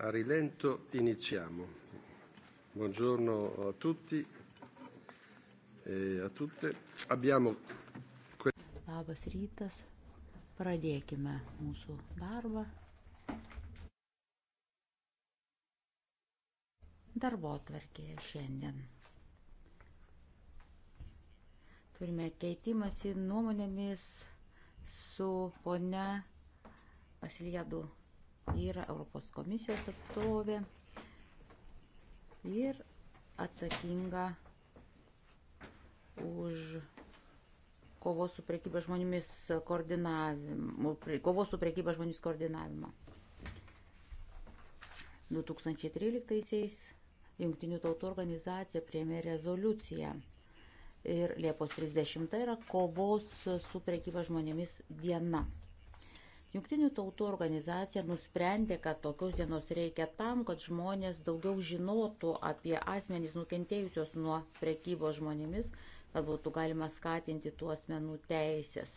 A rilento iniziamo. Buongiorno a tutti e a tutte. Abbiamo. Labas rytas. Pradėkime mūsų darbą. Darbo atverkėje šiandien. Turime keitimąsi nuomonėmis su ponia Asiliadu yra Europos komisijos atstovė ir atsakinga už kovos su prekyba žmonėmis koordinavimą. Kovos su prekyba žmonėmis koordinavimą. 2013-aisiais Junktinių tautų organizacija priėmė rezoliuciją ir Liepos 30 yra kovos su prekyba žmonėmis diena. Junktinių tautų organizacija nusprendė, kad tokios dienos reikia tam, kad žmonės daugiau žinotų apie asmenys nukentėjusios nuo prekybos žmonėmis, kad būtų galima skatinti tų asmenų teisės.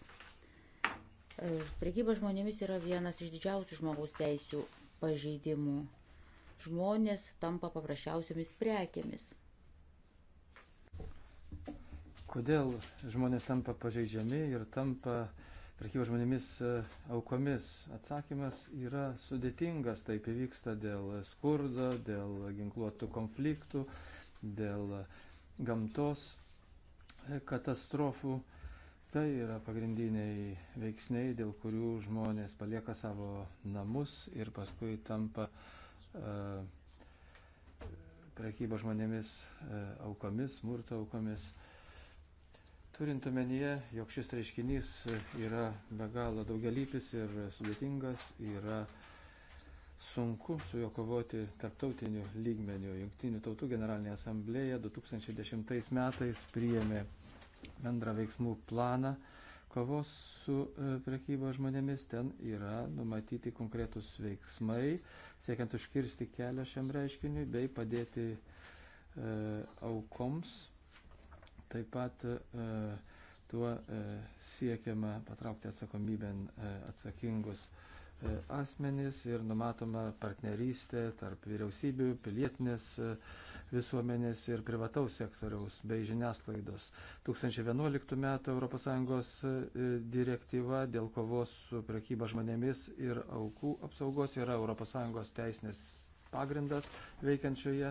E, Prekyba žmonėmis yra vienas iš didžiausių žmogaus teisių pažeidimų. Žmonės tampa paprasčiausiomis prekėmis. Kodėl žmonės tampa pažeidžiami ir tampa uh, prekybo žmonėmis e, aukomis. Atsakymas yra sudėtingas, taip įvyksta dėl skurdo, dėl ginkluotų konfliktų, dėl gamtos e, katastrofų. Tai yra pagrindiniai veiksniai, dėl kurių žmonės palieka savo namus ir paskui tampa uh, prekybo žmonėmis uh, aukomis, smurto aukomis. Turint omenyje, jog šis reiškinys yra be galo daugialypis ir sudėtingas, yra sunku su juo kovoti tarptautiniu lygmeniu. Junktinių tautų generalinė asamblėja 2010 metais priėmė bendrą veiksmų planą kovos su e, prekyba žmonėmis. Ten yra numatyti konkretus veiksmai, siekiant užkirsti kelią šiam reiškiniui bei padėti e, aukoms Taip pat e, tuo e, siekiama patraukti atsakomybę e, atsakingus asmenys ir numatoma partnerystė tarp vyriausybių, pilietinės visuomenės ir privataus sektoriaus bei žiniasklaidos. 2011 m. ES direktyva dėl kovos su prekyba žmonėmis ir aukų apsaugos yra ES teisinės pagrindas veikiančioje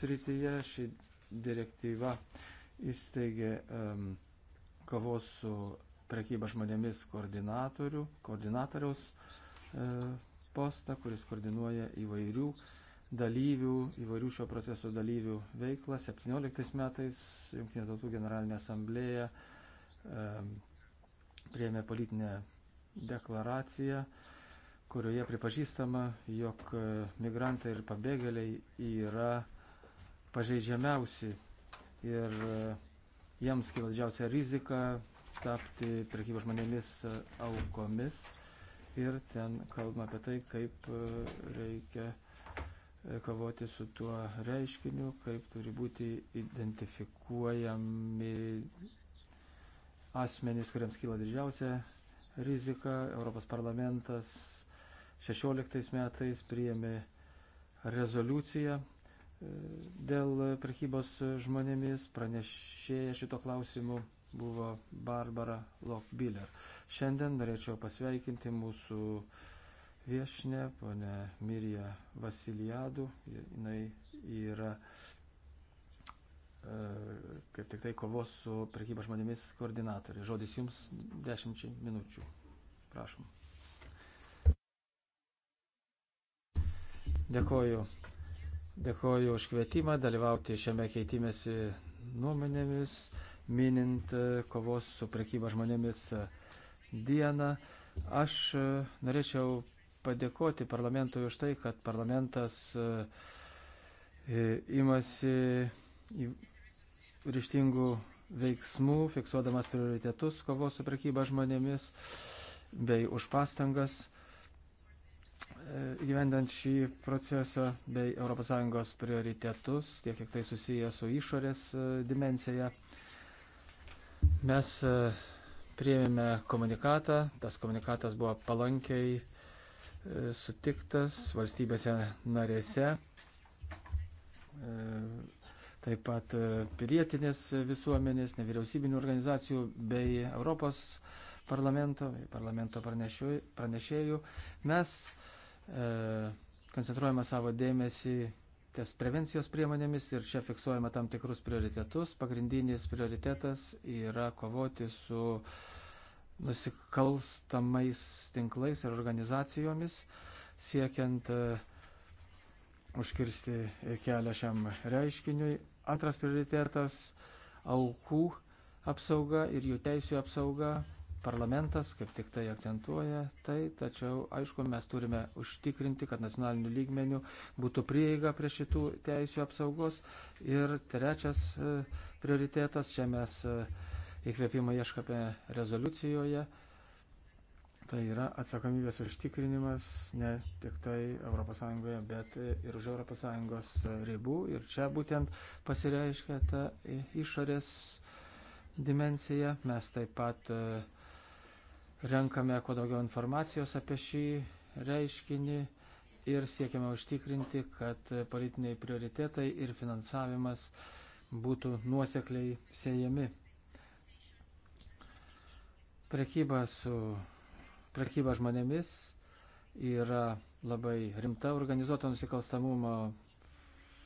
srityje. Ši direktyva įsteigė um, kovos su prekyba žmonėmis koordinatoriaus e, postą, kuris koordinuoja įvairių dalyvių, įvairių šio proceso dalyvių veiklą. 17 metais Junktinė tautų generalinė asamblėja e, prieėmė politinę deklaraciją, kurioje pripažįstama, jog e, migrantai ir pabėgėliai yra pažeidžiamiausi ir e, jiems kyla didžiausia rizika tapti prekybos žmonėmis e, aukomis. Ir ten kalbama apie tai, kaip e, reikia kovoti su tuo reiškiniu, kaip turi būti identifikuojami asmenys, kuriems kyla didžiausia rizika. Europos parlamentas 16 metais priėmė rezoliuciją Dėl prekybos žmonėmis pranešėja šito klausimu buvo Barbara Lokbiller. Šiandien norėčiau pasveikinti mūsų viešinę, ponę Miriją Vasilijadų. Jis yra e, kaip tik tai kovos su prekyba žmonėmis koordinatorė. Žodis jums dešimčiai minučių. Prašom. Dėkoju Dėkoju už kvietimą dalyvauti šiame keitimėsi nuomonėmis, minint e, kovos su prekyba žmonėmis e, dieną. Aš e, norėčiau padėkoti parlamentui už tai, kad parlamentas imasi ryštingų veiksmų, fiksuodamas prioritetus kovos su prekyba žmonėmis bei už pastangas E, įgyvendant šį procesą bei ES prioritetus, tiek kiek tai susiję su išorės e, dimencija, mes e, prieimėme komunikatą. Tas komunikatas buvo palankiai sutiktas valstybėse narėse. Taip pat pilietinės visuomenės, nevyriausybinių organizacijų bei Europos parlamento, parlamento pranešėjų. Mes E, koncentruojame savo dėmesį ties prevencijos priemonėmis ir čia fiksuojame tam tikrus prioritetus. Pagrindinis prioritetas yra kovoti su nusikalstamais tinklais ir organizacijomis, siekiant e, užkirsti kelią šiam reiškiniui. Antras prioritetas - aukų apsauga ir jų teisų apsauga, Parlamentas kaip tik tai akcentuoja tai, tačiau aišku, mes turime užtikrinti, kad nacionaliniu lygmeniu būtų prieiga prie šitų teisų apsaugos. Ir trečias e, prioritetas, čia mes e, įkvėpimą ieškame rezoliucijoje, tai yra atsakomybės užtikrinimas ne tik tai ES, bet ir už ES ribų. Ir čia būtent pasireiškia ta išorės dimensija. Mes taip pat uh, renkame kuo daugiau informacijos apie šį reiškinį ir siekiame užtikrinti, kad politiniai prioritetai ir finansavimas būtų nuosekliai siejami. Prekyba su prekyba žmonėmis yra labai rimta organizuoto nusikalstamumo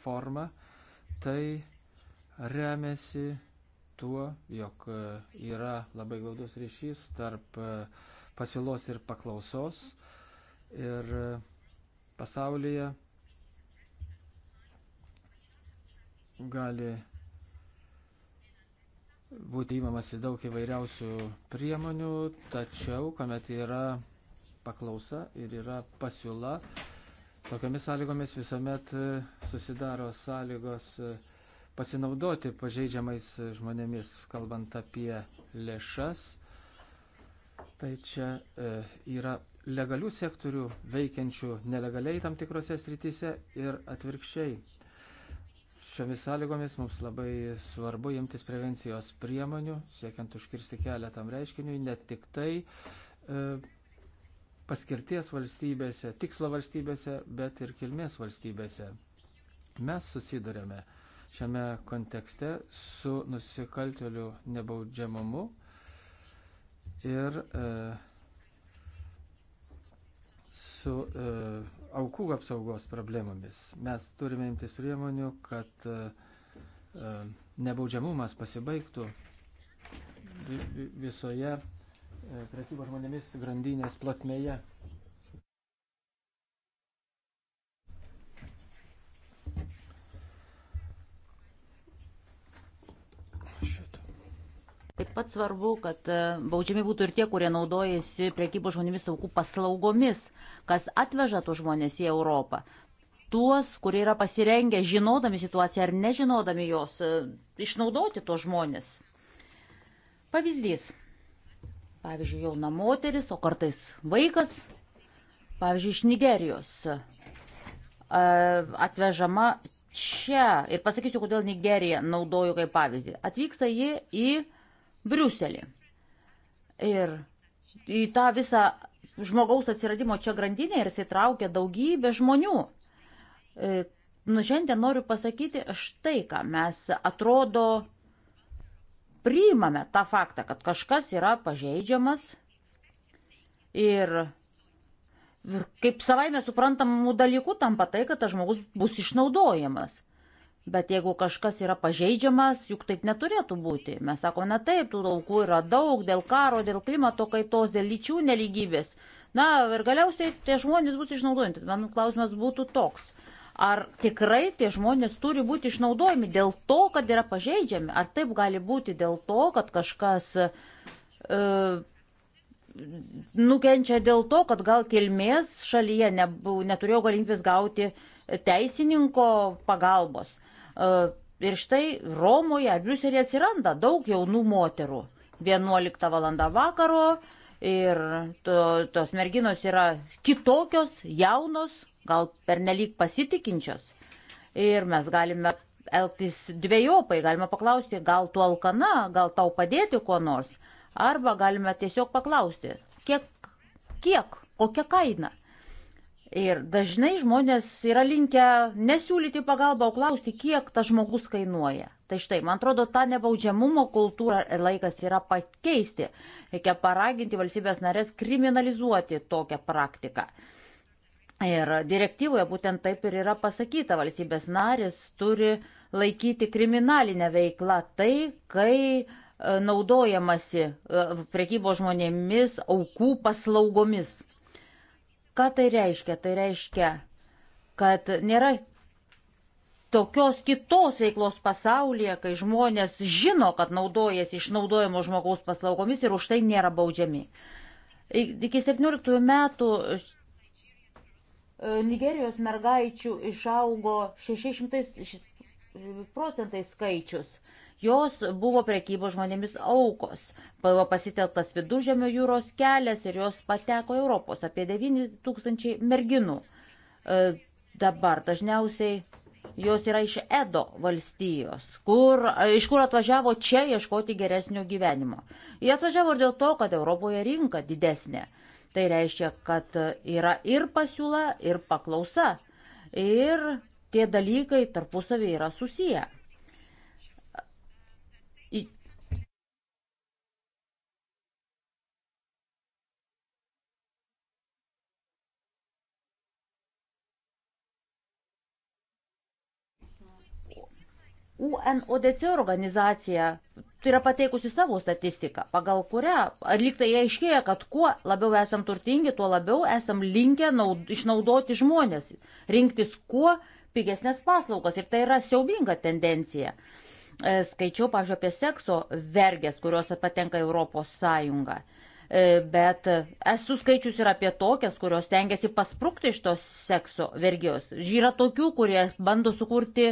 forma. Tai remiasi tuo, jog e, yra labai glaudus ryšys tarp e, pasiūlos ir paklausos. Ir e, pasaulyje gali būti įmamasi daug įvairiausių priemonių, tačiau, kuomet yra paklausa ir yra pasiūla, tokiamis sąlygomis visuomet susidaro sąlygos uh, pasinaudoti pažeidžiamais žmonėmis, kalbant apie lėšas. Tai čia e, yra legalių sektorių veikiančių nelegaliai tam tikrose srityse ir atvirkščiai. Šiomis sąlygomis mums labai svarbu imtis prevencijos priemonių, siekiant užkirsti kelią tam reiškiniui, ne tik tai e, paskirties valstybėse, tikslo valstybėse, bet ir kilmės valstybėse. Mes susidurėme šiame kontekste su nusikalteliu nebaudžiamumu ir e, su e, aukų apsaugos problemomis. Mes turime imtis priemonių, kad e, e nebaudžiamumas pasibaigtų visoje e, prekybos žmonėmis grandinės plotmėje. pat svarbu, kad e, baudžiami būtų ir tie, kurie naudojasi priekybos žmonėmis aukų paslaugomis, kas atveža tos žmonės į Europą. Tuos, kurie yra pasirengę, žinodami situaciją ar nežinodami jos, e, išnaudoti tos žmonės. Pavyzdys. Pavyzdžiui, jauna moteris, o kartais vaikas, pavyzdžiui, iš Nigerijos e, atvežama čia. Ir pasakysiu, kodėl Nigerija naudoju kaip pavyzdį. Atvyksta ji į Briuselį. Ir į tą visą žmogaus atsiradimo čia grandinę ir įsitraukia daugybė žmonių. E, nu, šiandien noriu pasakyti štai ką. Mes atrodo priimame tą faktą, kad kažkas yra pažeidžiamas ir kaip savaime suprantamų dalykų tampa tai, kad tas žmogus bus išnaudojamas. Bet jeigu kažkas yra pažeidžiamas, juk taip neturėtų būti. Mes sakome, na taip, tų laukų yra daug dėl karo, dėl klimato kaitos, dėl lyčių neligybės. Na ir galiausiai tie žmonės bus išnaudojami. Mano klausimas būtų toks. Ar tikrai tie žmonės turi būti išnaudojami dėl to, kad yra pažeidžiami? Ar taip gali būti dėl to, kad kažkas e, nukenčia dėl to, kad gal kilmės šalyje nebu, neturėjo galimybės gauti teisininko pagalbos? Ir štai Romoje ar Briuselėje atsiranda daug jaunų moterų. 11 val. vakaro ir to, tos merginos yra kitokios, jaunos, gal pernelyg pasitikinčios. Ir mes galime elgtis dviejopai, galime paklausti, gal tu alkana, gal tau padėti kuo nors. Arba galime tiesiog paklausti, kiek, kiek kokia kaina. Ir dažnai žmonės yra linkę nesiūlyti pagalbą, o klausti, kiek tas žmogus kainuoja. Tai štai, man atrodo, tą nebaudžiamumo kultūrą laikas yra pakeisti. Reikia paraginti valstybės narės kriminalizuoti tokią praktiką. Ir direktyvoje būtent taip ir yra pasakyta, valstybės narės turi laikyti kriminalinę veiklą tai, kai e, naudojamasi e, prekybo žmonėmis aukų paslaugomis. Ką tai reiškia? Tai reiškia, kad nėra tokios kitos veiklos pasaulyje, kai žmonės žino, kad naudojasi išnaudojimo žmogaus paslaugomis ir už tai nėra baudžiami. Iki 17 metų e, Nigerijos mergaičių išaugo 600 procentai skaičius. Jos buvo prekybo žmonėmis aukos. Buvo pasiteltas viduržėmio jūros kelias ir jos pateko Europos. Apie 9 tūkstančiai merginų e, dabar dažniausiai. Jos yra iš Edo valstijos, kur, e, iš kur atvažiavo čia ieškoti geresnio gyvenimo. Jie atvažiavo ir dėl to, kad Europoje rinka didesnė. Tai reiškia, kad yra ir pasiūla, ir paklausa. Ir tie dalykai tarpusavį yra susiję. UNODC organizacija tai yra pateikusi savo statistiką, pagal kurią lyg tai aiškėja, kad kuo labiau esam turtingi, tuo labiau esam linkę naud, išnaudoti žmonės, rinktis kuo pigesnės paslaugas. Ir tai yra siaubinga tendencija. E, skaičiau, pavyzdžiui, apie sekso vergės, kurios patenka Europos Sąjungą. E, bet esu skaičius ir apie tokias, kurios tengiasi pasprūkti iš tos sekso vergijos. Žyra tokių, kurie bando sukurti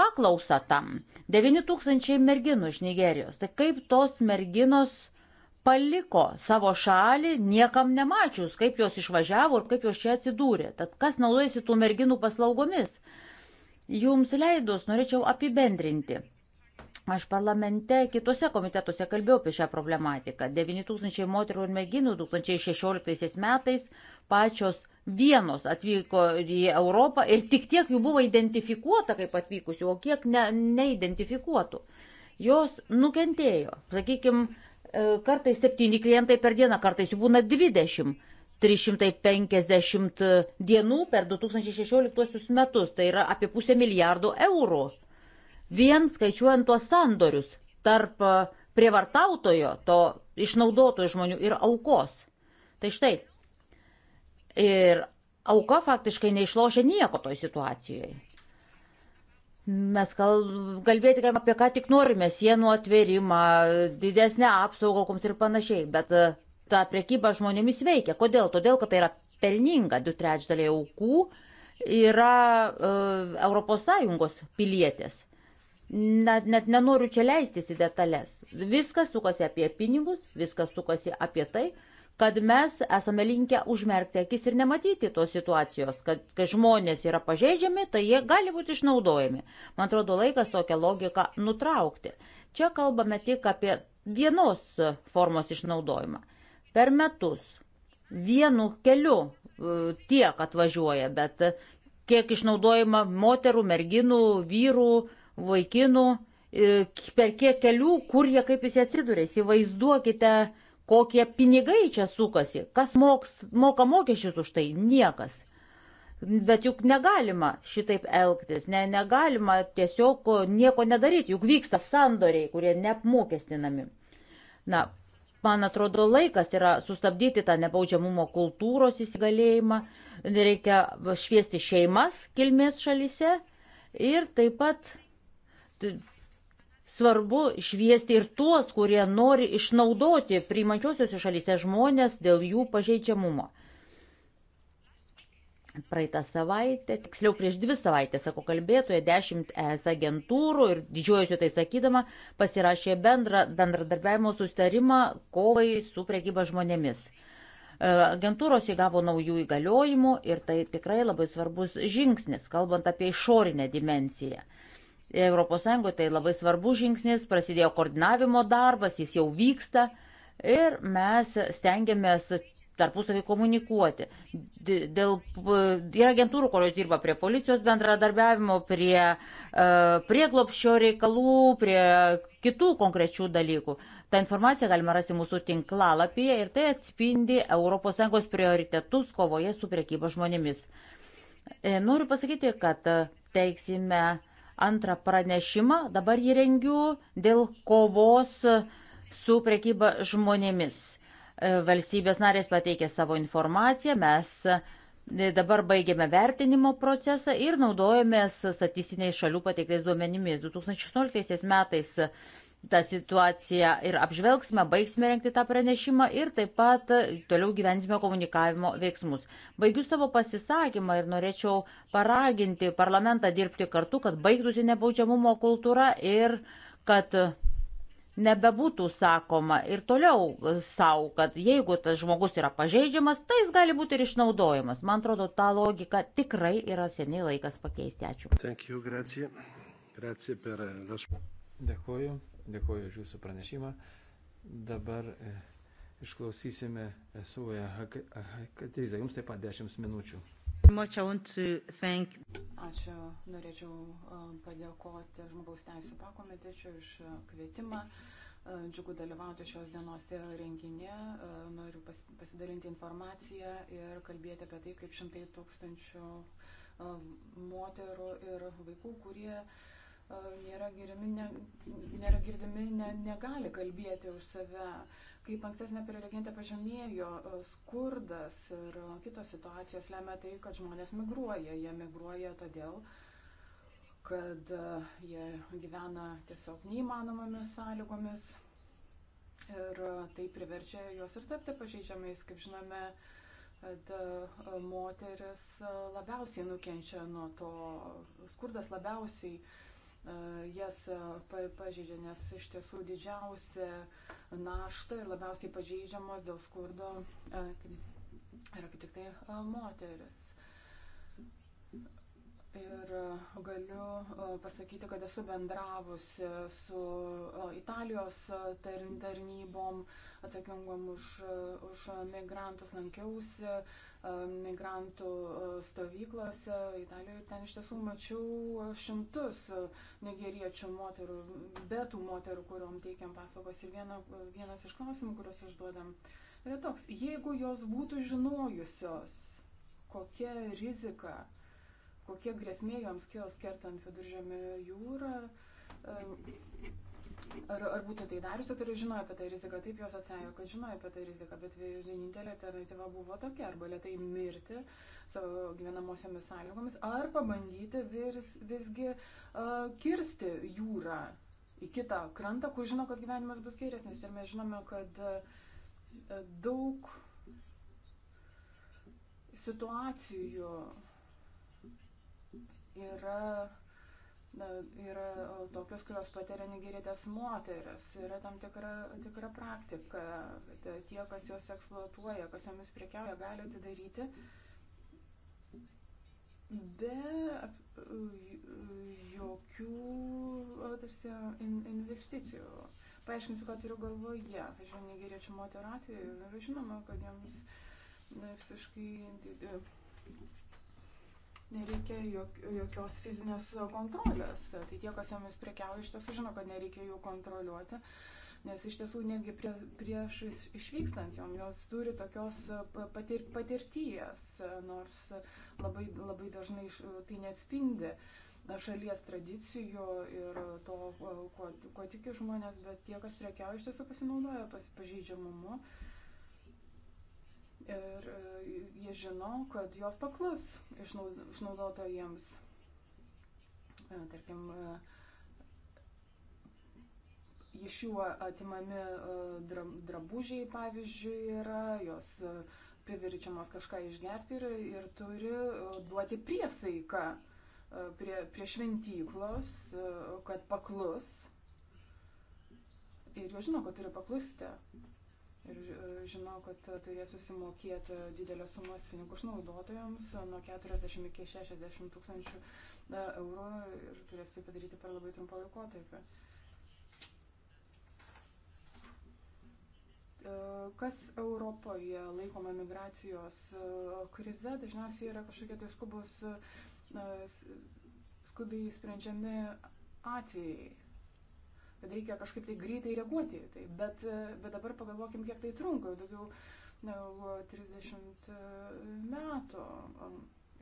paklausą tam. 9000 merginų iš Nigerijos. Tai kaip tos merginos paliko savo šalį, niekam nemačius, kaip jos išvažiavo ir kaip jos čia atsidūrė. Tad kas naudojasi tų merginų paslaugomis? Jums leidus norėčiau apibendrinti. Aš parlamente, kitose komitetuose kalbėjau apie šią problematiką. 9000 moterų ir merginų 2016 metais pačios vienos atvyko į Europą ir tik tiek jų buvo identifikuota kaip atvykusių, o kiek ne, neidentifikuotų. Jos nukentėjo. Sakykime, kartais septyni klientai per dieną, kartais jų būna 20. 350 dienų per 2016 metus, tai yra apie pusę milijardų eurų vien skaičiuojant tuos sandorius tarp e, prievartautojo, to išnaudotojų žmonių ir aukos. Tai štai. Ir auka faktiškai neišlošia nieko toj situacijoje. Mes kalbėti galime apie ką tik norime - sienų atverimą, didesnę apsaugą koms ir panašiai, bet e, ta prekyba žmonėmis veikia. Kodėl? Todėl, kad tai yra pelninga. Du trečdaliai aukų yra uh, e, ES pilietės na, net nenoriu čia leistis į detalės. Viskas sukasi apie pinigus, viskas sukasi apie tai, kad mes esame linkę užmerkti akis ir nematyti tos situacijos, kad kai žmonės yra pažeidžiami, tai jie gali būti išnaudojami. Man atrodo, laikas tokią logiką nutraukti. Čia kalbame tik apie vienos formos išnaudojimą. Per metus vienu keliu e, tiek atvažiuoja, bet kiek išnaudojama moterų, merginų, vyrų, vaikinų, e, per kiek kelių, kur jie kaip jis atsiduria. Įsivaizduokite, kokie pinigai čia sukasi, kas moks, moka mokesčius už tai, niekas. Bet juk negalima šitaip elgtis, ne, negalima tiesiog nieko nedaryti, juk vyksta sandoriai, kurie neapmokestinami. Na, man atrodo, laikas yra sustabdyti tą nebaudžiamumo kultūros įsigalėjimą, reikia šviesti šeimas kilmės šalyse ir taip pat svarbu šviesti ir tuos, kurie nori išnaudoti priimančiosiuose šalyse žmonės dėl jų pažeidžiamumo. Praeitą savaitę, tiksliau prieš dvi savaitės, sako kalbėtoje, dešimt ES agentūrų ir didžiuojusiu tai sakydama, pasirašė bendra, bendradarbiavimo sustarimą kovai su prekyba žmonėmis. E, agentūros įgavo naujų įgaliojimų ir tai tikrai labai svarbus žingsnis, kalbant apie išorinę dimenciją. ES tai labai svarbus žingsnis, prasidėjo koordinavimo darbas, jis jau vyksta ir mes stengiamės tarpusavį komunikuoti. Dėl, yra agentūrų, kurios dirba prie policijos bendradarbiavimo, prie e, prieglopščio reikalų, prie kitų konkrečių dalykų. Ta informacija galima rasti mūsų tinklalapyje ir tai atspindi ES prioritetus kovoje su priekyba žmonėmis. E, noriu pasakyti, kad teiksime antrą pranešimą, dabar jį rengiu dėl kovos su prekyba žmonėmis. E, valstybės narės pateikė savo informaciją, mes e, dabar baigėme vertinimo procesą ir naudojamės statistiniais šalių pateiktais duomenimis. 2016 metais tą situaciją ir apžvelgsime, baigsime renkti tą pranešimą ir taip pat toliau gyvensime komunikavimo veiksmus. Baigiu savo pasisakymą ir norėčiau paraginti parlamentą dirbti kartu, kad baigtųsi nebaudžiamumo kultūra ir kad nebebūtų sakoma ir toliau savo, kad jeigu tas žmogus yra pažeidžiamas, tai jis gali būti ir išnaudojamas. Man atrodo, tą logiką tikrai yra seniai laikas pakeisti. Ačiū. Thank you, grazie. Grazie per... Dėkuoju. Dėkuoju už jūsų pranešimą. Dabar e, išklausysime Suoja Katrizą. Jums taip pat 10 minučių. Ačiū. Norėčiau e, padėkoti žmogaus teisų pakomitečiu iš kvietimą. E, džiugu dalyvauti šios dienos renginė. Noriu pasidalinti informaciją ir kalbėti apie tai, kaip šimtai tūkstančių moterų ir vaikų, kurie uh, E, nėra, girimi, ne, nėra girdimi, ne, negali kalbėti už save. Kaip ankstesnė prelegentė pažymėjo, e, skurdas ir e, kitos situacijos lemia tai, kad žmonės migruoja. Jie migruoja todėl, kad jie gyvena tiesiog neįmanomomis sąlygomis ir tai priverčia juos ir tapti pažeidžiamais, kaip žinome, kad moteris labiausiai nukenčia nuo to, skurdas labiausiai uh, E, jas e, pažeidžia, nes iš tiesų didžiausia našta ir labiausiai pažeidžiamos dėl skurdo e, yra kaip tik tai moteris. Ir e, galiu e, pasakyti, kad esu bendravusi su e, Italijos tarnybom atsakingom už, už migrantus, lankiausi migrantų stovyklose Italijoje ir ten iš tiesų mačiau šimtus nigeriečių moterų, betų moterų, kuriuom teikiam paslaugos. Ir viena, vienas iš klausimų, kuriuos užduodam, yra toks, jeigu jos būtų žinojusios, kokia rizika, kokie grėsmė joms kils kertant viduržėmio jūrą. Ar, ar būtų tai dariusi, tai žinojo apie tą riziką, taip jos atsėjo, kad žinojo apie tą riziką, bet vienintelė alternatyva buvo tokia, arba lietai mirti savo gyvenamosiomis sąlygomis, ar pabandyti vis, visgi uh, kirsti jūrą į kitą krantą, kur žino, kad gyvenimas bus geresnis. Ir mes žinome, kad uh, daug situacijų yra, na, yra tokios, kurios patiria nigeritės moteris. Yra tam tikra, tikra praktika, kad e, tie, kas juos eksploatuoja, kas jomis prekiauja, gali tai daryti be jokių tarsi, in, investicijų. Paaiškinsiu, ką turiu galvoje. Pavyzdžiui, nigeriečių moterų atveju, žinoma, kad jiems na, visiškai nereikia jok, jokios fizinės kontrolės. Tai tie, kas jomis prekiauja, iš tiesų žino, kad nereikia jų kontroliuoti, nes iš tiesų netgi prie, prieš išvykstant jom jos turi tokios patir, patirties, nors labai, labai dažnai tai neatspindi šalies tradicijų ir to, kuo, kuo tiki žmonės, bet tie, kas prekiauja, iš tiesų pasinaudoja pas, pažeidžiamumu. Uh, ir e, jie žino, kad jos paklus išnaudotojams. E, tarkim, e, iš jų atimami drabužiai, pavyzdžiui, yra, jos priverčiamos kažką išgerti ir, ir turi duoti priesaiką prie, prie šventyklos, kad paklus. Ir jau žino, kad turi paklusti. Ir e, žinau, kad turės susimokėti didelės sumos pinigų išnaudotojams nuo 40 iki 60 tūkstančių e, eurų ir turės tai padaryti per labai trumpą laikotarpį. E, kas Europoje laikoma migracijos krize, dažniausiai yra kažkokie tai skubus, skubiai sprendžiami atvejai kad reikia kažkaip tai greitai reaguoti į tai. Bet, e, bet dabar pagalvokim, kiek tai trunka, daugiau negu 30 e, metų.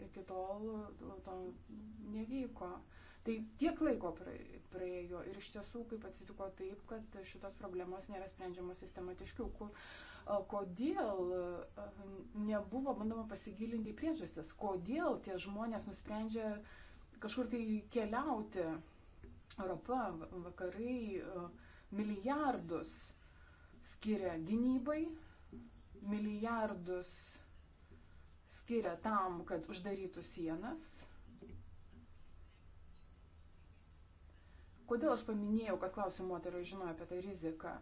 Iki tol to nevyko. Tai tiek laiko praėjo ir iš tiesų, kaip atsitiko taip, kad šitos problemos nėra sprendžiamos sistematiškiau. Kur, kodėl e, nebuvo bandoma pasigilinti į priežastis, kodėl tie žmonės nusprendžia kažkur tai keliauti Europa, vakarai e, milijardus skiria gynybai, milijardus skiria tam, kad uždarytų sienas. Kodėl aš paminėjau, kad klausiu moterų, žinojo apie tą tai riziką?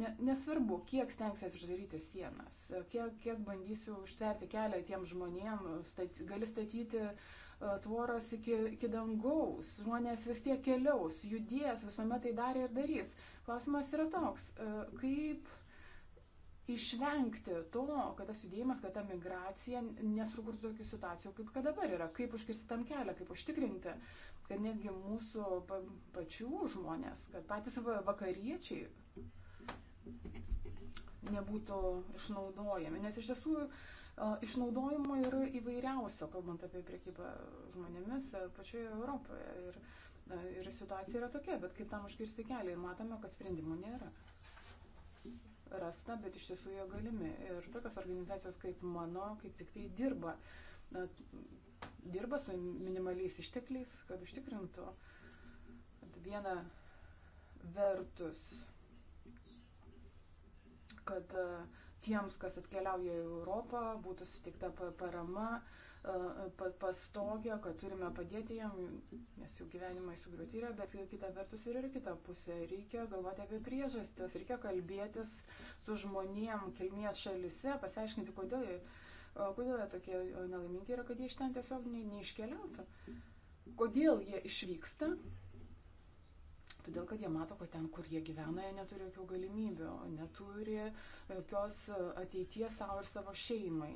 Ne, nesvarbu, kiek stengsiuosi uždaryti sienas, kiek, kiek bandysiu užtverti kelią tiem žmonėm, stat, gali statyti uh, E, tvoros iki, iki dangaus, žmonės vis tiek keliaus, judės, visuomet tai darė ir darys. Klausimas yra toks, e, kaip išvengti to, kad tas judėjimas, kad ta migracija nesukurtų tokių situacijų, kaip kad dabar yra, kaip užkirsti tam kelią, kaip užtikrinti, kad netgi mūsų pačių žmonės, kad patys vakariečiai nebūtų išnaudojami. Nes iš tiesų Išnaudojimo yra įvairiausio, kalbant apie priekybą žmonėmis pačioje Europoje. Ir, ir situacija yra tokia, bet kaip tam užkirsti kelią ir matome, kad sprendimų nėra rasta, bet iš tiesų jie galimi. Ir tokios organizacijos kaip mano, kaip tik tai dirba, na, dirba su minimaliais ištekliais, kad užtikrintų kad viena vertus kad e, tiems, kas atkeliauja į Europą, būtų sutikta parama, e, pastogė, kad turime padėti jam, nes jų gyvenimai sugriūti yra, bet kita vertus ir yra kita pusė. Reikia galvoti apie priežastis, reikia kalbėtis su žmonėm kilmės šalise, pasiaiškinti, kodėl, kodėl jie tokie nelaimingi yra, kad jie iš ten tiesiog neiškeliautų. Kodėl jie išvyksta, todėl kad jie mato, kad ten, kur jie gyvena, jie neturi jokių galimybių, neturi e, jokios e, ateities savo ir savo šeimai.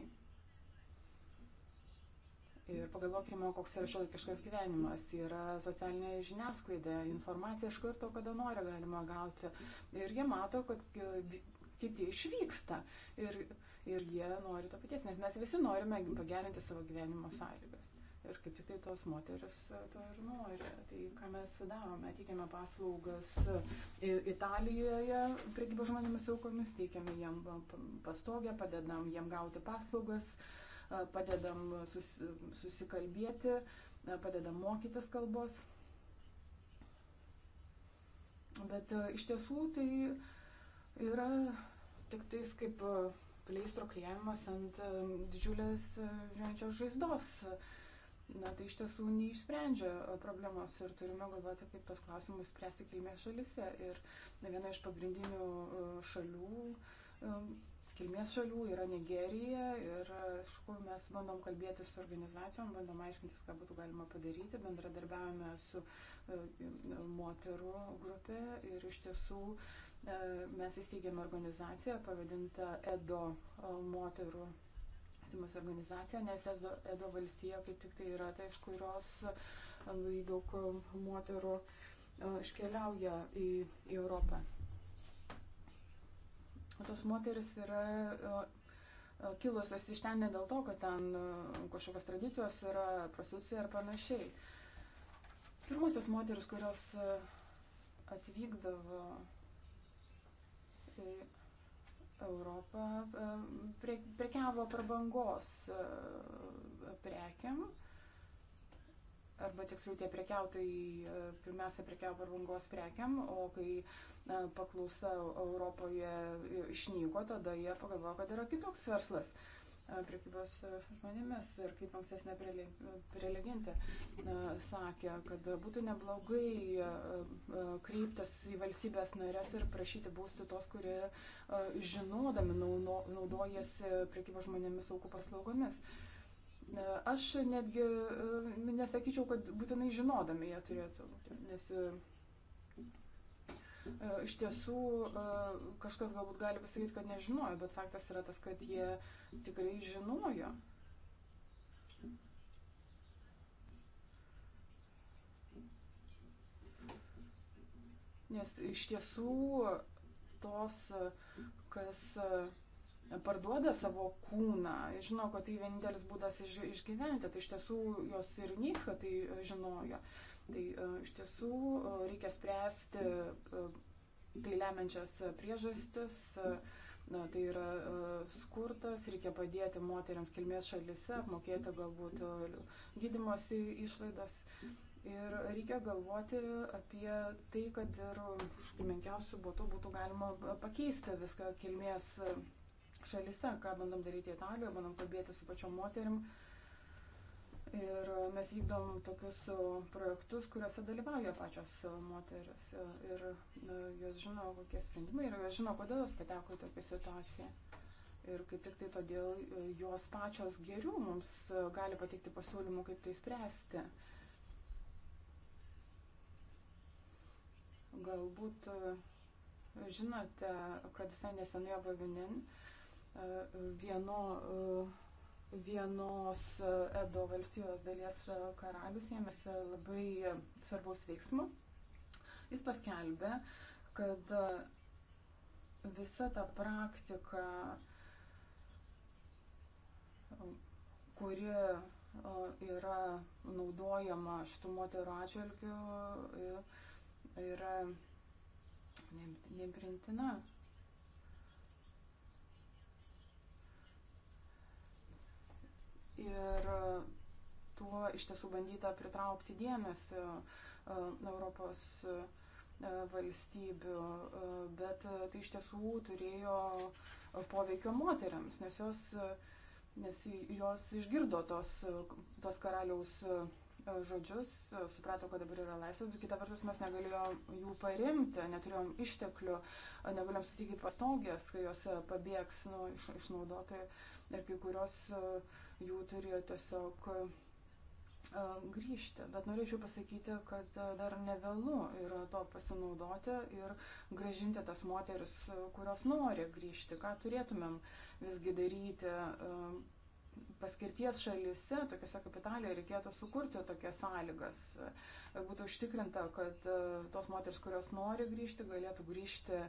Ir pagalvokime, koks yra šiolaikiškas gyvenimas. Tai yra socialinė žiniasklaida, informacija iš karto, kada nori galima gauti. Ir jie mato, kad e, kiti išvyksta. Ir, ir jie nori to paties, nes mes visi norime pagerinti savo gyvenimo sąlygas ir kaip tik tai tos moteris e, to ir nori. Tai ką mes darome, teikiame paslaugas e, Italijoje, prekybos žmonėmis aukomis, teikiame jiem pastogę, padedam jiem gauti paslaugas, e, padedam sus, susikalbėti, padedam mokytis kalbos. Bet iš tiesų tai yra tik tais kaip pleistro klijavimas ant didžiulės žiūrinčios žaizdos. Uh, na, tai iš tiesų neišsprendžia e, problemos ir turime galvoti, kaip tos klausimus spręsti kilmės šalise. Ir na, viena iš pagrindinių e, šalių, e, kilmės šalių yra Nigerija ir, aišku, mes bandom kalbėti su organizacijom, bandom aiškintis, ką būtų galima padaryti, bendradarbiavame su moterų grupė ir iš tiesų mes įsteigėme organizaciją pavadintą EDO moterų vystymosi organizacija, nes Edo valstija kaip tik tai yra tai, iš kurios e, labai daug e, moterų e, iškeliauja į, į Europą. O tos moteris yra kilusios iš ten ne dėl to, kad ten kažkokios tradicijos yra, prostitucija ir panašiai. Pirmosios moteris, kurios atvykdavo į Europą e, prie, prekiavo prabangos e, prekiam, arba tiksliau tie prekiautojai e, pirmiausia prekiavo prabangos prekiam, o kai paklausa Europoje išnyko, tada jie pagalvojo, kad yra kitoks verslas. Uh, E, prekybos žmonėmis ir kaip ankstesnė prelegentė e, sakė, kad būtų neblogai e, kreiptis į valstybės narės ir prašyti būsti tos, kurie žinodami naudojasi prekybos žmonėmis aukų paslaugomis. Aš netgi nesakyčiau, kad būtinai žinodami jie turėtų, nes E, iš tiesų, e, kažkas galbūt gali pasakyti, kad nežinojo, bet faktas yra tas, kad jie tikrai žinojo. Nes iš tiesų tos, kas e, parduoda savo kūną, žino, kad tai vienintelis būdas išgyventi, tai iš tiesų jos ir nyks, kad tai žinojo. Uh, Tai e, iš tiesų e, reikia spręsti e, tai lemiančias priežastis. Na, tai yra skurtas, reikia padėti moteriams kilmės šalise, apmokėti galbūt gydimosi išlaidas. Ir reikia galvoti apie tai, kad ir už menkiausių būtų būtų galima pakeisti viską kilmės šalise, ką bandom daryti Italijoje, bandom kalbėti su pačiom moterim. Uh, Ir mes vykdom tokius e, projektus, kuriuose dalyvauja pačios e, moteris. E, ir jos žino, kokie sprendimai ir jos žino, kodėl jos pateko į tokią situaciją. Ir kaip tik tai todėl jos pačios geriau mums gali pateikti pasiūlymų, kaip tai spręsti. Galbūt žinote, kad visai nesenai Vavinin vieno vienos e, Edo valstijos dalies e, karalius ėmėsi labai svarbaus veiksmo. Jis paskelbė, kad e, visa ta praktika, kuri yra naudojama šitų moterų atžvilgių, yra neprintina. Ne ir e, tuo iš tiesų bandyta pritraukti dėmesį e, Europos e, valstybių, bet tai iš tiesų turėjo poveikio moteriams, nes jos, nes jos išgirdo tos, tos karaliaus žodžius, suprato, kad dabar yra laisvė, bet kita vertus mes negalėjom jų parimti, neturėjom išteklių, negalėjom sutikti pastogės, kai jos pabėgs nu, iš, išnaudotojai ir kai kurios uh, jų turėjo tiesiog grįžti. Bet norėčiau pasakyti, kad dar ne vėlu yra to pasinaudoti ir gražinti tas moteris, kurios nori grįžti. Ką turėtumėm visgi daryti paskirties šalise, tokiuose kaip Italija, reikėtų sukurti tokias sąlygas. Būtų užtikrinta, kad tos moteris, kurios nori grįžti, galėtų grįžti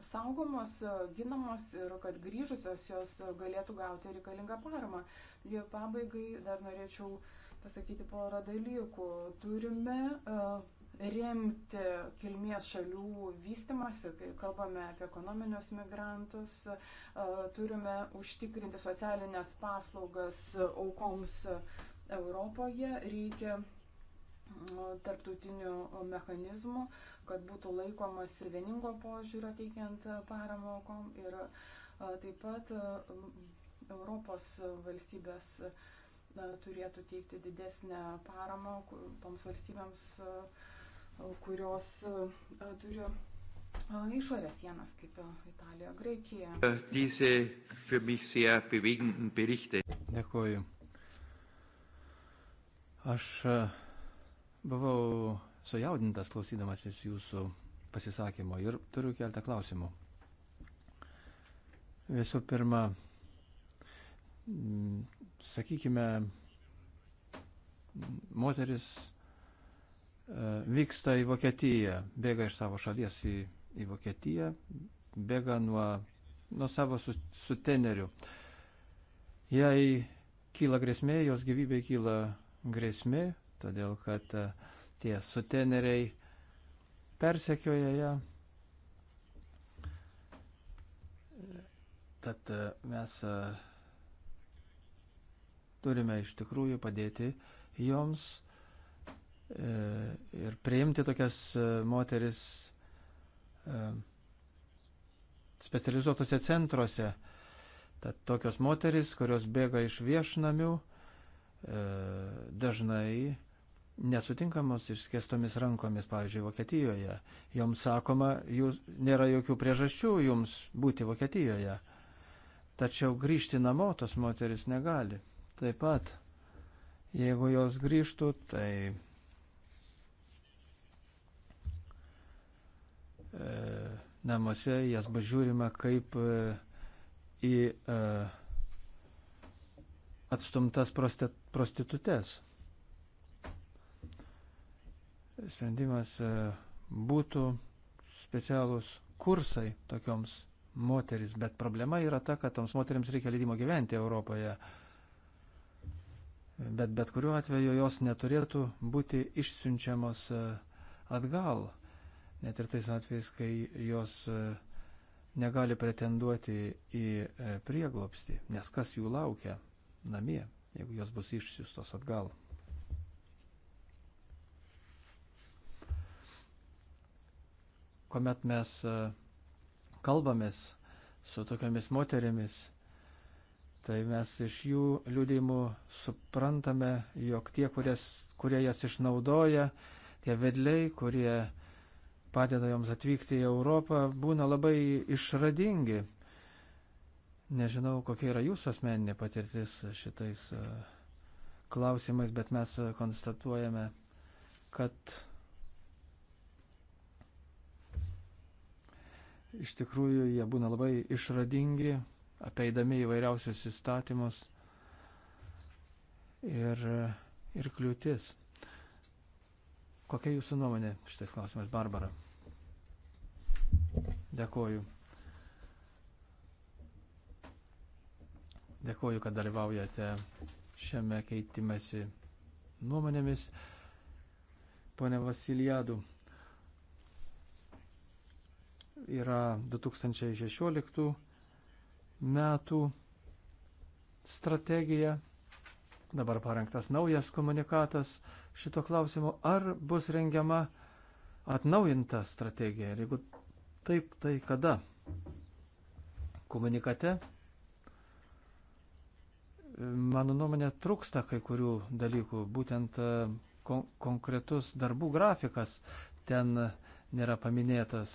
saugomos, e, ginamos ir kad grįžusios jos e, galėtų gauti reikalingą paramą. Ir pabaigai dar norėčiau pasakyti porą dalykų. Turime e, remti kilmės šalių vystimasi, kai kalbame apie ekonominius migrantus, turime užtikrinti socialinės paslaugas aukoms Europoje, reikia tarptautinių mechanizmų, kad būtų laikomasi vieningo požiūrio teikiant e, paramokom ir e, taip pat e, Europos valstybės turėtų teikti didesnę paramą toms valstybėms, kurios turi išorės sienas, kaip Italija, Graikija. Äh, Dėkuoju. Aš Buvau sujaudintas klausydamasis jūsų pasisakymo ir turiu keltą klausimų. Visų pirma, sakykime, moteris e, vyksta į Vokietiją, bėga iš savo šalies į, į Vokietiją, bėga nuo, nuo savo sutenerių. Su Jei kyla grėsmė, jos gyvybei kyla grėsmė, todėl kad e, tie suteneriai persekioja ją. Tad e, mes e, turime iš tikrųjų padėti joms ir priimti tokias moteris specializuotose centruose. Tad tokios moteris, kurios bėga iš viešnamių, dažnai nesutinkamos išskėstomis rankomis, pavyzdžiui, Vokietijoje. Joms sakoma, jūs, nėra jokių priežasčių jums būti Vokietijoje. Tačiau grįžti namo tos moteris negali. Taip pat, jeigu jos grįžtų, tai e, namuose jas bažiūrima kaip e, į e, atstumtas prosti, prostitutes sprendimas e, būtų specialūs kursai tokioms moteris, bet problema yra ta, kad toms moteriams reikia leidimo gyventi Europoje. Bet bet kuriuo atveju jos neturėtų būti išsiunčiamos e, atgal, net ir tais atvejais, kai jos e, negali pretenduoti į prieglopstį, nes kas jų laukia namie, jeigu jos bus išsiustos atgal. kuomet mes e, kalbamės su tokiamis moterimis, tai mes iš jų liūdimų suprantame, jog tie, kurias, kurie jas išnaudoja, tie vedliai, kurie padeda joms atvykti į Europą, būna labai išradingi. Nežinau, kokia yra jūsų asmeninė patirtis šitais e, klausimais, bet mes e, konstatuojame, kad Iš tikrųjų, jie būna labai išradingi, apeidami įvairiausius įstatymus ir, ir kliūtis. Kokia jūsų nuomonė šitas klausimas, Barbara? Dėkoju. Dėkoju, kad dalyvaujate šiame keitimėsi nuomonėmis. Pone Vasilijadu, yra 2016 metų strategija. Dabar parengtas naujas komunikatas šito klausimu, ar bus rengiama atnaujinta strategija ir jeigu taip, tai kada? Komunikate, mano nuomonė, trūksta kai kurių dalykų, būtent e, kon konkretus darbų grafikas ten uh, nėra paminėtas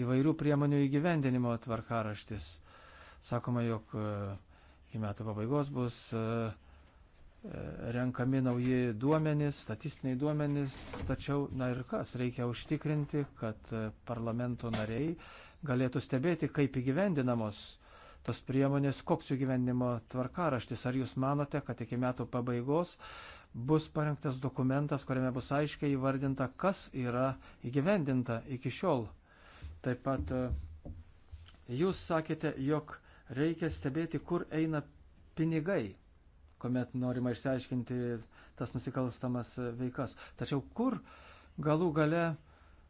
įvairių priemonių įgyvendinimo tvarkaraštis. Sakoma, jog e, iki metų pabaigos bus e, e, renkami nauji duomenys, statistiniai duomenys, tačiau, na ir kas, reikia užtikrinti, kad parlamento nariai galėtų stebėti, kaip įgyvendinamos tos priemonės, koks jų gyvenimo tvarkaraštis. Ar jūs manote, kad iki metų pabaigos bus parengtas dokumentas, kuriame bus aiškiai įvardinta, kas yra įgyvendinta iki šiol. Taip pat e, jūs sakėte, jog reikia stebėti, kur eina pinigai, kuomet norima išsiaiškinti tas nusikalstamas veikas. Tačiau kur galų gale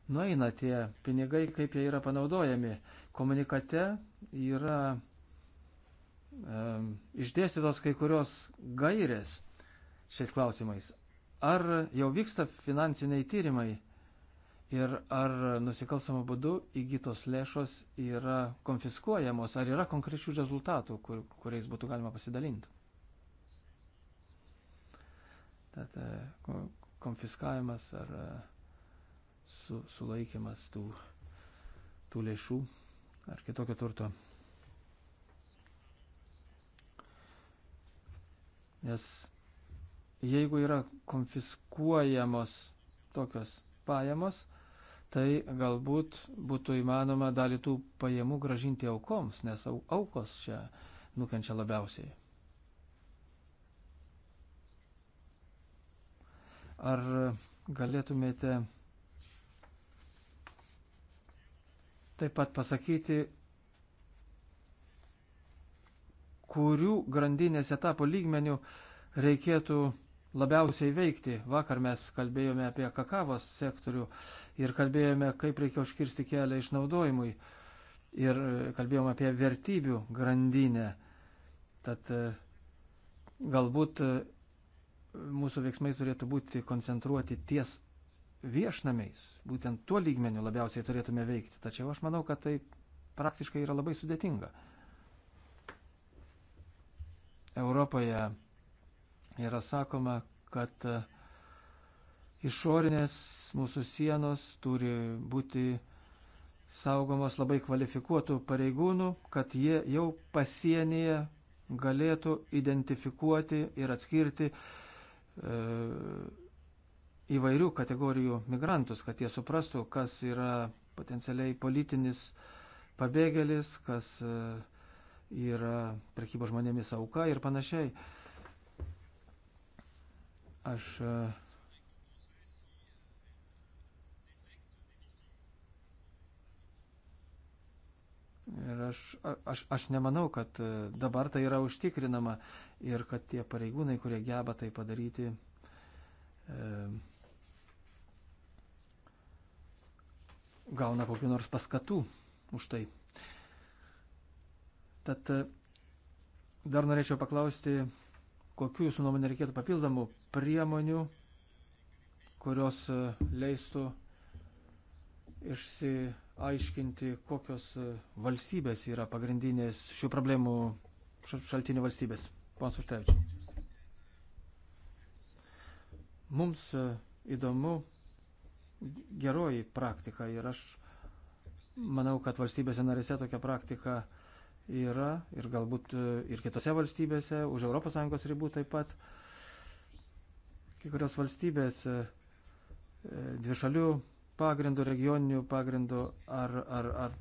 nueina tie pinigai, kaip jie yra panaudojami. Komunikate yra e, išdėstytos kai kurios gairės šiais klausimais. Ar jau vyksta finansiniai tyrimai ir ar nusikalstamo būdu įgytos lėšos yra konfiskuojamos, ar yra konkrečių rezultatų, kur, kuriais būtų galima pasidalinti? Tad e, konfiskavimas ar e, su, sulaikimas tų, tų lėšų ar kitokio turto. Nes jeigu yra konfiskuojamos tokios pajamos, tai galbūt būtų įmanoma dalį tų pajamų gražinti aukoms, nes aukos čia nukenčia labiausiai. Ar galėtumėte taip pat pasakyti, kurių grandinės etapų lygmenių reikėtų labiausiai veikti. Vakar mes kalbėjome apie kakavos sektorių ir kalbėjome, kaip reikia užkirsti kelią išnaudojimui. Ir e, kalbėjome apie vertybių grandinę. Tad e, galbūt e, mūsų veiksmai turėtų būti koncentruoti ties viešnamiais. Būtent tuo lygmeniu labiausiai turėtume veikti. Tačiau aš manau, kad tai praktiškai yra labai sudėtinga. Europoje yra sakoma, kad e, išorinės mūsų sienos turi būti saugomos labai kvalifikuotų pareigūnų, kad jie jau pasienyje galėtų identifikuoti ir atskirti e, įvairių kategorijų migrantus, kad jie suprastų, kas yra potencialiai politinis pabėgėlis, kas e, yra prekybo žmonėmis auka ir panašiai. E, Aš e, Ir aš, aš, aš nemanau, kad e, dabar tai yra užtikrinama ir kad tie pareigūnai, kurie geba tai padaryti, e, gauna kokiu nors paskatų už tai. Tad e, dar norėčiau paklausti, kokiu jūsų nuomonė reikėtų papildomų priemonių, kurios e, leistų išsiaiškinti, kokios e, valstybės yra pagrindinės šių problemų šaltinių valstybės. Pons Užtevičius. Mums e, įdomu geroji praktika ir aš manau, kad valstybėse narėse tokia praktika yra ir galbūt ir kitose valstybėse, už ES ribų taip pat. Kai kurios valstybės e, e, dvišalių pagrindų, regioninių pagrindų ar, ar, ar,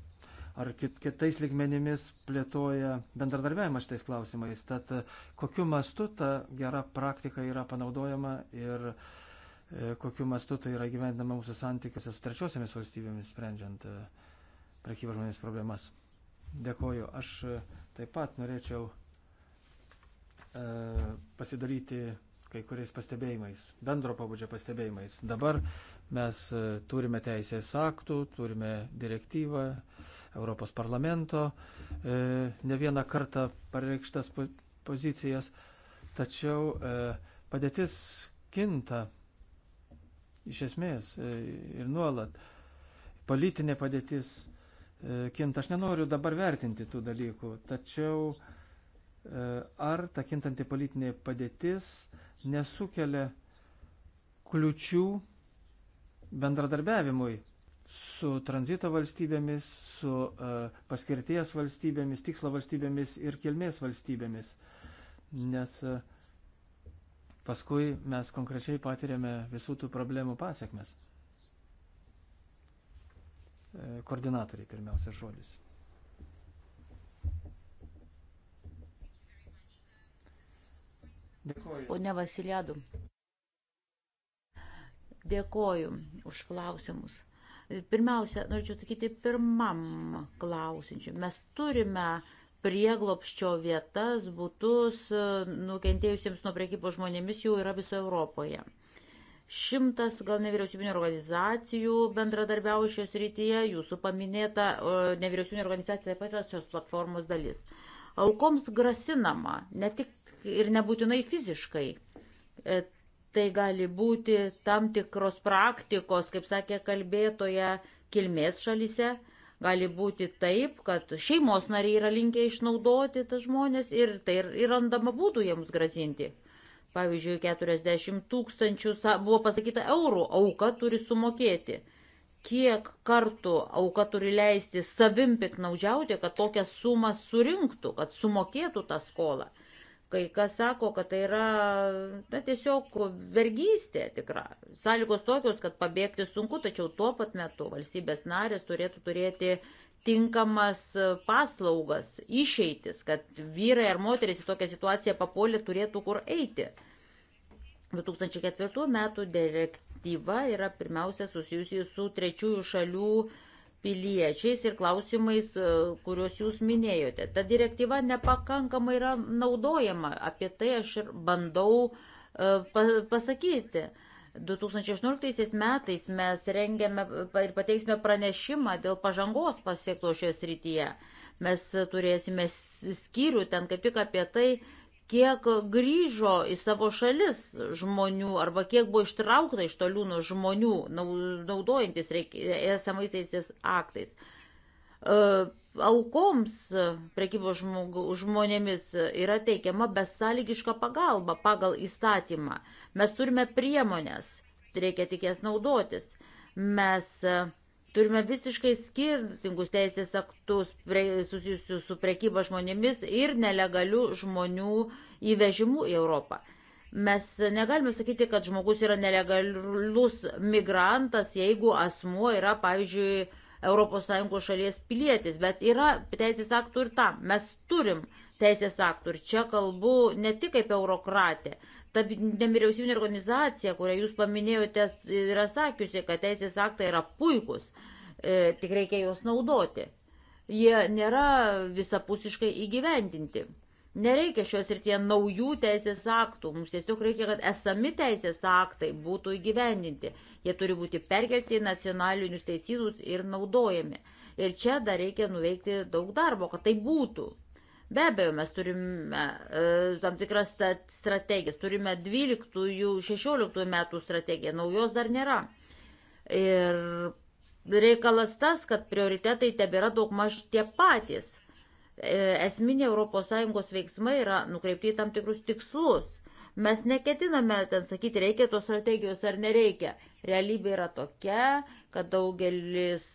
ar kit, kitais ligmenimis plėtoja bendradarbiavimą šitais klausimais. Tad e, kokiu mastu ta gera praktika yra panaudojama ir kokiu mastu tai yra gyvendama mūsų santykiuose su trečiosiamis valstybėmis sprendžiant prekybos žmonėmis problemas. Dėkoju. Aš taip pat norėčiau e, pasidaryti kai kuriais pastebėjimais, bendro pabudžio pastebėjimais. Dabar mes e, turime teisės aktų, turime direktyvą, Europos parlamento e, ne vieną kartą pareikštas pozicijas, tačiau e, padėtis kinta iš esmės ir nuolat. Politinė padėtis kinta. Aš nenoriu dabar vertinti tų dalykų, tačiau ar ta kintanti politinė padėtis nesukelia kliučių bendradarbiavimui su tranzito valstybėmis, su uh, paskirties valstybėmis, tikslo valstybėmis ir kilmės valstybėmis. Nes uh, paskui mes konkrečiai patiriame visų tų problemų pasiekmes. E, koordinatoriai pirmiausia žodis. Dėkoju. Pone Vasiliadu. Dėkoju už klausimus. Pirmiausia, norėčiau atsakyti pirmam klausinčiam. Mes turime prieglopščio vietas, būtus e, nukentėjusiems nuo priekybos žmonėmis jau yra visoje Europoje. Šimtas gal nevyriausybinio organizacijų bendradarbiauja šios rytyje, jūsų paminėta e, nevyriausybinio organizacija taip pat yra šios platformos dalis. Aukoms grasinama ne tik ir nebūtinai fiziškai. E, tai gali būti tam tikros praktikos, kaip sakė kalbėtoja, kilmės šalyse. Gali būti taip, kad šeimos nariai yra linkę išnaudoti tas žmonės ir tai ir randama būdų jiems grazinti. Pavyzdžiui, 40 tūkstančių buvo pasakyta eurų auka turi sumokėti kiek kartų auka turi leisti savim piknaudžiauti, kad tokią sumą surinktų, kad sumokėtų tą skolą. Kai kas sako, kad tai yra na, tiesiog vergystė tikra. Sąlygos tokios, kad pabėgti sunku, tačiau tuo pat metu valstybės narės turėtų turėti tinkamas paslaugas, išeitis, kad vyrai ar moteris į tokią situaciją papolė turėtų kur eiti. 2004 metų direktyva yra pirmiausia susijusi su trečiųjų šalių uh, piliečiais ir klausimais, e, kuriuos jūs minėjote. Ta direktyva nepakankamai yra naudojama, apie tai aš ir bandau e, pasakyti. 2018 metais mes rengiame ir pateiksime pranešimą dėl pažangos pasiekto šioje srityje. Mes turėsime skyrių ten kaip tik apie tai, kiek grįžo į savo šalis žmonių arba kiek buvo ištraukta iš toliūnų žmonių, naudojantis esamais teisės aktais. E, aukoms prekybos žmonėmis yra teikiama besąlygiška pagalba pagal įstatymą. Mes turime priemonės, reikia tik jas naudotis. Mes uh, Turime visiškai skirtingus teisės aktus susijusius su prekyba žmonėmis ir nelegalių žmonių įvežimu į Europą. Mes negalime sakyti, kad žmogus yra nelegalus migrantas, jeigu asmuo yra, pavyzdžiui, ES šalies pilietis, bet yra teisės aktų ir tam. Mes turim teisės aktų ir čia kalbu ne tik kaip eurokratė. Ta nevyriausybinė organizacija, kurią jūs paminėjote, yra sakiusi, kad teisės aktai yra puikus, e, tik reikia juos naudoti. Jie nėra visapusiškai įgyvendinti. Nereikia šios ir tie naujų teisės aktų, mums tiesiog reikia, kad esami teisės aktai būtų įgyvendinti. Jie turi būti perkelti į nacionalinius teisynus ir naudojami. Ir čia dar reikia nuveikti daug darbo, kad tai būtų. Be abejo, mes turime e, tam tikras strategijas, turime 12-16 metų strategiją, naujos dar nėra. Ir reikalas tas, kad prioritetai tebėra daug maž tie patys E, esminė ES veiksmai yra nukreipti į tam tikrus tikslus. Mes neketiname ten sakyti, reikia tos strategijos ar nereikia. Realybė yra tokia, kad daugelis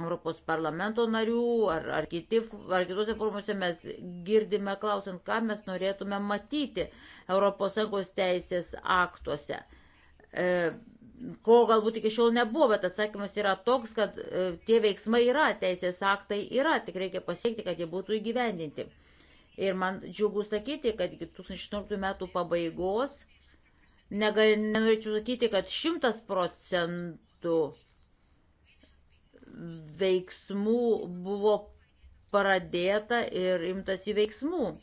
Europos parlamento narių ar, ar, kiti, ar kitose formuose mes girdime klausant, ką mes norėtume matyti ES teisės aktuose. E, ko galbūt iki šiol nebuvo, bet atsakymas yra toks, kad e, tie veiksmai yra, teisės aktai yra, tik reikia pasiekti, kad jie būtų įgyvendinti. Ir man džiugu sakyti, kad iki 2016 metų pabaigos negal, nenorėčiau sakyti, kad 100 procentų veiksmų buvo pradėta ir imtasi veiksmų.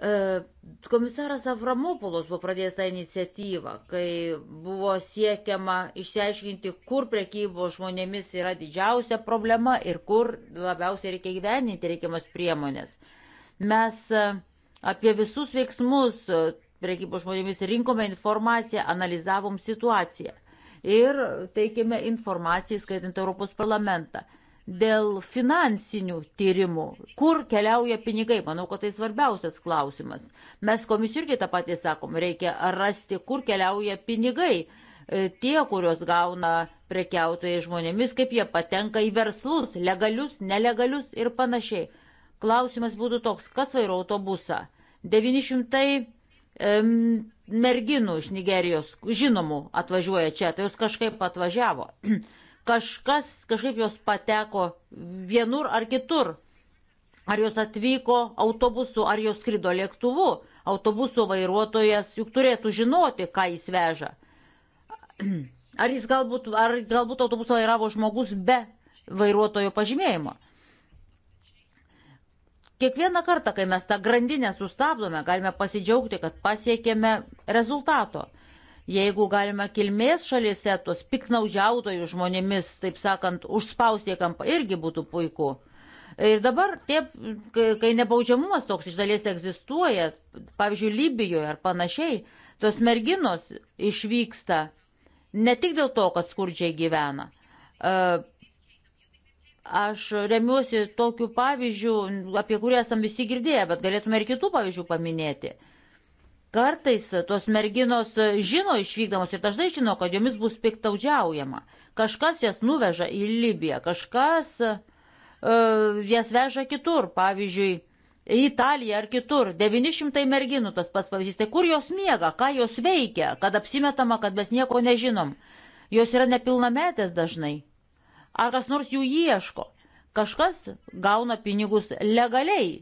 E, komisaras Avramopolos buvo pradėjęs tą iniciatyvą, kai buvo siekiama išsiaiškinti, kur prekybo žmonėmis yra didžiausia problema ir kur labiausiai reikia gyveninti reikiamas priemonės. Mes e, apie visus veiksmus e, prekybo žmonėmis rinkome informaciją, analizavom situaciją ir teikėme informaciją, skaitant Europos parlamentą dėl finansinių tyrimų. Kur keliauja pinigai? Manau, kad tai svarbiausias klausimas. Mes komisijoje irgi tą patį sakom, reikia rasti, kur keliauja pinigai. E, tie, kurios gauna prekiautojai žmonėmis, kaip jie patenka į verslus, legalius, nelegalius ir panašiai. Klausimas būtų toks, kas vairo autobusą? 900 merginų iš Nigerijos žinomų atvažiuoja čia, tai jūs kažkaip atvažiavo. kažkas kažkaip jos pateko vienur ar kitur. Ar jos atvyko autobusu, ar jos skrido lėktuvu. Autobuso vairuotojas juk turėtų žinoti, ką jis veža. Ar jis galbūt, ar galbūt autobusą vairavo žmogus be vairuotojo pažymėjimo. Kiekvieną kartą, kai mes tą grandinę sustabdome, galime pasidžiaugti, kad pasiekėme rezultato. Jeigu galima kilmės šalise tos piknaudžiautojų žmonėmis, taip sakant, užspausti į kampą, irgi būtų puiku. Ir dabar, tie, kai nebaudžiamumas toks iš dalies egzistuoja, pavyzdžiui, Libijoje ar panašiai, tos merginos išvyksta ne tik dėl to, kad skurdžiai gyvena. E, aš remiuosi tokiu pavyzdžiu, apie kurį esam visi girdėję, bet galėtume ir kitų pavyzdžių paminėti. Kartais tos merginos e, žino išvykdamos ir dažnai žino, kad jomis bus piktaudžiaujama. Kažkas jas nuveža į Libiją, kažkas uh, jas veža kitur, pavyzdžiui, į Italiją ar kitur. 900 merginų tas pats pavyzdys. Tai kur jos miega, ką jos veikia, kad apsimetama, kad mes nieko nežinom. Jos yra nepilnametės dažnai. Ar kas nors jų ieško? Kažkas gauna pinigus legaliai,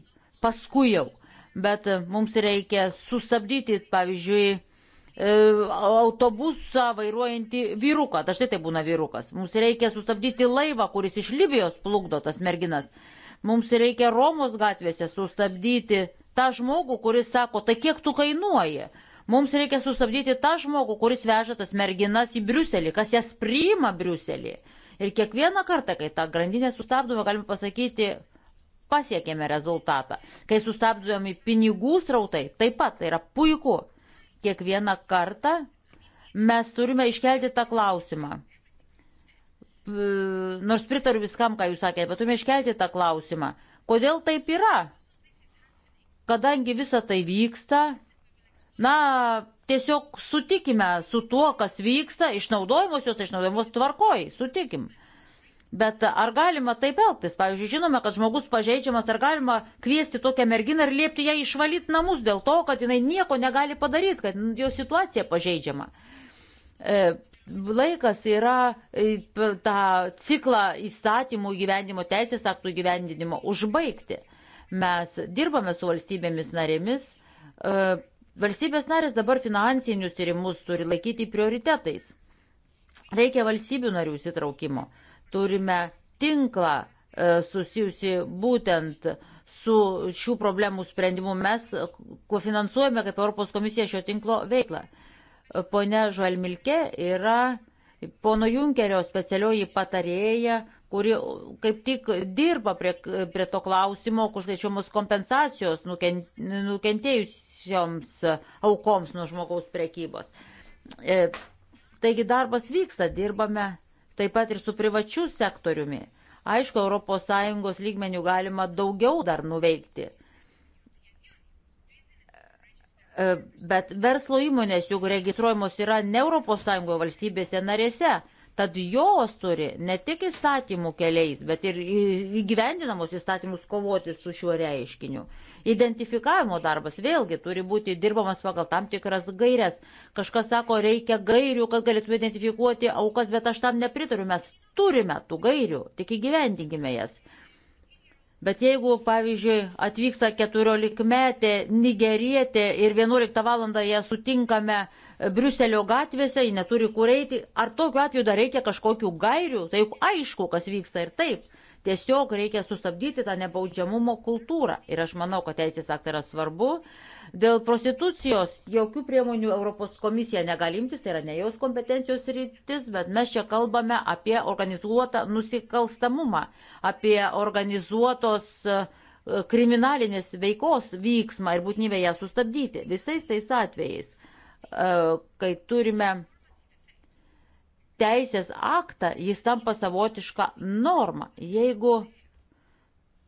paskui jau bet e, mums reikia sustabdyti, pavyzdžiui, e, autobusą vairuojantį vyruką, dažnai tai būna vyrukas. Mums reikia sustabdyti laivą, kuris iš Libijos plukdo tas merginas. Mums reikia Romos gatvėse sustabdyti tą žmogų, kuris sako, tai kiek tu kainuoji. Mums reikia sustabdyti tą žmogų, kuris veža tas merginas į Briuselį, kas jas priima Briuselį. Ir kiekvieną kartą, kai tą grandinę sustabdome, galime pasakyti, pasiekėme rezultatą. Kai sustabdžiami pinigų srautai, taip pat tai yra puiku. Kiekvieną kartą mes turime iškelti tą klausimą. Nors pritariu viskam, ką jūs sakėte, bet turime iškelti tą klausimą. Kodėl taip yra? Kadangi visa tai vyksta, na, tiesiog sutikime su tuo, kas vyksta, išnaudojimus jos išnaudojimus tvarkoj, sutikim. Bet ar galima taip elgtis? Pavyzdžiui, žinome, kad žmogus pažeidžiamas, ar galima kviesti tokią merginą ir liepti ją išvalyti namus dėl to, kad jinai nieko negali padaryti, kad jo situacija pažeidžiama. E, laikas yra e, tą ciklą įstatymų gyvenimo, teisės aktų gyvendinimo užbaigti. Mes dirbame su valstybėmis narėmis. E, valstybės narės dabar finansinius tyrimus turi laikyti prioritetais. Reikia valstybių narių įsitraukimo. Turime tinklą e, susijusi būtent su šių problemų sprendimu. Mes e, kofinansuojame kaip Europos komisija šio tinklo veiklą. E, Pone Žalmilke yra pono Junkerio specialioji patarėja, kuri kaip tik dirba prie, prie to klausimo, kur skaičiuomos kompensacijos nukentėjusioms aukoms nuo žmogaus prekybos. Taigi darbas vyksta, dirbame taip pat ir su privačiu sektoriumi. Aišku, ES lygmenių galima daugiau dar nuveikti. E, bet verslo įmonės juk registruojamos yra ne ES valstybėse narėse Tad jos turi ne tik įstatymų keliais, bet ir įgyvendinamos įstatymus kovoti su šiuo reiškiniu. Identifikavimo darbas vėlgi turi būti dirbamas pagal tam tikras gairias. Kažkas sako, reikia gairių, kad galėtume identifikuoti aukas, bet aš tam nepritariu. Mes turime tų gairių, tik įgyvendinkime jas. Bet jeigu, pavyzdžiui, atvyksta 14 metė nigerietė ir 11 valandą ją sutinkame, Briuselio gatvėse, ji neturi kur eiti. Ar tokiu atveju dar reikia kažkokių gairių? Tai juk aišku, kas vyksta ir taip. Tiesiog reikia sustabdyti tą nebaudžiamumo kultūrą. Ir aš manau, kad teisės aktai yra svarbu. Dėl prostitucijos jokių priemonių Europos komisija negalimtis, tai yra ne jos kompetencijos rytis, bet mes čia kalbame apie organizuotą nusikalstamumą, apie organizuotos e, kriminalinės veikos vyksmą ir būtinybę ją sustabdyti visais tais atvejais. E, kai turime teisės aktą, jis tampa savotišką normą. Jeigu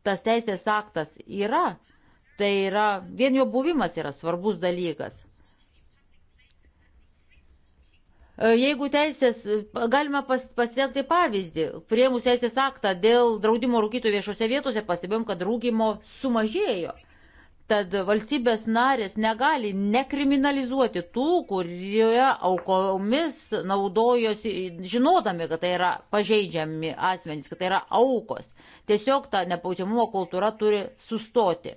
tas teisės aktas yra, tai yra, vien jo buvimas yra svarbus dalykas. E, jeigu teisės, galima pas, pasitelkti pavyzdį, priemus teisės aktą dėl draudimo rūkyti viešose vietose, pastebėjom, kad rūkimo sumažėjo. Tad valstybės narės negali nekriminalizuoti tų, kurie aukomis naudojosi, žinodami, kad tai yra pažeidžiami asmenys, kad tai yra aukos. Tiesiog ta nepaučiamumo kultūra turi sustoti.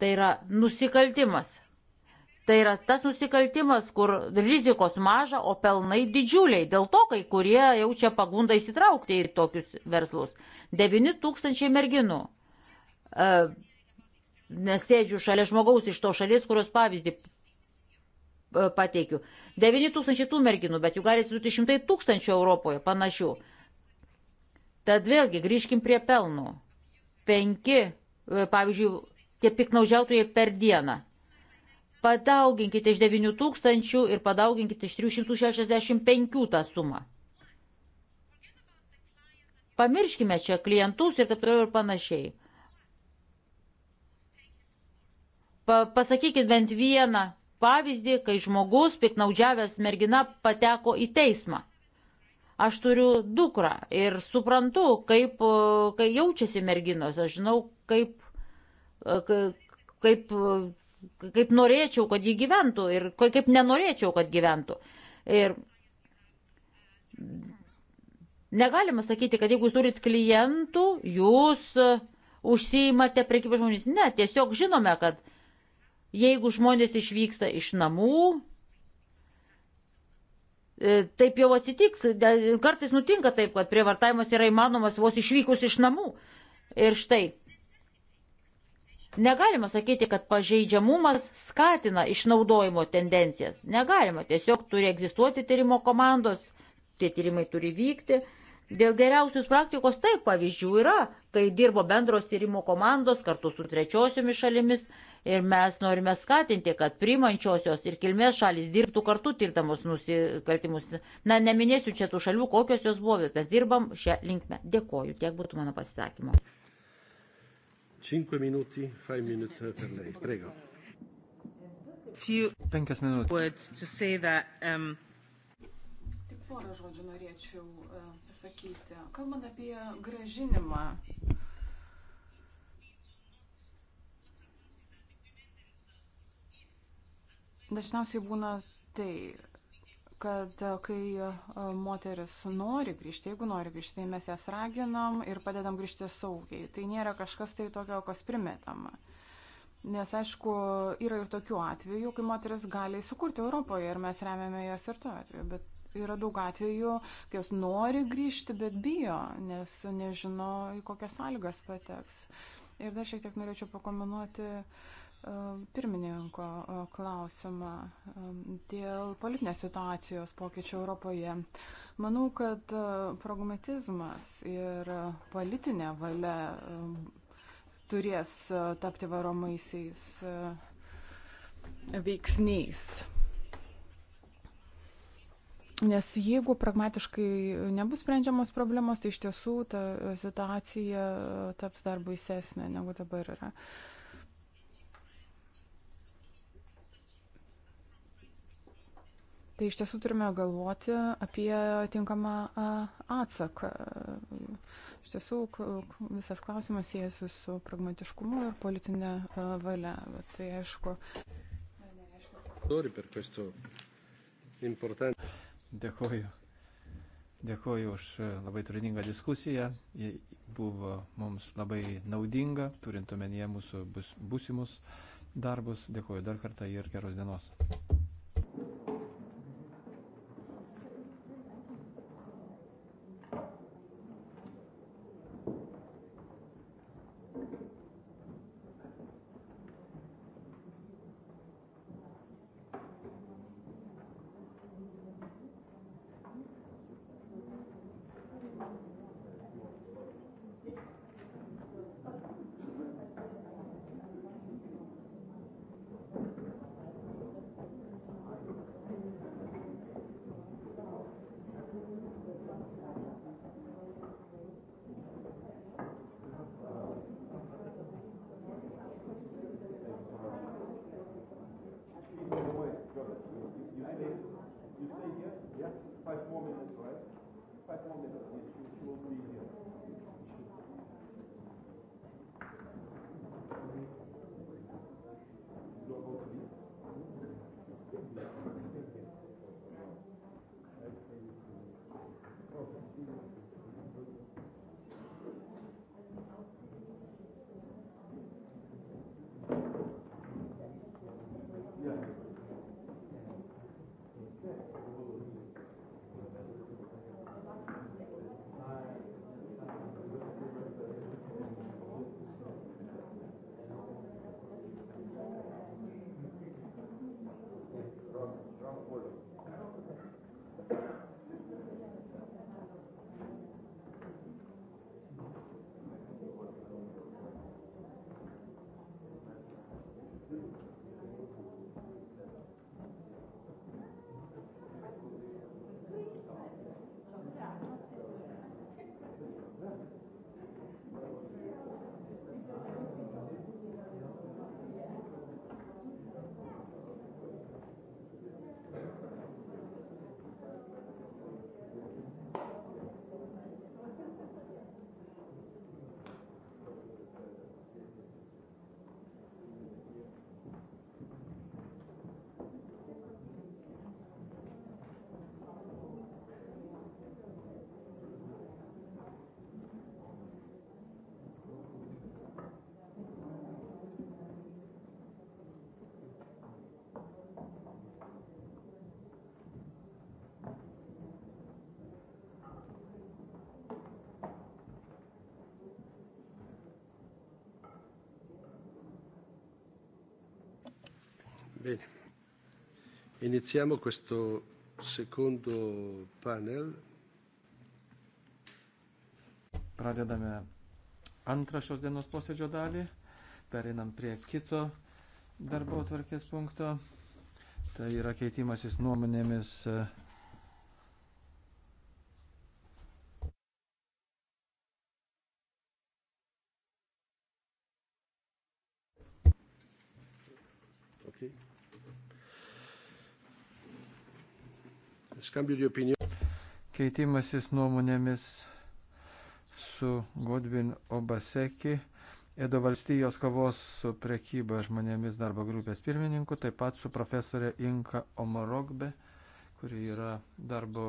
Tai yra nusikaltimas. Tai yra tas nusikaltimas, kur rizikos maža, o pelnai didžiuliai. Dėl to kai kurie jaučia pagundą įsitraukti į tokius verslus. 9 tūkstančiai merginų e, nesėdžiu šalia žmogaus iš to šalies, kurios pavyzdį e, pateikiu. 9 tūkstančiai tų merginų, bet jų gali atsiduoti šimtai tūkstančių Europoje panašių. Tad vėlgi grįžkim prie pelnų. 5, e, pavyzdžiui, tie piknaudžiautojai per dieną. Padauginkite iš 9 tūkstančių ir padauginkite iš 365 tą sumą. Pamirškime čia klientus ir taip toliau ir panašiai. Pa, pasakykit bent vieną pavyzdį, kai žmogus piknaudžiavęs mergina pateko į teismą. Aš turiu dukrą ir suprantu, kaip kai jaučiasi merginos. Aš žinau, kaip, kaip, kaip norėčiau, kad jį gyventų ir kaip nenorėčiau, kad gyventų. Ir negalima sakyti, kad jeigu jūs turit klientų, jūs užsiimate prekybą žmonėmis. Ne, tiesiog žinome, kad uh, Jeigu žmonės išvyksta iš namų, e, taip jau atsitiks. Kartais nutinka taip, kad prievartavimas yra įmanomas vos išvykus iš namų. Ir štai, negalima sakyti, kad pažeidžiamumas skatina išnaudojimo tendencijas. Negalima, tiesiog turi egzistuoti tyrimo komandos, tie tyrimai turi vykti. Dėl geriausios praktikos taip pavyzdžių yra kai dirbo bendros tyrimų komandos kartu su trečiosiomis šalimis ir mes norime skatinti, kad primančiosios ir kilmės šalis dirbtų kartu tirdamos nusikaltimus. Na, neminėsiu čia tų šalių, kokios jos buvo, bet mes dirbam šią linkmę. Dėkoju, tiek būtų mano pasisakymo. 5 minutį, 5 minutį per lei. Prego. Few minutes to say that um, porą žodžių norėčiau e, pasakyti. Kalbant apie gražinimą. Dažniausiai būna tai, kad e, kai e, moteris nori grįžti, jeigu nori grįžti, tai mes jas raginam ir padedam grįžti saugiai. Tai nėra kažkas tai tokio, kas primetama. Nes, aišku, yra ir tokių atvejų, kai moteris gali įsikurti Europoje ir mes remiame jas ir tuo atveju, bet yra daug atvejų, kai jos nori grįžti, bet bijo, nes nežino, į kokias sąlygas pateks. Ir dar šiek tiek norėčiau pakomenuoti e, pirmininko e, klausimą e, dėl politinės situacijos pokyčių Europoje. Manau, kad pragmatizmas ir politinė valia turės tapti varomaisiais veiksniais. Nes jeigu pragmatiškai nebus sprendžiamos problemos, tai iš tiesų ta situacija taps dar baisesnė negu dabar yra. Tai iš tiesų turime galvoti apie tinkamą atsaką. Iš tiesų visas klausimas siejasi su pragmatiškumu ir politinė valia. Bet tai aišku. Nori per questo importante. Dėkoju. Dėkoju už e, labai turiningą diskusiją. Ji buvo mums labai naudinga, turint omenyje mūsų bus, būsimus darbus. Dėkoju dar kartą ir geros dienos. pat mobilius Bene. Iniziamo questo secondo panel. Pradedame antrą šios dienos posėdžio dalį. Pereinam prie kito darbo atvarkės punkto. Tai yra keitimasis nuomonėmis. Uh, Keitimasis nuomonėmis su Godvin Obaseki, Edo valstijos kovos su prekyba žmonėmis darbo grupės pirmininku, taip pat su profesorė Inka Omarogbe, kuri yra darbo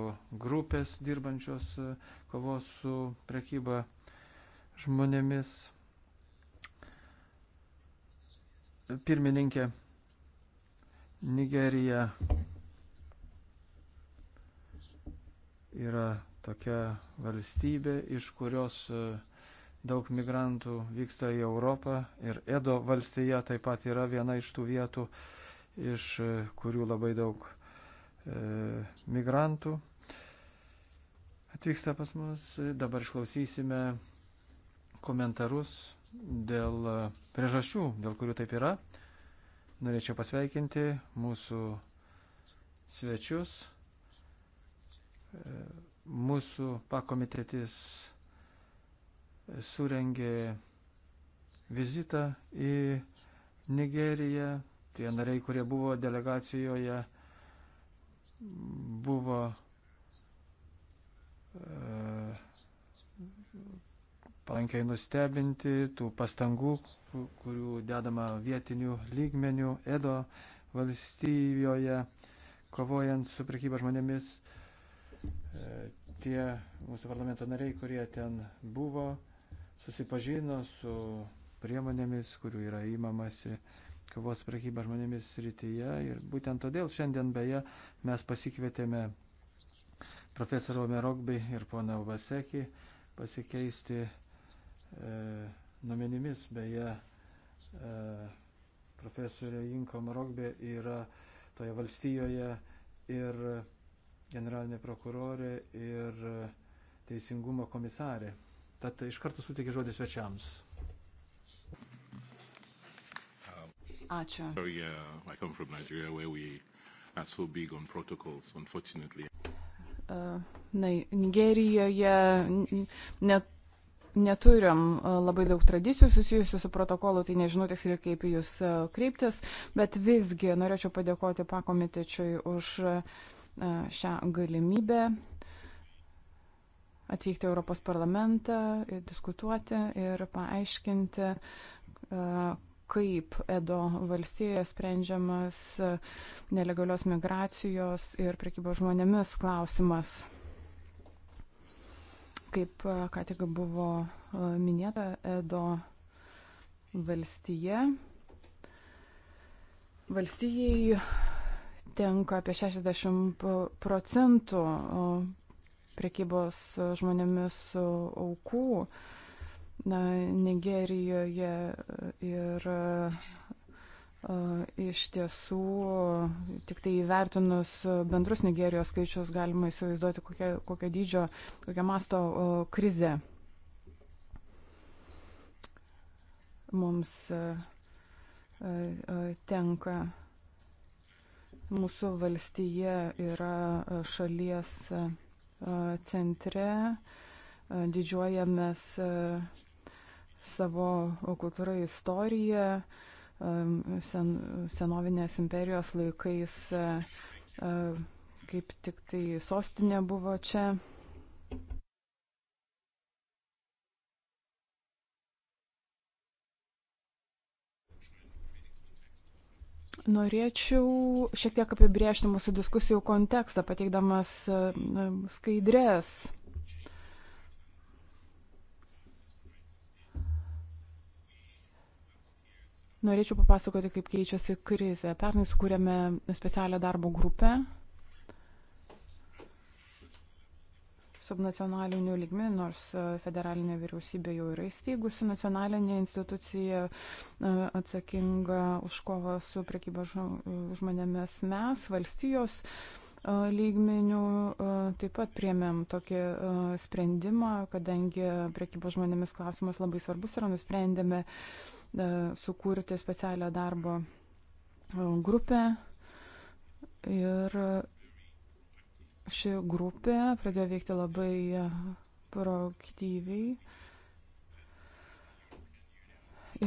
grupės dirbančios e, kovos su prekyba žmonėmis pirmininkė Nigerija yra tokia valstybė, iš kurios e, daug migrantų vyksta į Europą ir Edo valstija taip pat yra viena iš tų vietų, iš e, kurių labai daug e, migrantų atvyksta pas mus. Dabar išklausysime komentarus dėl e, priežasčių, dėl kurių taip yra. Norėčiau pasveikinti mūsų svečius mūsų pakomitetis surengė vizitą į Nigeriją. Tie nariai, kurie buvo delegacijoje, buvo e, palankiai nustebinti tų pastangų, kurių dedama vietinių lygmenių Edo valstybėje, kovojant su prekyba žmonėmis. E, tie mūsų parlamento nariai, kurie ten buvo, susipažino su priemonėmis, kurių yra įmamasi kovos prekyba žmonėmis rytyje. Ir būtent todėl šiandien beje mes pasikvietėme profesorą Merogbį ir poną Vasekį pasikeisti e, nuomenimis. Beje, e, profesorė Inko Merogbė yra toje valstijoje ir generalinė prokurorė ir teisingumo komisarė. Tad iš karto suteikia žodį svečiams. Ačiū. So, yeah, uh, I come from Nigeria where we are so big on protocols, unfortunately. Uh, na, Nigerijoje net neturim uh, labai daug tradicijų susijusių su protokolu, tai nežinau tiksliai kaip jūs uh, kreiptis, bet visgi norėčiau padėkoti pakomitečiui už uh, šią galimybę atvykti į Europos parlamentą, diskutuoti ir paaiškinti, kaip Edo valstijoje sprendžiamas nelegalios migracijos ir prekybos žmonėmis klausimas. Kaip ką tik buvo minėta, Edo valstija. Valstijai tenka apie 60 procentų prekybos žmonėmis aukų. Na, Nigerijoje ir Iš tiesų, tik tai įvertinus bendrus Nigerijos skaičius galima įsivaizduoti, kokia, kokia dydžio, kokia masto krize mums e, e, tenka Mūsų valstyje yra e, šalies e, centre, e, didžiuojamės savo kultūrą, istoriją, sen, senovinės imperijos laikais, kaip tik tai sostinė buvo čia. Norėčiau šiek tiek apibriežti mūsų diskusijų kontekstą, pateikdamas e, skaidrės. Norėčiau papasakoti, kaip keičiasi krizė. Pernai sukūrėme specialią darbo grupę subnacionaliniu lygmeniu, nors e, federalinė vyriausybė jau yra įsteigusi nacionalinė institucija e, atsakinga už kovą su prekyba žmonėmis. Mes, valstijos e, lygmenių, taip pat priemėm tokį sprendimą, kadangi prekyba žmonėmis klausimas labai svarbus yra, nusprendėme sukurti specialią darbo grupę ir ši grupė pradėjo veikti labai proaktyviai.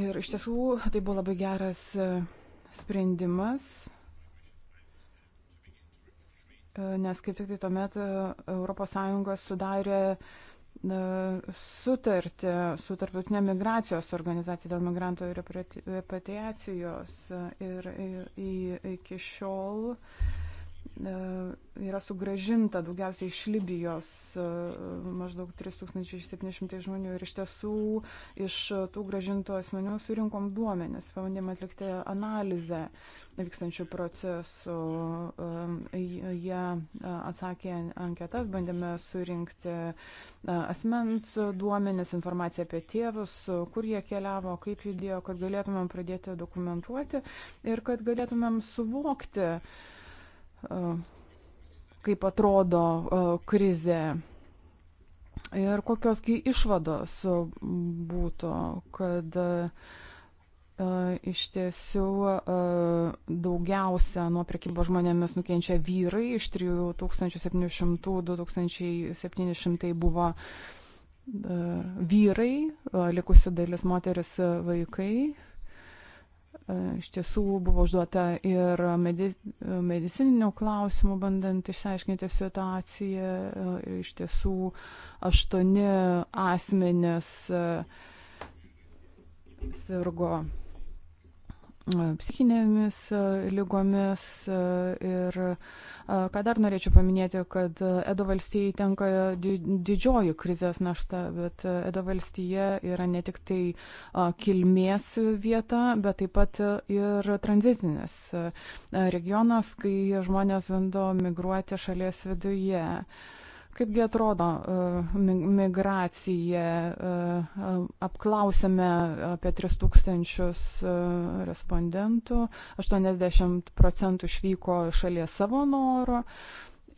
Ir iš tiesų tai buvo labai geras e, sprendimas, e, nes kaip tik tai tuomet ES sudarė e, sutartį su tarptautinė migracijos organizacija dėl migrantų repatriacijos ir, ir, ir iki šiol uh, E, yra sugražinta daugiausiai iš Libijos, e, maždaug 3700 žmonių. Ir iš tiesų iš tų gražintų asmenių surinkom duomenis, pabandėm atlikti analizę vykstančių procesų. E, jie atsakė anketas, bandėme surinkti asmens duomenis, informaciją apie tėvus, kur jie keliavo, kaip judėjo, kad galėtumėm pradėti dokumentuoti ir kad galėtumėm suvokti, E, kaip atrodo e, krizė ir kokiosgi išvados būtų, kad e, iš tiesų daugiausia nuo prekybos žmonėmis nukenčia vyrai, iš 3700-2700 buvo vyrai, likusi dalis moteris vaikai. E, iš tiesų buvo užduota ir medi, medicininių klausimų, bandant išsiaiškinti situaciją. E, iš tiesų aštuoni asmenės e, sirgo psichinėmis lygomis. Ir ką dar norėčiau paminėti, kad Edo valstijai tenka didžioji krizės našta, bet Edo valstija yra ne tik tai kilmės vieta, bet taip pat ir tranzitinis regionas, kai žmonės bando migruoti šalies viduje. Kaipgi atrodo e, migracija, e, e, apklausėme apie 3000 respondentų, 80 procentų išvyko šalies savo noro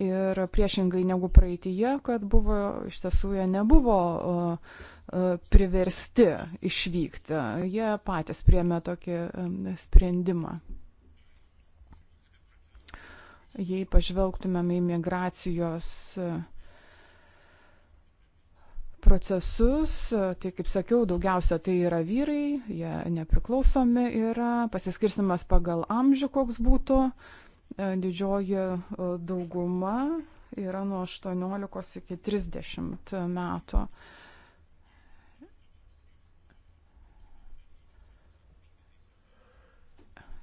ir priešingai negu praeitįje, kad buvo, iš tiesų jie nebuvo priversti išvykti, jie patys priemė tokį sprendimą jei pažvelgtumėm į migracijos uh, procesus. Tai, kaip sakiau, daugiausia tai yra vyrai, jie nepriklausomi yra, pasiskirstimas pagal amžių, koks būtų. E, didžioji e, dauguma yra nuo 18 iki 30 metų.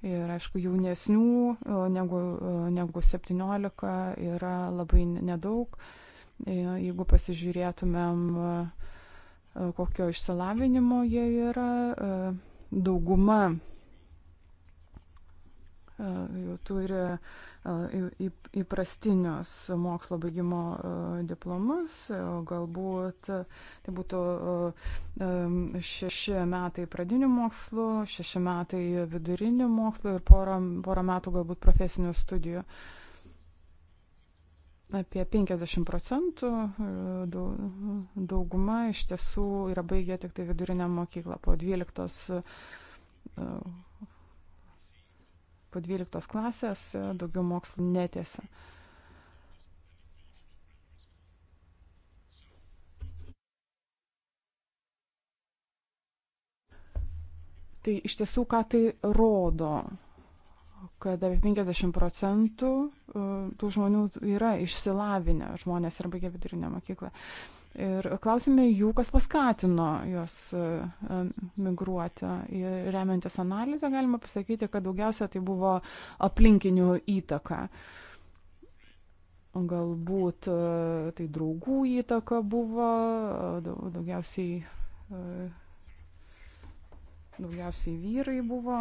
Ir aišku, jaunesnių e, negu, negu 17 yra labai nedaug. Ne E, jeigu pasižiūrėtumėm, e, kokio išsilavinimo jie yra, e, dauguma jau turi įprastinius mokslo baigimo diplomus, galbūt tai būtų šeši metai pradinių mokslų, šeši metai vidurinių mokslų ir porą, porą metų galbūt profesinių studijų. Uh, apie 50 procentų, e, dauguma iš tiesų yra baigę tik tai vidurinę mokyklą po 12, e, po 12 klasės, e, daugiau mokslų netiesia. Tai iš tiesų, ką tai rodo? kad apie 50 procentų e, tų žmonių yra išsilavinę žmonės ir baigė vidurinę mokyklą. Ir klausime jų, kas paskatino juos e, e, migruoti. Ir remiantis analizę galima pasakyti, kad daugiausia tai buvo aplinkinių įtaka. Galbūt tai draugų įtaka buvo, daugiausiai, daugiausiai vyrai buvo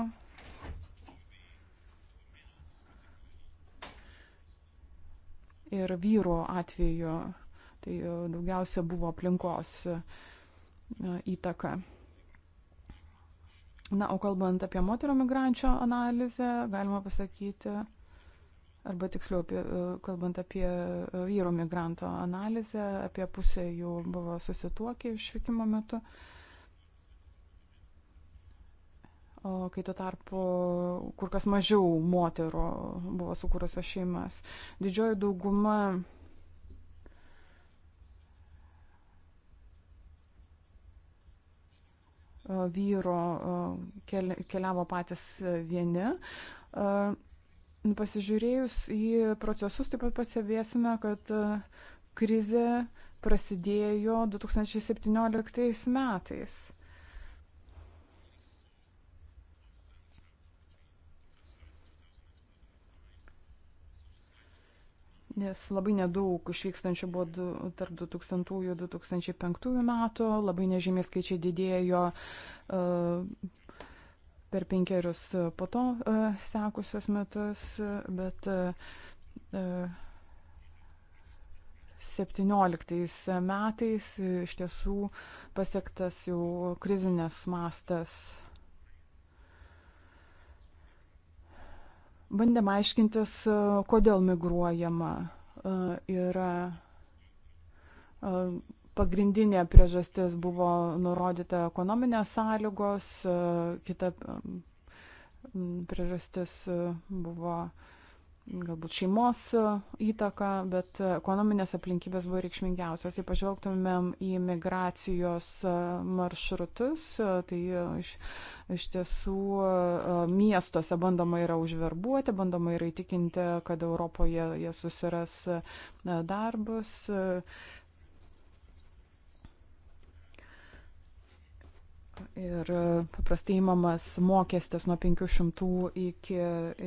ir vyrų atveju. Tai e, daugiausia buvo aplinkos e, įtaka. Na, o kalbant apie moterų migrančio analizę, galima pasakyti, arba tiksliau, apie, e, kalbant apie vyrų migranto analizę, apie pusę jų buvo susituokę išvykimo metu. Uh, o kai tuo tarpu kur kas mažiau moterų buvo sukūrusios šeimas. Didžioji dauguma e, vyro e, keliavo patys vieni. E, pasižiūrėjus į procesus, taip pat pastebėsime, kad krizė prasidėjo 2017 metais. Nes labai nedaug išvykstančių buvo du, tarp 2000-2005 metų, labai nežymiai skaičiai didėjo uh, per penkerius e, po to uh, sekusios metus, bet uh, 17 metais iš tiesų pasiektas jau krizinės mastas bandėm aiškintis, e, kodėl migruojama e, yra. E, pagrindinė priežastis buvo nurodyta ekonominės sąlygos, kita priežastis buvo uh, galbūt šeimos e, įtaka, bet e, ekonominės aplinkybės buvo reikšmingiausios. Jei pažvelgtumėm į migracijos e, maršrutus, tai iš, iš tiesų miestuose bandoma yra užverbuoti, bandoma yra įtikinti, kad Europoje jie susiras darbus. Ir e, paprastai įmamas mokestis nuo 500 iki,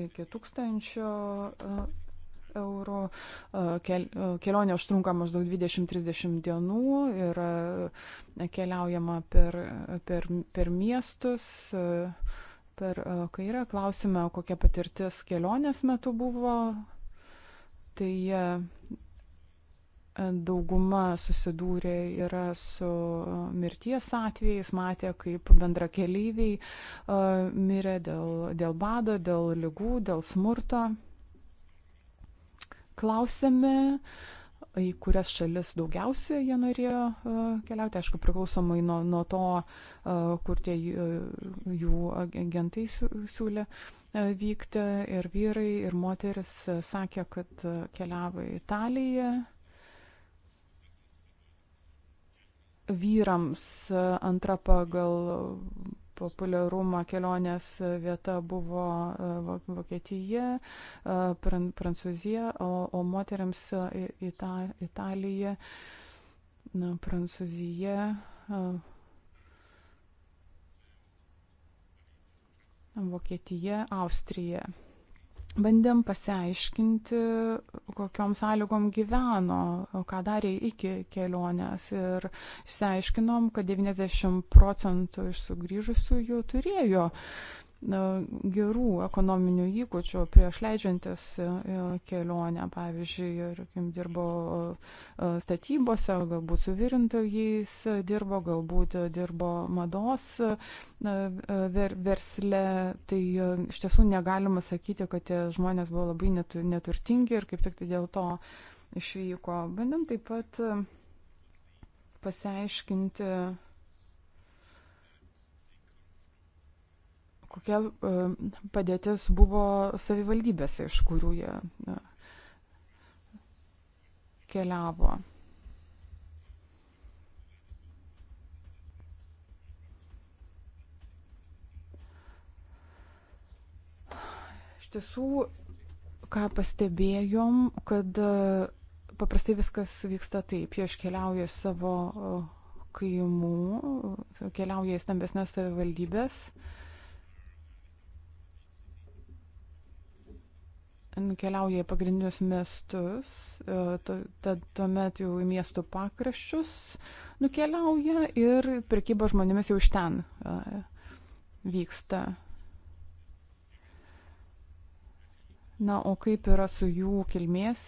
iki 1000 e, eurų. E, kel, kelionė užtrunka maždaug 20-30 dienų ir keliaujama per, per, per miestus. Per kairę klausime, kokia patirtis kelionės metu buvo. Tai dauguma susidūrė yra su e, mirties atvejais, matė, kaip bendrakeleiviai e, mirė dėl, dėl bado, dėl lygų, dėl smurto. Klausėme, į kurias šalis daugiausia jie norėjo e, keliauti, aišku, priklausomai nuo, nuo to, kur tie jų agentai siūlė vykti. Ir vyrai, ir moteris sakė, kad keliavo į Italiją, vyrams antra pagal populiarumą kelionės vieta buvo e, Vokietija, e, Prancūzija, o, o moteriams e, Ita, Italija, na, Prancūzija. Vokietija, Austrija bandėm pasiaiškinti, kokiom sąlygom gyveno, ką darė iki kelionės. Ir išsiaiškinom, kad 90 procentų iš sugrįžusių jų turėjo gerų ekonominių įgūdžių prieš leidžiantis e, e, kelionę, pavyzdžiui, ir dirbo e, statybose, galbūt su virintojais dirbo, galbūt dirbo mados ver, versle. Tai iš tiesų negalima sakyti, kad tie žmonės buvo labai neturtingi ir kaip tik tai dėl to išvyko. Bandėm taip pat pasiaiškinti kokia e, padėtis buvo savivaldybėse, iš kurių jie keliavo. Iš tiesų, ką pastebėjom, kad e, paprastai viskas vyksta taip, jie iškeliauja iš savo e, kaimų, keliauja į stambesnės savivaldybės. Uh, nukeliauja į pagrindinius miestus, e, tad tuomet jau į miestų pakraščius nukeliauja ir prekyba žmonėmis jau iš ten e, vyksta. Na, o kaip yra su jų kilmės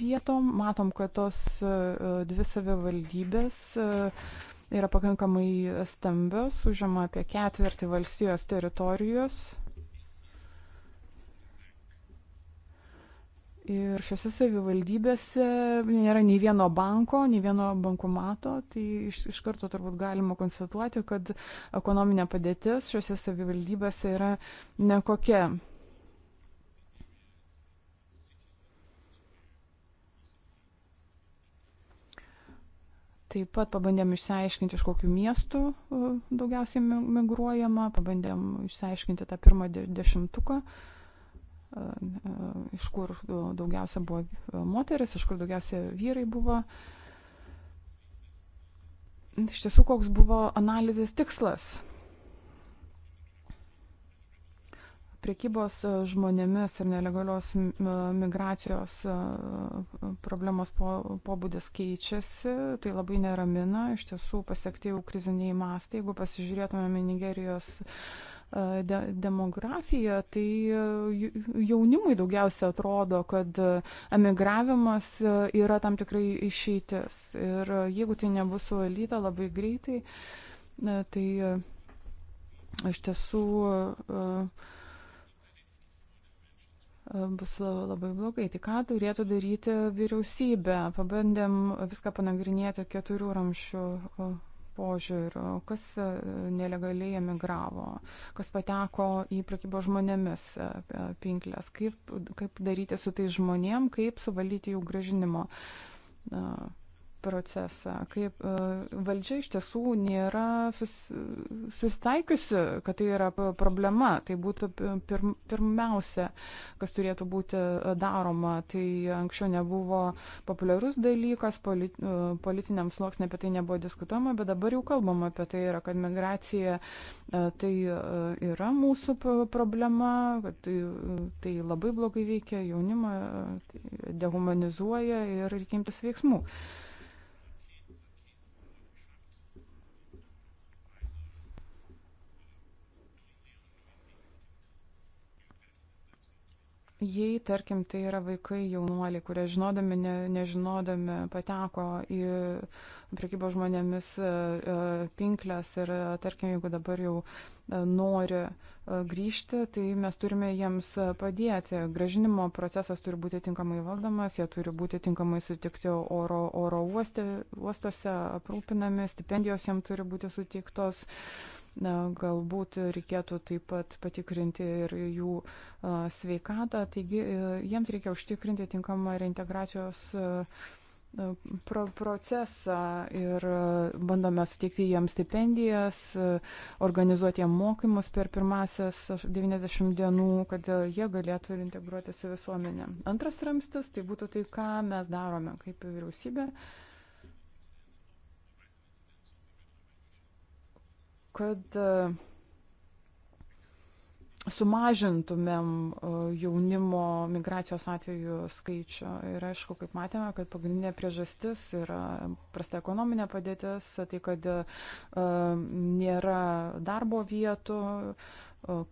vietom? Matom, kad tos e, dvi savivaldybės yra pakankamai stambios, užima apie ketvirtį valstijos teritorijos. Ir šiuose savivaldybėse nėra nei vieno banko, nei vieno bankomato, tai iš, iš karto turbūt galima konstatuoti, kad ekonominė padėtis šiuose savivaldybėse yra nekokia. Taip pat pabandėm išsiaiškinti, iš kokių miestų uh, daugiausiai migruojama, pabandėm išsiaiškinti tą pirmą dešimtuką. Uh, iš kur daugiausia buvo moteris, iš kur daugiausia vyrai buvo. Iš tiesų, koks buvo analizės tikslas? Priekybos žmonėmis ir nelegalios migracijos problemos pobūdis keičiasi, tai labai neramina, iš tiesų pasiekti jau kriziniai mastai, jeigu pasižiūrėtumėme Nigerijos uh, de, demografiją, tai e, jaunimui daugiausia atrodo, kad e, emigravimas e, yra tam tikrai išeitis. Ir jeigu tai nebus suvalyta labai greitai, tai iš tiesų bus labai blogai. Tai ką turėtų daryti vyriausybė? Pabandėm viską panagrinėti keturių ramščių požiūriu, kas e, nelegaliai emigravo, kas pateko į prekybą žmonėmis e, pinklės, kaip, kaip daryti su tais žmonėm, kaip suvaldyti jų gražinimo e, procesą, kaip e, valdžia iš tiesų nėra sus, susitaikiusi, kad tai yra problema. Tai būtų pir, pirmiausia, kas turėtų būti e, daroma. Tai anksčiau nebuvo populiarus dalykas, polit, e, politiniam sluoksnė apie tai nebuvo diskutuojama, bet dabar jau kalbama apie tai, yra, kad migracija tai yra mūsų problema, kad tai, tai labai blogai veikia jaunimą, tai dehumanizuoja ir reikia imtis veiksmų. Uh, Jei, tarkim, tai yra vaikai jaunuoliai, kurie žinodami, ne, nežinodami pateko į prekybos žmonėmis e, e, pinklės ir, e, tarkim, jeigu dabar jau nori grįžti, tai mes turime jiems padėti. Gražinimo procesas turi būti tinkamai valdomas, jie turi būti tinkamai sutikti oro, oro uoste, uostose, aprūpinami, stipendijos jiems turi būti suteiktos. Uh, Na, galbūt reikėtų taip pat patikrinti ir jų sveikatą, taigi e, jiems reikia užtikrinti tinkamą reintegracijos pro procesą ir bandome suteikti jiems stipendijas, organizuoti jiems mokymus per pirmasias 90 dienų, kad jie galėtų integruotis į visuomenę. Antras ramstis tai būtų tai, ką mes darome kaip vyriausybė. Uh, kad e, sumažintumėm e, jaunimo migracijos atvejų skaičių. Ir aišku, kaip matėme, kad pagrindinė priežastis yra prasta ekonominė padėtis, tai kad e, nėra darbo vietų,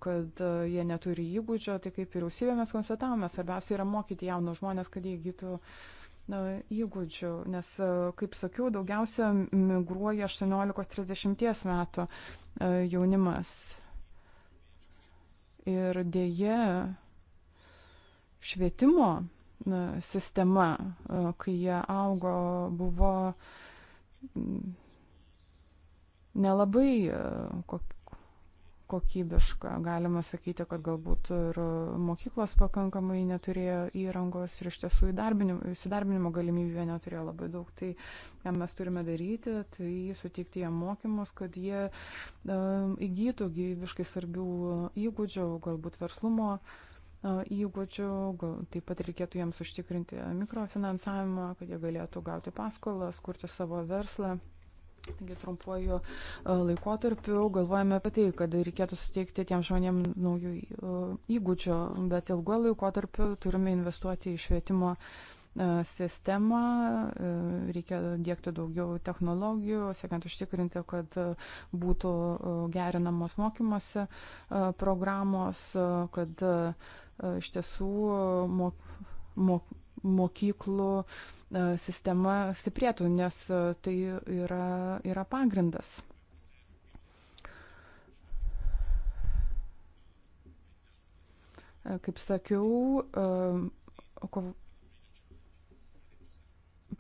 kad jie neturi įgūdžio, tai kaip vyriausybė mes konstatavome, svarbiausia yra mokyti jaunus žmonės, kad jie įgytų uh, įgūdžių, nes, e, kaip sakiau, daugiausia migruoja 18-30 metų e, jaunimas. Ir dėje švietimo sistema, e, kai jie augo, buvo mm, nelabai kokia kokybiška. Galima sakyti, kad galbūt ir mokyklos pakankamai neturėjo įrangos ir iš tiesų įsidarbinimo galimybė neturėjo labai daug. Tai ką mes turime daryti, tai suteikti jiem mokymus, kad jie um, įgytų gyvybiškai svarbių įgūdžių, galbūt verslumo e, įgūdžių, gal taip pat reikėtų jiems užtikrinti mikrofinansavimą, kad jie galėtų gauti paskolas, kurti savo verslą. Taigi trumpuoju e, laikotarpiu galvojame apie tai, kad reikėtų suteikti tiem žmonėm naujų e, įgūdžių, bet ilguoju laikotarpiu turime investuoti į švietimo e, sistemą, reikia dėkti daugiau technologijų, siekiant užtikrinti, kad būtų gerinamos mokymosi programos, kad iš tiesų mok, mok, mokyklų uh, E, sistema stiprėtų, nes e, tai yra, yra pagrindas. E, kaip sakiau,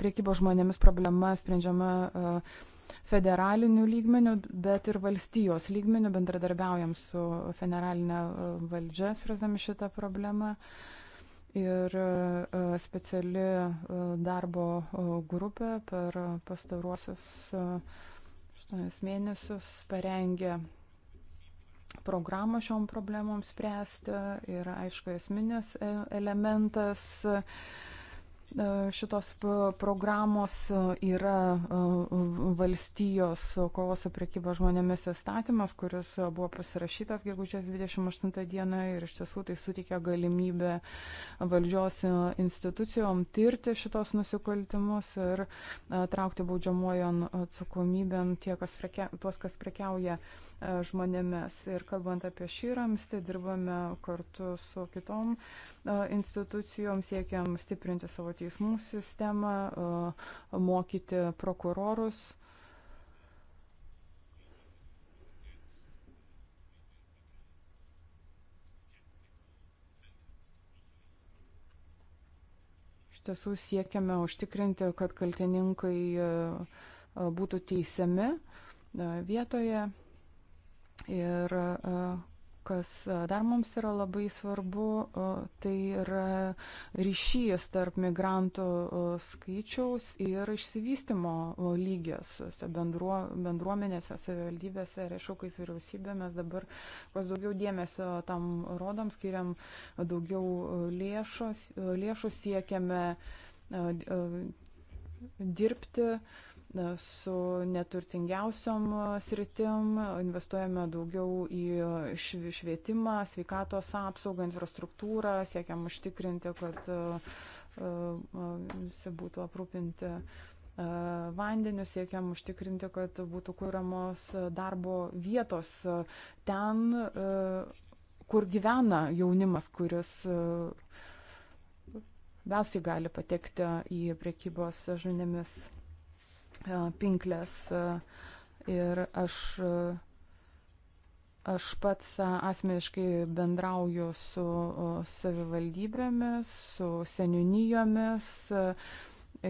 priekybos žmonėmis problema sprendžiama federaliniu lygmeniu, bet ir valstijos lygmeniu bendradarbiaujam su federalinė valdžia, spręsdami šitą problemą. Uh, ir e, speciali e, darbo e, grupė per pastaruosius 8 mėnesius parengė programą šiom problemom spręsti ir aišku esminis elementas E, šitos programos e, yra e, valstijos kovos su priekyba žmonėmis įstatymas, kuris buvo pasirašytas gegužės 28 dieną ir iš tiesų tai suteikia galimybę valdžios institucijom tirti šitos nusikaltimus ir traukti baudžiamojon atsakomybėm tie, kas prekia, tuos, kas prekiauja E, žmonėmis. Ir kalbant apie šį ramstį, dirbame kartu su kitom e, institucijom, siekiam stiprinti savo teismų sistemą, e, mokyti prokurorus. tiesų siekiame užtikrinti, kad kaltininkai būtų teisiami vietoje Ir e, kas dar mums yra labai svarbu, e, tai yra ryšys tarp migrantų e, skaičiaus ir išsivystimo lygės bendruo, bendruomenėse, savivaldybėse. Ir aišku, kaip vyriausybė mes dabar kas daugiau dėmesio tam rodom, skiriam daugiau lėšos, lėšų siekiame dirbti su neturtingiausiom e, sritim, investuojame daugiau į švietimą, sveikatos apsaugą, infrastruktūrą, siekiam užtikrinti, kad e, e, visi būtų aprūpinti vandeniu, siekiam užtikrinti, kad būtų kūriamos darbo vietos ten, kur gyvena jaunimas, kuris labiausiai gali patekti į priekybos žmonėmis E, pinklės. E, ir aš, e, aš pats asmeniškai bendrauju su savivaldybėmis, su seniūnijomis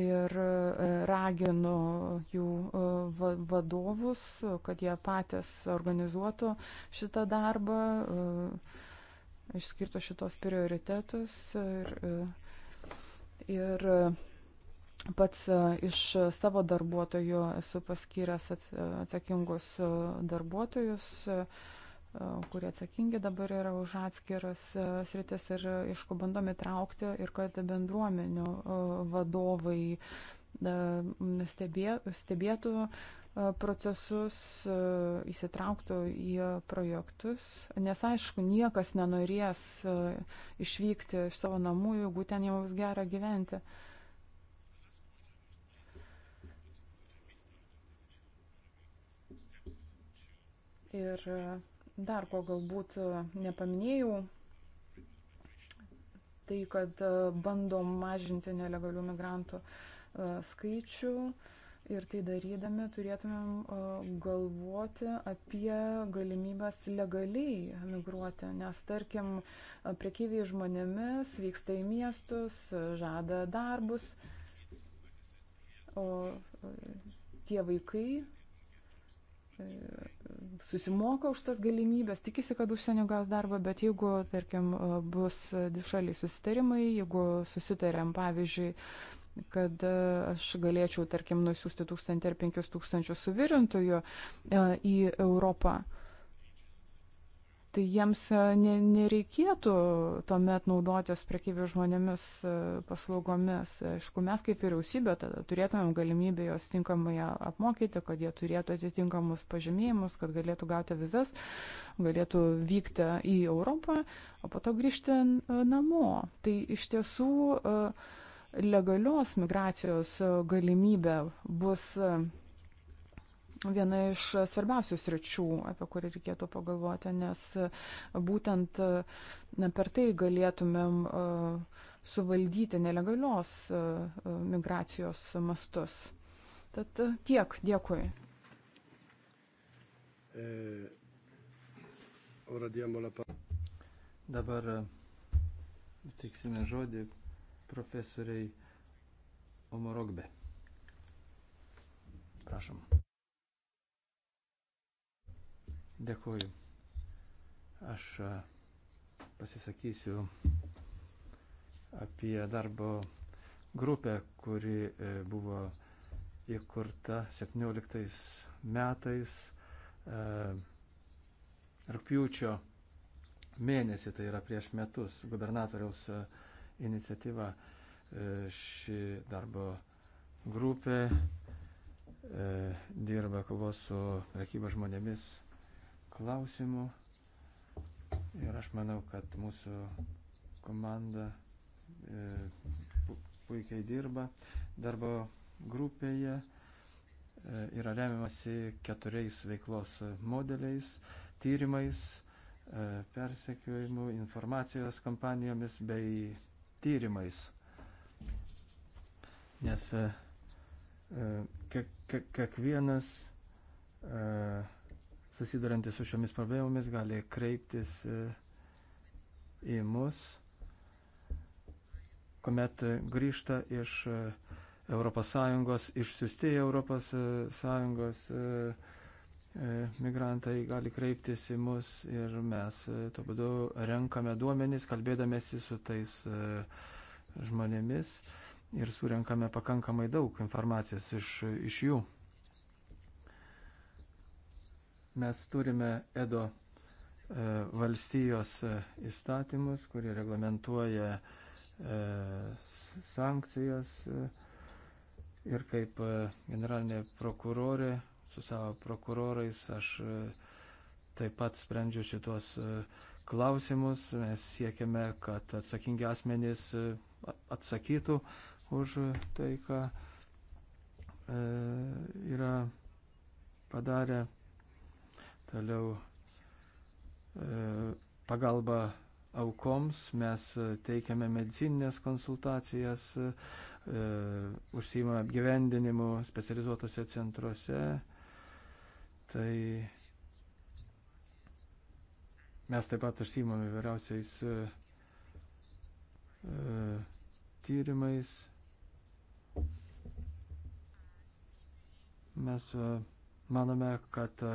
ir raginu jų vadovus, kad jie patys organizuotų šitą darbą, išskirtų šitos prioritetus. Ir, ir pats e, iš savo darbuotojų esu paskyręs atsakingus e, darbuotojus, e, kurie atsakingi dabar yra už atskiras sritis ir, aišku, bandom įtraukti ir kad bendruomenių vadovai stebė, stebėtų procesus, įsitrauktų į projektus, nes aišku, niekas nenorės išvykti iš savo namų, jeigu ten jau gera gyventi. Uh, Ir e, dar ko galbūt e, nepaminėjau, tai kad e, bandom mažinti nelegalių migrantų skaičių ir tai darydami turėtumėm galvoti apie galimybės legaliai migruoti, nes tarkim, priekyviai žmonėmis vyksta į miestus, žada darbus, o tie vaikai susimoka už tas galimybės, tikisi, kad užsienio gaus darbą, bet jeigu, tarkim, bus dišaliai susitarimai, jeigu susitarėm, pavyzdžiui, kad aš galėčiau, tarkim, nusiųsti tūkstantį ar penkis tūkstančius suvirintojų e, į Europą, tai jiems e, ne, nereikėtų tuomet naudotis prekybių žmonėmis e, paslaugomis. Aišku, mes kaip vyriausybė turėtumėm galimybę juos tinkamai apmokyti, kad jie turėtų atitinkamus pažymėjimus, kad galėtų gauti vizas, galėtų vykti į Europą, o po to grįžti e, namo. Tai iš tiesų legalios migracijos galimybė bus viena iš svarbiausių sričių, apie kurį reikėtų pagalvoti, nes e, būtent e, na, per tai galėtumėm e, suvaldyti nelegalios migracijos mastus. Tad tiek, dėkui. Dabar teiksime žodį profesoriai Omorogbe. Prašom. Dėkuoju. Aš pasisakysiu apie darbo grupę, kuri e, buvo įkurta 17 metais e, rūpjūčio mėnesį, tai yra prieš metus, gubernatoriaus e, iniciatyva ši darbo grupė dirba kovos su prekyba žmonėmis klausimų ir aš manau, kad mūsų komanda e, puikiai dirba. Darbo grupėje e, yra remiamasi keturiais veiklos modeliais, tyrimais, e, persekiojimu, informacijos kampanijomis bei tyrimais. Nes e, e, kiekvienas ke, ke, susidurantis su šiomis problemomis gali kreiptis e, į mus, kuomet grįžta iš ES, išsiusti ES migrantai gali kreiptis į mus ir mes e, tuo būdu renkame duomenys, kalbėdamėsi su tais e, žmonėmis ir surenkame pakankamai daug informacijos iš, iš jų mes turime Edo e, valstijos e, įstatymus, kurie reglamentuoja e, sankcijas ir kaip generalinė prokurorė su savo prokurorais aš taip pat sprendžiu šitos klausimus. Mes siekiame, kad atsakingi asmenys atsakytų už tai, ką yra padarę Toliau e, pagalba aukoms mes e, teikiame medicininės konsultacijas, e, užsima apgyvendinimu specializuotose centruose. Tai mes taip pat užsimame įvairiausiais tyrimais. Mes manome, kad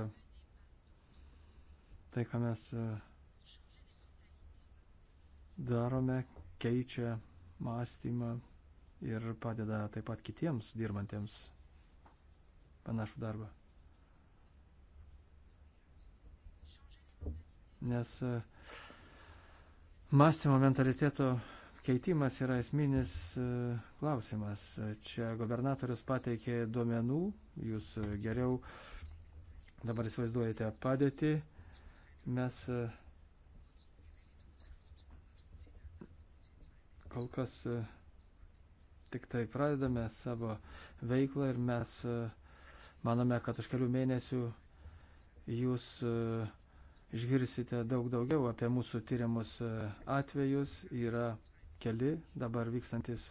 Tai, ką mes e, darome, keičia mąstymą ir padeda taip pat kitiems dirbantiems panašų darbą. Nes e, mąstymo mentaliteto keitimas yra esminis e, klausimas. Čia gubernatorius pateikė duomenų, jūs geriau dabar įsivaizduojate padėtį Mes e, kol kas e, tik tai pradedame savo veiklą ir mes e, manome, kad už kelių mėnesių jūs išgirsite daug daugiau apie mūsų tyriamus atvejus. Yra keli dabar vykstantis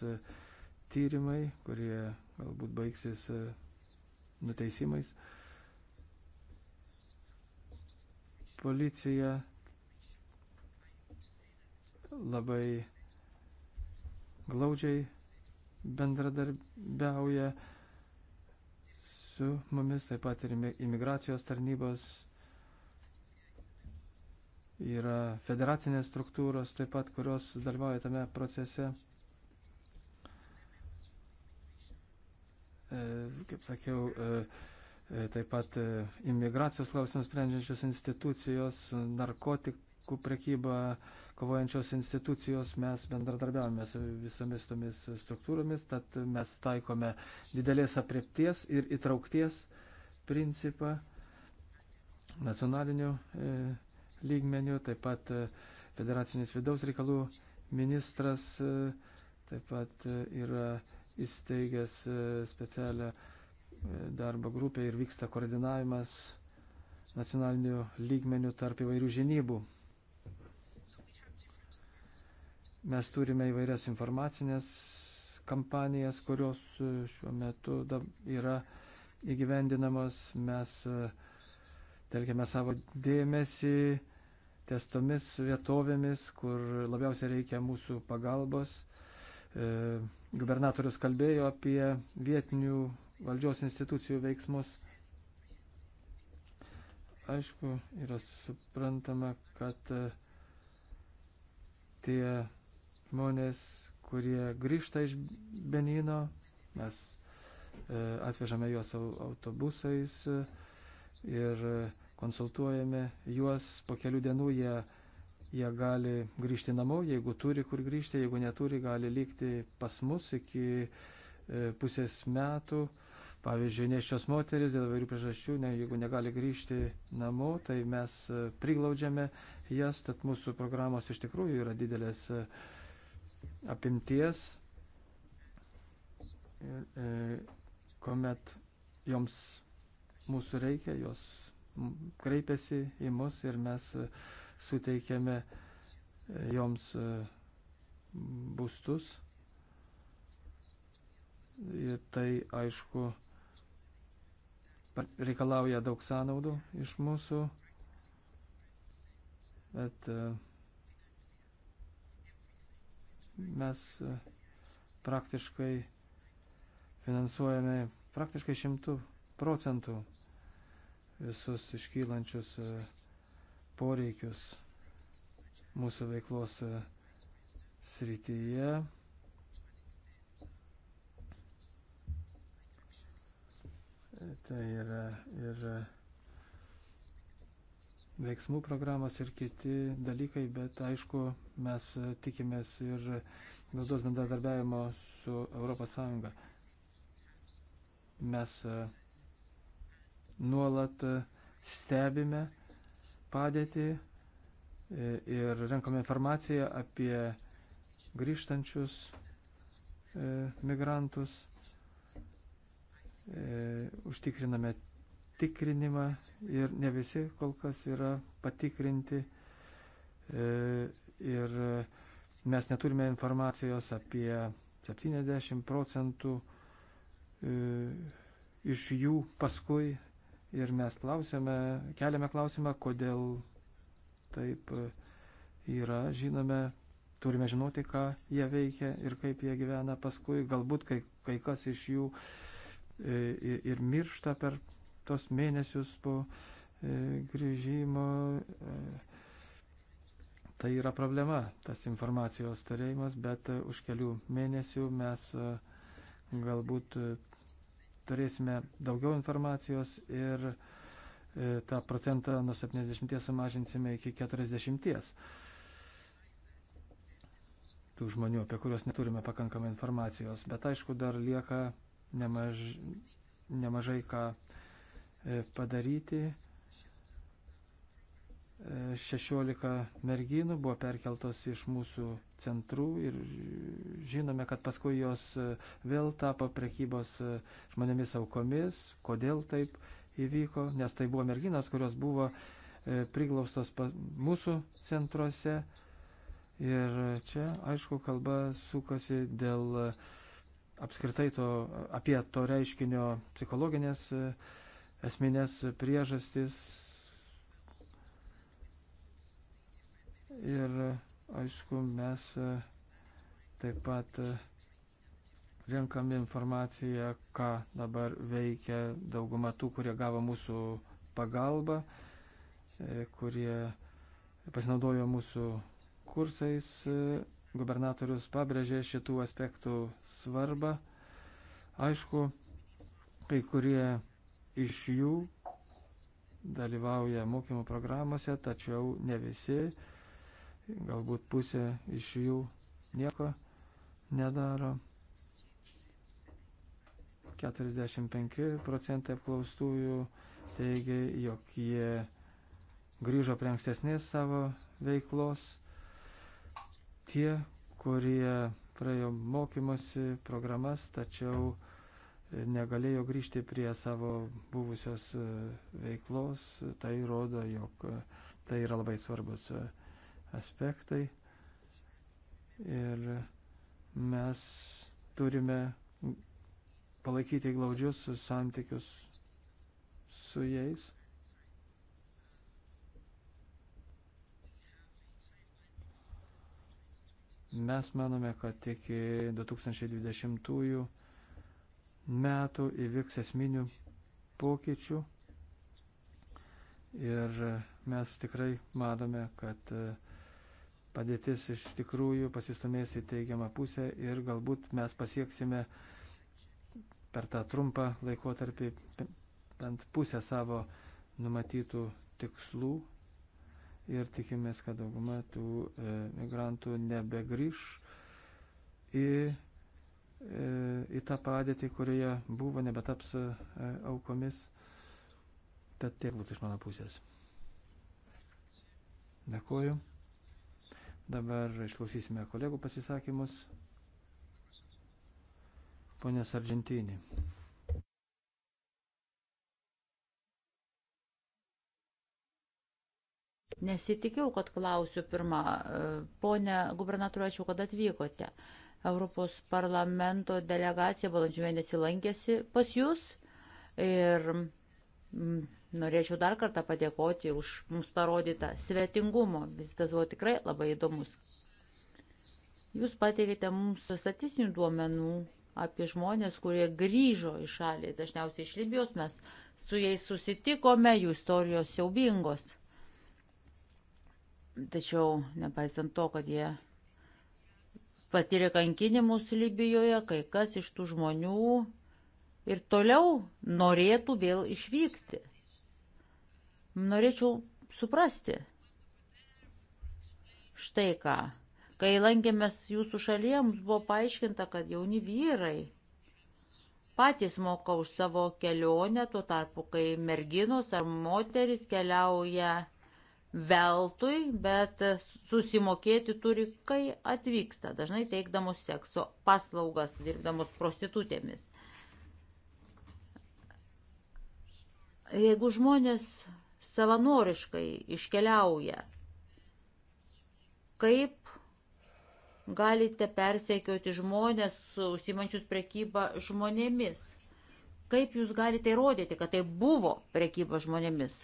tyrimai, kurie galbūt baigsis nuteisimais. policija labai glaudžiai bendradarbiauja su mumis, taip pat ir imigracijos tarnybos yra federacinės struktūros, taip pat kurios dalyvauja tame procese. E, kaip sakiau, e, E, taip pat e, imigracijos klausimus sprendžiančios institucijos, narkotikų prekybą kovojančios institucijos, mes bendradarbiavame su visomis tomis struktūromis, tad mes taikome didelės apriepties ir įtraukties principą nacionaliniu e, lygmeniu, taip pat e, federacinis vidaus reikalų ministras e, taip pat e, yra įsteigęs e, specialią e, darbo grupė ir vyksta koordinavimas nacionalinių lygmenių tarp įvairių žinybų. Mes turime įvairias informacinės kampanijas, kurios šiuo metu yra įgyvendinamos. Mes e, telkiame savo dėmesį ties tomis vietovėmis, kur labiausiai reikia mūsų pagalbos. E, gubernatorius kalbėjo apie vietinių valdžios institucijų veiksmus. Aišku, yra suprantama, kad e, tie žmonės, kurie grįžta iš Benino, mes e, atvežame juos autobusais e, ir konsultuojame juos, po kelių dienų jie, jie gali grįžti namo, jeigu turi kur grįžti, jeigu neturi, gali likti pas mus iki pusės metų Pavyzdžiui, neščios moteris dėl vairių priežasčių, ne, jeigu negali grįžti namo, tai mes e, priglaudžiame jas, tad mūsų programos iš tikrųjų yra didelės e, apimties. Ir, e, kuomet joms mūsų reikia, jos kreipiasi į mus ir mes e, suteikiame joms būstus. Ir tai aišku, reikalauja daug sąnaudų iš mūsų, bet e, mes e, praktiškai finansuojame praktiškai šimtų procentų visus iškylančius e, poreikius mūsų veiklos srityje. Tai yra ir veiksmų programos ir kiti dalykai, bet aišku, mes tikimės ir naudos bendradarbiavimo su ES. Mes e, nuolat e, stebime padėtį e, ir renkame informaciją apie grįžtančius migrantus e, užtikriname tikrinimą ir ne visi kol kas yra patikrinti e, ir mes neturime informacijos apie 70 procentų e, iš jų paskui ir mes klausėme, keliame klausimą, kodėl taip yra, žinome, turime žinoti, ką jie veikia ir kaip jie gyvena paskui, galbūt kai, kai kas iš jų e, E, ir miršta per tos mėnesius po e, grįžimo. E, tai yra problema, tas informacijos turėjimas, bet už kelių mėnesių mes galbūt turėsime daugiau informacijos ir tą procentą nuo 70 sumažinsime iki 40 tų žmonių, apie kuriuos neturime pakankamai informacijos. Bet aišku, dar lieka nemaž, nemažai ką e, padaryti. 16 e, merginų buvo perkeltos iš mūsų centrų ir žinome, kad paskui jos e, vėl tapo prekybos žmonėmis aukomis. Kodėl taip įvyko? Nes tai buvo merginos, kurios buvo priglaustos mūsų centruose. Ir čia, aišku, kalba sukasi dėl uh, apskritai to, apie to reiškinio psichologinės e, esminės priežastis. Ir aišku, mes e, taip pat e, renkam informaciją, ką dabar veikia dauguma tų, kurie gavo mūsų pagalbą, kurie pasinaudojo mūsų kursais gubernatorius pabrėžė šitų aspektų svarbą. Aišku, kai kurie iš jų dalyvauja mokymo programuose, tačiau ne visi, galbūt pusė iš jų nieko nedaro. 45 procentai apklaustųjų teigia, jog jie grįžo prie ankstesnės savo veiklos tie, kurie praėjo mokymosi programas, tačiau e, negalėjo grįžti prie savo buvusios e, veiklos. Tai rodo, jog e, tai yra labai svarbus aspektai. Ir mes turime palaikyti glaudžius santykius su jais. Mes manome, kad iki 2020 metų įvyks esminių pokyčių ir mes tikrai matome, kad e, padėtis iš tikrųjų pasistumės į teigiamą pusę ir galbūt mes pasieksime per tą trumpą laikotarpį bent pusę savo numatytų tikslų ir tikimės, kad dauguma tų e, migrantų nebegrįž į, e, į tą padėtį, kurioje buvo, nebetaps e, aukomis. Tad tiek būtų iš mano pusės. Dėkuoju. Dabar išklausysime kolegų pasisakymus. Ponės Argentinį. Nesitikėjau, kad klausiu pirmą. E, Pone gubernatoriu, kad atvykote. Europos parlamento delegacija balandžio mėnesį lankėsi pas jūs ir norėčiau dar kartą padėkoti už mums parodytą svetingumą. Vizitas buvo tikrai labai įdomus. Jūs pateikėte mums statistinių duomenų apie žmonės, kurie grįžo į šalį, dažniausiai iš Libijos, mes su jais susitikome, jų istorijos siaubingos. Tačiau, nepaisant to, kad jie patyrė kankinimus Libijoje, kai kas iš tų žmonių ir toliau norėtų vėl išvykti. Norėčiau suprasti. Štai ką. Kai lankėmės jūsų šalyje, mums buvo paaiškinta, kad jauni vyrai patys moka už savo kelionę, tuo tarpu, kai merginos ar moteris keliauja veltui, bet susimokėti turi, kai atvyksta, dažnai teikdamos sekso paslaugas, dirbdamos prostitutėmis. Jeigu žmonės savanoriškai iškeliauja, kaip galite persekioti žmonės, užsimančius prekybą žmonėmis? Kaip jūs galite įrodyti, kad tai buvo prekyba žmonėmis?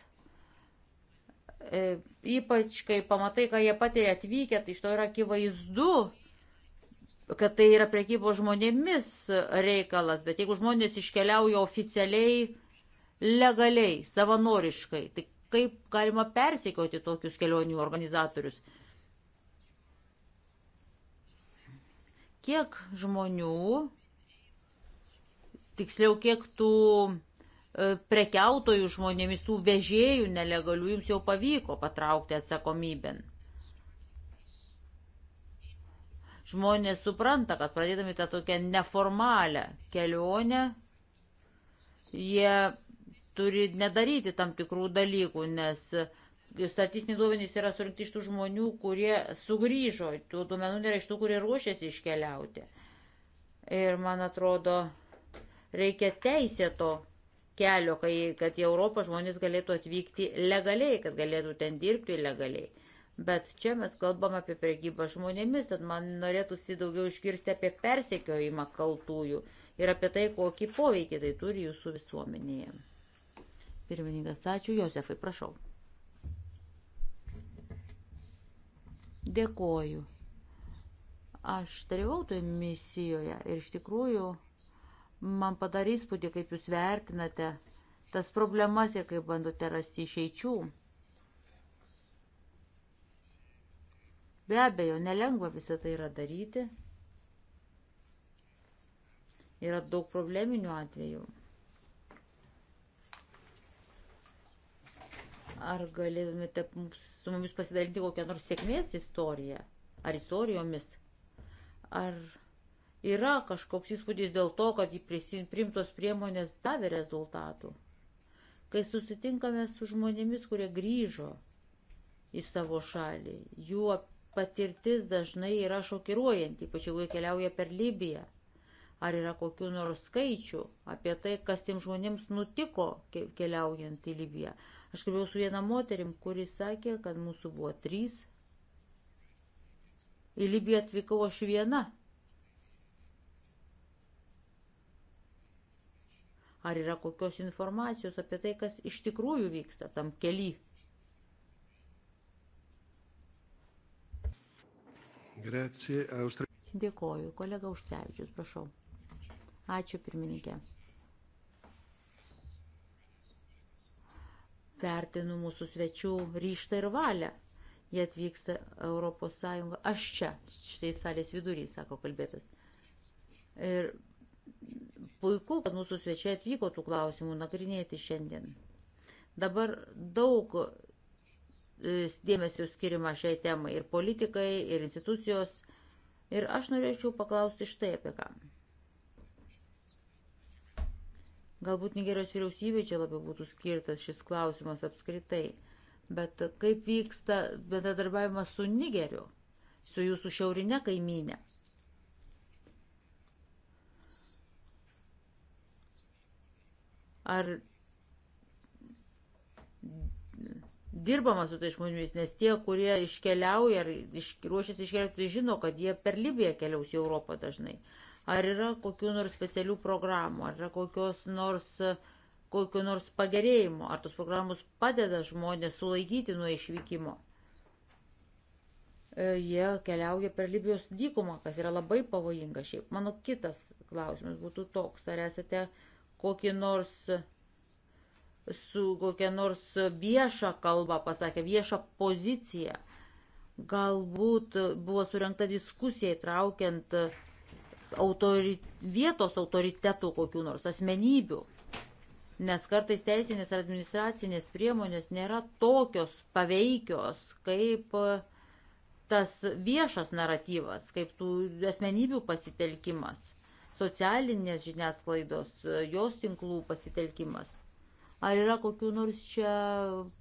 E, ypač kai pamatai, ką jie patiria atvykę, tai iš to yra akivaizdu, kad tai yra prekybo žmonėmis reikalas, bet jeigu žmonės iškeliauja oficialiai, legaliai, savanoriškai, tai kaip galima persekioti tokius kelionių organizatorius? Kiek žmonių, tiksliau kiek tų E, prekiautojų žmonėmis, tų vežėjų nelegalių jums jau pavyko patraukti atsakomybėn. Žmonės supranta, kad pradėdami tą tokią neformalią kelionę, jie turi nedaryti tam tikrų dalykų, nes statistiniai duomenys yra surinkti iš tų žmonių, kurie sugrįžo, tų duomenų nėra iš tų, kurie ruošiasi iškeliauti. Ir man atrodo, reikia teisėto kelio, kai, kad į Europą žmonės galėtų atvykti legaliai, kad galėtų ten dirbti legaliai. Bet čia mes kalbam apie priekybą žmonėmis, tad man norėtųsi daugiau išgirsti apie persekiojimą kaltųjų ir apie tai, kokį poveikį tai turi jūsų visuomenėje. Pirmininkas, ačiū Josefai, prašau. Dėkoju. Aš dalyvau toje misijoje ir iš tikrųjų Man padarė įspūdį, kaip jūs vertinate tas problemas ir kaip bandote rasti išeičių. Be abejo, nelengva visą tai yra daryti. Yra daug probleminių atvejų. Ar galėtumėte su mumis pasidalinti kokią nors sėkmės istoriją? Ar istorijomis? Ar Yra kažkoks įspūdis dėl to, kad primtos priemonės davė rezultatų. Kai susitinkame su žmonėmis, kurie grįžo į savo šalį, jų patirtis dažnai yra šokiruojanti, ypač jeigu jie keliauja per Libiją. Ar yra kokiu nors skaičiu apie tai, kas tiem žmonėms nutiko keliaujant į Libiją. Aš kalbėjau su viena moterim, kuri sakė, kad mūsų buvo trys. Į Libiją atvykau aš viena. Ar yra kokios informacijos apie tai, kas iš tikrųjų vyksta tam keli? Grazie, Austra... Dėkoju, kolega Užtrevičius, prašau. Ačiū, pirmininkė. Vertinu mūsų svečių ryštą ir valią. Jie atvyksta Europos Sąjungą. Aš čia, štai salės vidury, sako kalbėtas. Ir Puiku, kad mūsų svečiai atvyko tų klausimų nagrinėti šiandien. Dabar daug e, dėmesio skirima šiai temai ir politikai, ir institucijos. Ir aš norėčiau paklausti štai apie ką. Galbūt Nigerijos vyriausybė čia labiau būtų skirtas šis klausimas apskritai. Bet kaip vyksta bendradarbiavimas su Nigeriu, su jūsų šiaurinė kaiminė? ar dirbama su tai žmonėmis, nes tie, kurie iškeliauja ar iš, ruošiasi iškeliauti, tai žino, kad jie per Libiją keliaus į Europą dažnai. Ar yra kokiu nors specialių programų, ar yra kokios nors, kokiu nors pagerėjimo, ar tos programos padeda žmonės sulaikyti nuo išvykimo. E, jie keliauja per Libijos dykumą, kas yra labai pavojinga šiaip. Mano kitas klausimas būtų toks, ar esate kokį nors su kokia nors vieša kalba pasakė, vieša pozicija. Galbūt buvo surinkta diskusija įtraukiant autori, vietos autoritetų kokių nors asmenybių. Nes kartais teisinės ar administracinės priemonės nėra tokios paveikios, kaip tas viešas naratyvas, kaip tų asmenybių pasitelkimas socialinės žiniasklaidos, e, jos tinklų pasitelkimas. Ar yra kokių nors čia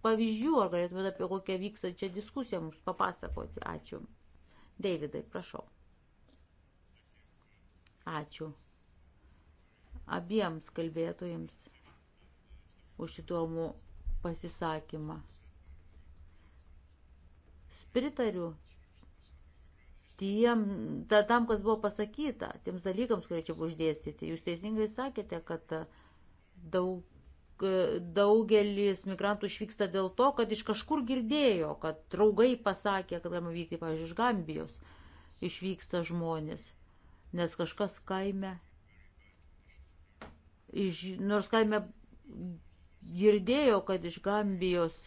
pavyzdžių, ar galėtumėte apie kokią vykstančią diskusiją mums papasakoti? Ačiū. Davidai, prašau. Ačiū abiems kalbėtojams už įdomų pasisakymą. Pritariu tiem, ta, tam, kas buvo pasakyta, tiems dalykams, kurie čia buvo uždėstyti. Jūs teisingai sakėte, kad e, daug, e, daugelis migrantų išvyksta dėl to, kad iš kažkur girdėjo, kad draugai pasakė, kad galima vykti, pavyzdžiui, iš Gambijos išvyksta žmonės, nes kažkas kaime, iš, nors kaime girdėjo, kad iš Gambijos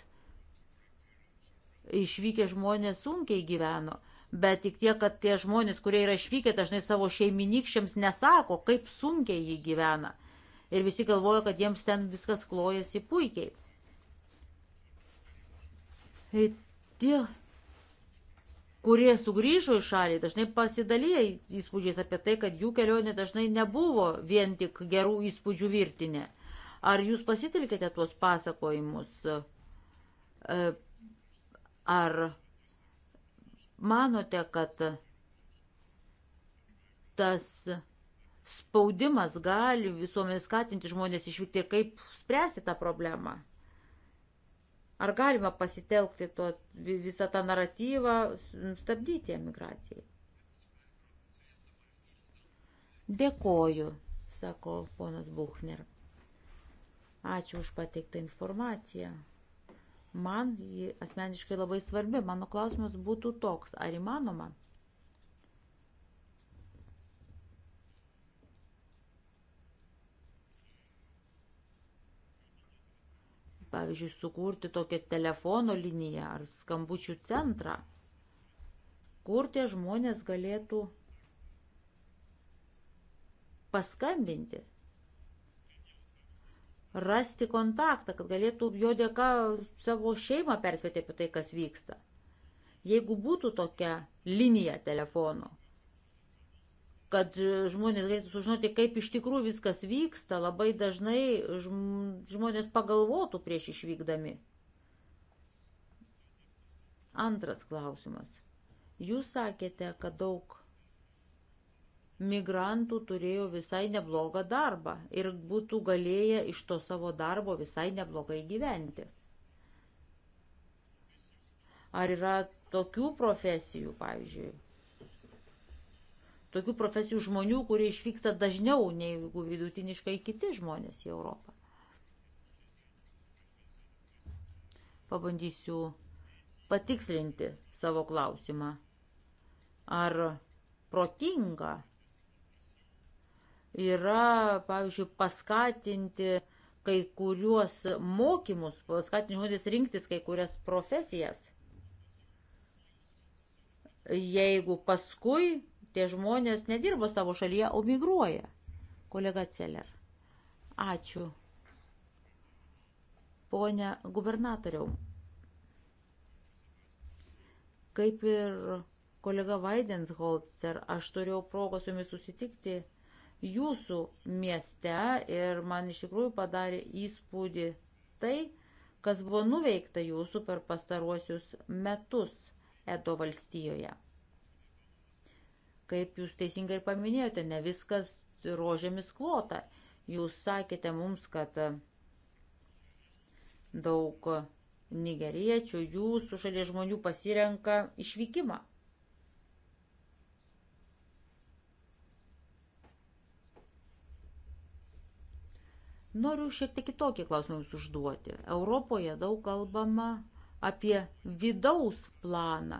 išvykę žmonės sunkiai gyveno bet tik tiek, kad tie žmonės, kurie yra išvykę, dažnai savo šeiminykščiams nesako, kaip sunkiai jį gyvena. Ir visi galvoja, kad jiems ten viskas klojasi puikiai. Ir tai tie, kurie sugrįžo į šalį, dažnai pasidalyja įspūdžiais apie tai, kad jų kelionė dažnai nebuvo vien tik gerų įspūdžių virtinė. Ar jūs pasitelkite tuos pasakojimus? E, ar manote, kad tas spaudimas gali visuomenė skatinti žmonės išvykti ir kaip spręsti tą problemą? Ar galima pasitelkti to, visą tą naratyvą, stabdyti emigracijai? Dėkoju, sako ponas Buchner. Ačiū už pateiktą informaciją. Man ji asmeniškai labai svarbi. Mano klausimas būtų toks, ar įmanoma? Pavyzdžiui, sukurti tokią telefono liniją ar skambučių centrą, kur tie žmonės galėtų paskambinti rasti kontaktą, kad galėtų jo dėka savo šeimą perspėti apie tai, kas vyksta. Jeigu būtų tokia linija telefono, kad žmonės galėtų sužinoti, kaip iš tikrųjų viskas vyksta, labai dažnai žmonės pagalvotų prieš išvykdami. Antras klausimas. Jūs sakėte, kad daug migrantų turėjo visai neblogą darbą ir būtų galėję iš to savo darbo visai neblogai gyventi. Ar yra tokių profesijų, pavyzdžiui, tokių profesijų žmonių, kurie išvyksta dažniau negu vidutiniškai kiti žmonės į Europą? Pabandysiu patikslinti savo klausimą. Ar protinga yra, pavyzdžiui, paskatinti kai kuriuos mokymus, paskatinti žmonės rinktis kai kurias profesijas. Jeigu paskui tie žmonės nedirba savo šalyje, o migruoja. Kolega Celer. Ačiū. Pone gubernatoriau. Kaip ir kolega Vaidensholzer, aš turėjau progos su jumis susitikti jūsų mieste ir man iš tikrųjų padarė įspūdį tai, kas buvo nuveikta jūsų per pastaruosius metus Edo valstijoje. Kaip jūs teisingai ir paminėjote, ne viskas rožėmis klota. Jūs sakėte mums, kad daug nigeriečių jūsų šalies žmonių pasirenka išvykimą. Noriu šiek tiek kitokį klausimą jums užduoti. Europoje daug kalbama apie vidaus planą,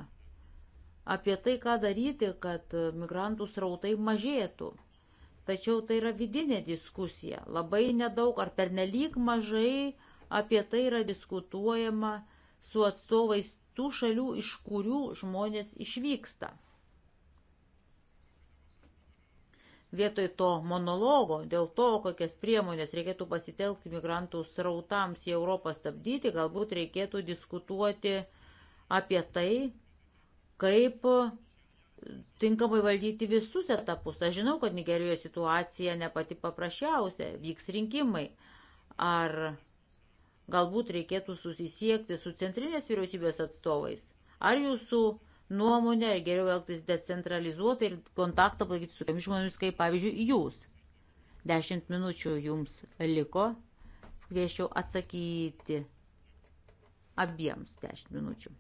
apie tai, ką daryti, kad migrantų srautai mažėtų. Tačiau tai yra vidinė diskusija. Labai nedaug ar pernelyg mažai apie tai yra diskutuojama su atstovais tų šalių, iš kurių žmonės išvyksta. vietoj to monologo dėl to, kokias priemonės reikėtų pasitelkti migrantų srautams į Europą stabdyti, galbūt reikėtų diskutuoti apie tai, kaip tinkamai valdyti visus etapus. Aš žinau, kad Nigerijoje situacija ne pati paprasčiausia, vyks rinkimai. Ar galbūt reikėtų susisiekti su centrinės vyriausybės atstovais? Ar jūsų su nuomonę ir geriau elgtis decentralizuotai ir kontaktą palaikyti su tomis žmonėmis, kaip pavyzdžiui jūs. Dešimt minučių jums liko, kviečiau atsakyti abiems dešimt minučių.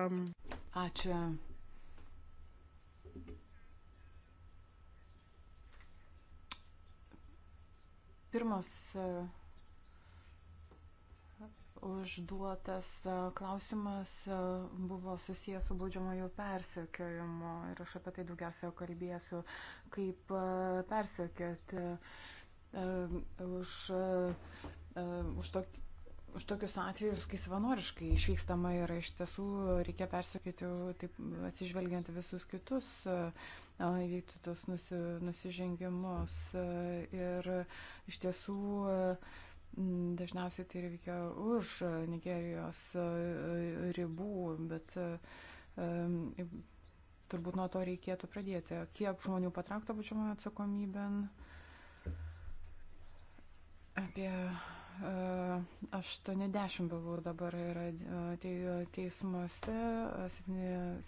Um... Ačiū. Pirmas uh užduotas e, klausimas e, buvo susijęs su baudžiamojo persekiojimu ir aš apie tai daugiausia kalbėsiu, kaip e, persekioti už, už tokį už tokius atvejus, kai savanoriškai išvykstama yra iš tiesų reikia persikėti, taip atsižvelgiant visus kitus įvykdytus nusi, nusižengimus. Ir iš tiesų Dažniausiai tai reikia už Nigerijos e, ribų, bet e, e, turbūt nuo to reikėtų pradėti. Kiek žmonių patraukta pačiamoje atsakomybėn? Apie 80 bylų dabar yra teismuose,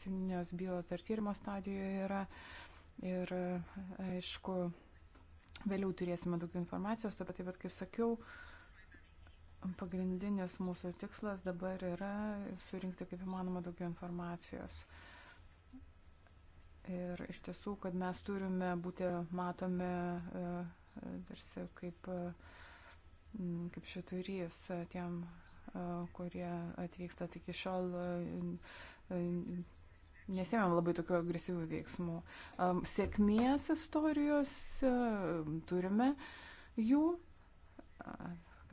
7 bylos dar tyrimo stadijoje yra. Ir aišku, vėliau turėsime daugiau informacijos, taip pat, kaip sakiau, uh, Pagrindinis mūsų tikslas dabar yra surinkti kaip įmanoma daugiau informacijos. Ir iš tiesų, kad mes turime būti matomi e, tarsi kaip, e, kaip šiturys e, tiem, kurie atvyksta tik iki šiol nesėmėm labai tokių agresyvių veiksmų. Sėkmės istorijos turime jų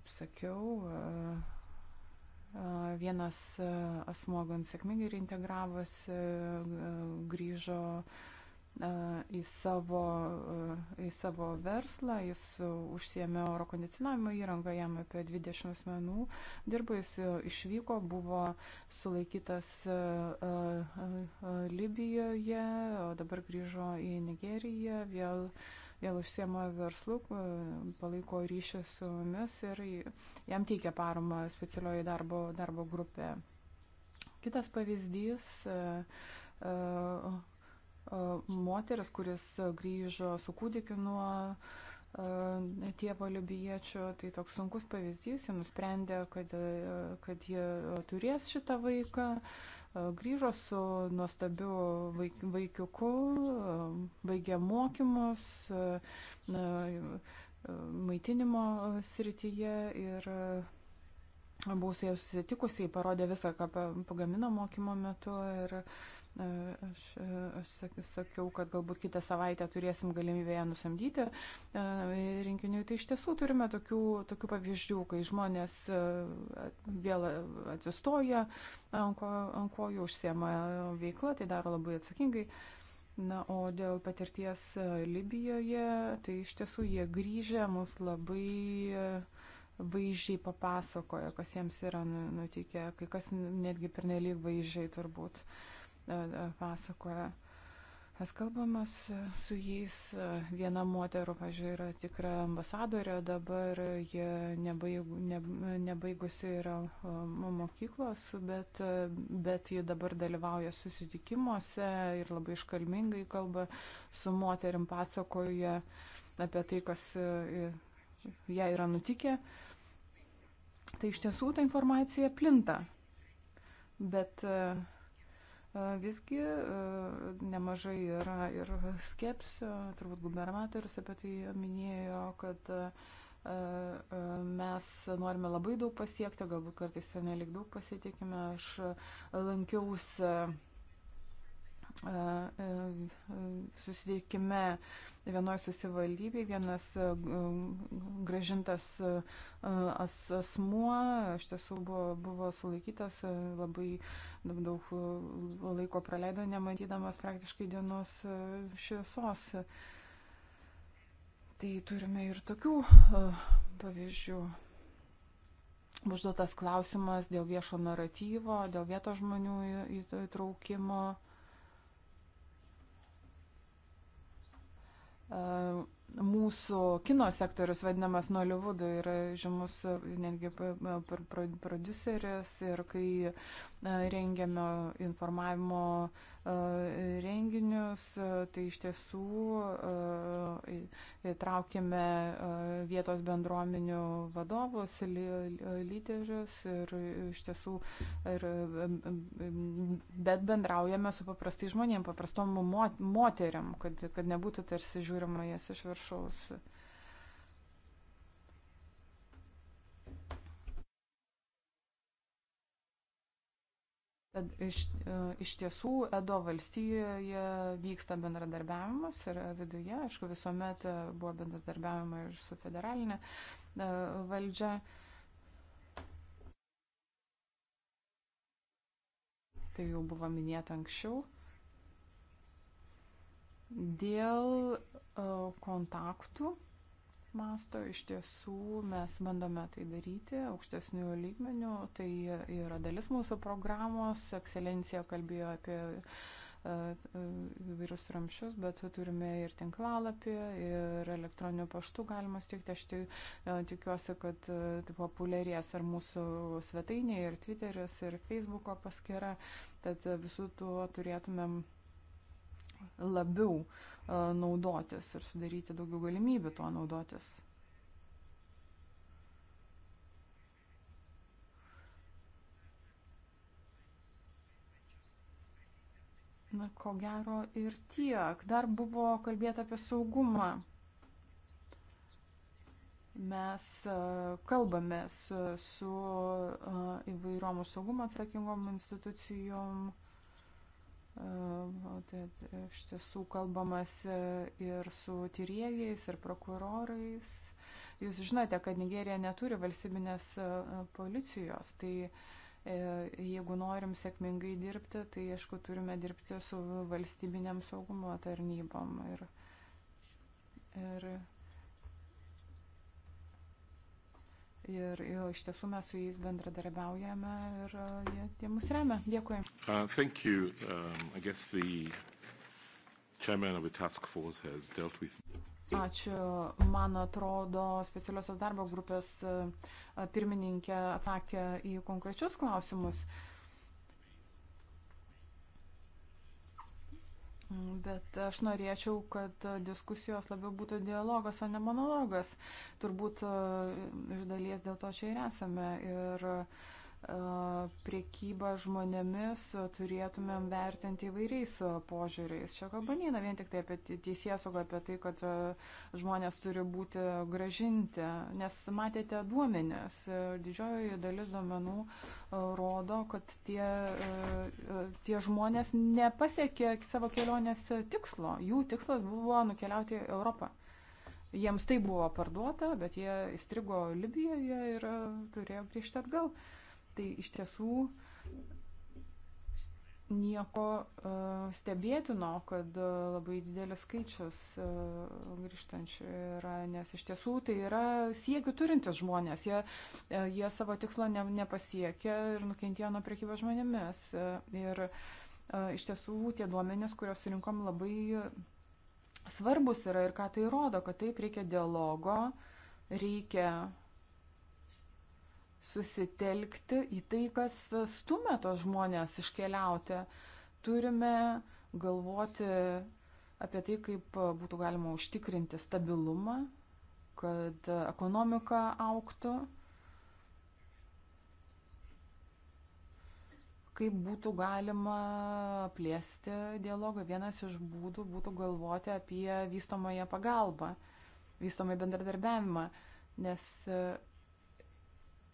kaip sakiau, vienas asmo gan sėkmingai reintegravosi, grįžo į savo, į savo verslą, jis užsiemė oro kondicionavimo įrangą, jam apie 20 asmenų dirbo, jis išvyko, buvo sulaikytas Libijoje, o dabar grįžo į Nigeriją, vėl uh, vėl užsiema verslu, palaiko ryšį su mumis ir jam teikia paramą specialioji darbo, darbo grupė. Kitas pavyzdys e, e, e, moteris, kuris grįžo su kūdikiu nuo tėvo liubiečio, tai toks sunkus pavyzdys, ji nusprendė, kad, kad ji turės šitą vaiką, grįžo su nuostabiu vaik, vaikiuku, baigė mokymus maitinimo srityje ir buvau su ja susitikusiai, parodė visą, ką pagamino mokymo metu ir uh, E, aš, e, aš sakiau, kad galbūt kitą savaitę turėsim galimybę ją nusamdyti e, rinkiniui. Tai iš tiesų turime tokių, tokių pavyzdžių, kai žmonės vėl atsistoja, ant ko, an ko jų užsiema veikla, tai daro labai atsakingai. Na, o dėl patirties Libijoje, tai iš tiesų jie grįžę mus labai vaizdžiai papasakojo, kas jiems yra nu, nutikę, kai kas netgi pernelyg vaizdžiai turbūt. Uh, pasakoja. Mes kalbamas e, su jais, e, viena moterų, pažiūrėjau, yra tikra ambasadorė, dabar jie nebaigu, ne, nebaigusi yra mokyklos, bet, e, bet jie dabar dalyvauja susitikimuose ir labai iškalmingai kalba su moterim, pasakoja apie tai, kas jai yra nutikę. Tai iš tiesų ta informacija plinta. Bet uh, E, visgi e, nemažai yra ir skepsio, turbūt gubernatorius apie tai minėjo, kad e, mes norime labai daug pasiekti, galbūt kartais pernelik daug pasitikime. Aš lankiausi E, e, susitikime vienoje susivaldybėje vienas e, gražintas asmuo iš tiesų buvo, buvo sulaikytas, labai daug laiko praleido nematydamas praktiškai dienos šviesos. Tai turime ir tokių pavyzdžių užduotas klausimas dėl viešo naratyvo, dėl vietos žmonių įtraukimo. mūsų kino sektorius, vadinamas Nolivudu, yra žymus netgi produceris ir kai e, rengiame informavimo E, renginius, e, tai iš tiesų e, įtraukėme vietos bendruomenių vadovus, lyderius ir iš tiesų, ir, bet bendraujame su paprastai žmonėm, paprastom moteriam, kad, kad nebūtų tarsi žiūrima jas iš viršaus. Tad iš, e, iš tiesų Edo valstijoje vyksta bendradarbiavimas ir viduje, aišku, visuomet e, buvo bendradarbiavima ir su federalinė e, valdžia. Tai jau buvo minėta anksčiau. Dėl kontaktų masto. Iš tiesų mes bandome tai daryti aukštesnių lygmenių. Tai yra dalis mūsų programos. Ekscelencija kalbėjo apie e, e, įvairius ramščius, bet turime ir tinklalapį, ir elektroniniu paštu galima stikti. Aš tik, e, tikiuosi, kad tai populiarės ar mūsų svetainė, ir Twitteris, ir Facebooko paskyra. Tad visų tuo turėtumėm labiau e, naudotis ir sudaryti daugiau galimybių tuo naudotis. Na, ko gero ir tiek. Dar buvo kalbėta apie saugumą. Mes e, kalbame su, su e, įvairiom už saugumą atsakingom institucijom. Uh, Ehm, tai, tai iš tiesų kalbamas e, ir su tyriejais, ir prokurorais. Jūs žinote, kad Nigerija neturi valstybinės e, e, policijos. Tai jeigu norim sėkmingai dirbti, tai aišku, turime dirbti su valstybinėm saugumo tarnybom. Ir, ir Ir jo, iš tiesų mes su jais bendradarbiaujame ir e, jie, jie mus remia. Dėkui. Uh, um, with... Ačiū. Man atrodo, specialiosios darbo grupės e, pirmininkė atsakė į konkrečius klausimus. Uh, Bet aš norėčiau, kad diskusijos labiau būtų dialogas, o ne monologas. Turbūt e, iš dalies dėl to čia ir esame. Ir uh, priekybą žmonėmis turėtumėm vertinti įvairiais požiūriais. Čia kalba neina vien tik tai apie teisėsaugą, apie tai, kad žmonės turi būti gražinti, nes matėte duomenės. Didžioji dalis duomenų rodo, kad tie, tie žmonės nepasiekė savo kelionės tikslo. Jų tikslas buvo nukeliauti į Europą. Jiems tai buvo parduota, bet jie įstrigo Libijoje ir turėjo grįžti atgal. Uh, tai iš tiesų nieko uh, stebėtino, kad uh, labai didelis skaičius uh, grįžtančių yra, nes iš tiesų tai yra siekių turintis žmonės, jie, uh, jie savo tikslo ne, nepasiekė ir nukentėjo nuo priekybos žmonėmis. Uh, ir uh, iš tiesų tie duomenys, kuriuos surinkom, labai svarbus yra ir ką tai rodo, kad taip reikia dialogo, reikia susitelkti į tai, kas stumia tos žmonės iškeliauti. Turime galvoti apie tai, kaip būtų galima užtikrinti stabilumą, kad ekonomika auktų, kaip būtų galima plėsti dialogą. Vienas iš būdų būtų galvoti apie vystomąją pagalbą, vystomąją bendradarbiavimą, nes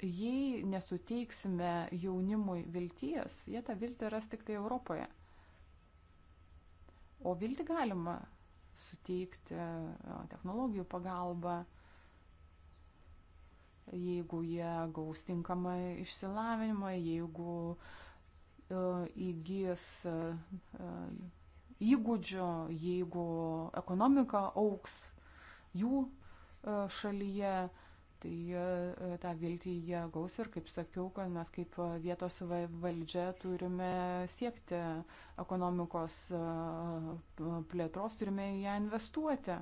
jei nesuteiksime jaunimui vilties, jie tą viltį ras tik tai Europoje. O viltį galima suteikti technologijų pagalba, jeigu jie gaus tinkamą išsilavinimą, jeigu uh, e, įgys uh, e, e, įgūdžio, jeigu ekonomika auks jų uh, šalyje. Uh, Tai e, tą viltį jie gaus ir, kaip sakiau, kad mes kaip e, vietos valdžia turime siekti ekonomikos e, plėtros, turime į ją investuoti.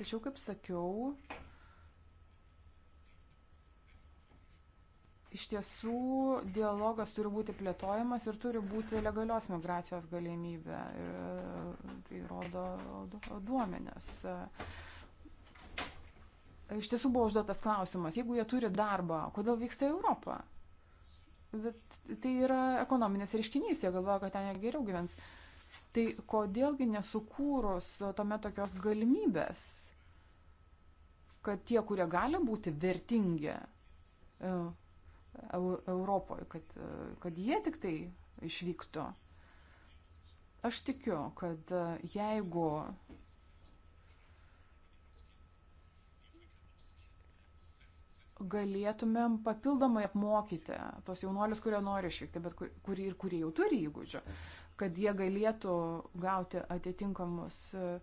Tačiau, kaip sakiau, iš tiesų dialogas turi būti plėtojamas ir turi būti legalios migracijos galimybė. Ir tai rodo duomenės. Du, iš tiesų buvo užduotas klausimas, jeigu jie turi darbą, kodėl vyksta į Europą? Bet tai yra ekonominis reiškinys, jie galvoja, kad ten jie geriau gyvens. Tai kodėlgi nesukūrus tome tokios galimybės, kad tie, kurie gali būti vertingi e, Europoje, kad, e, kad jie tik tai išvyktų. Aš tikiu, kad e, jeigu galėtumėm papildomai apmokyti tos jaunuolis, kurie nori išvykti, bet kurie ir kurie jau turi įgūdžių, kad jie galėtų gauti atitinkamus e,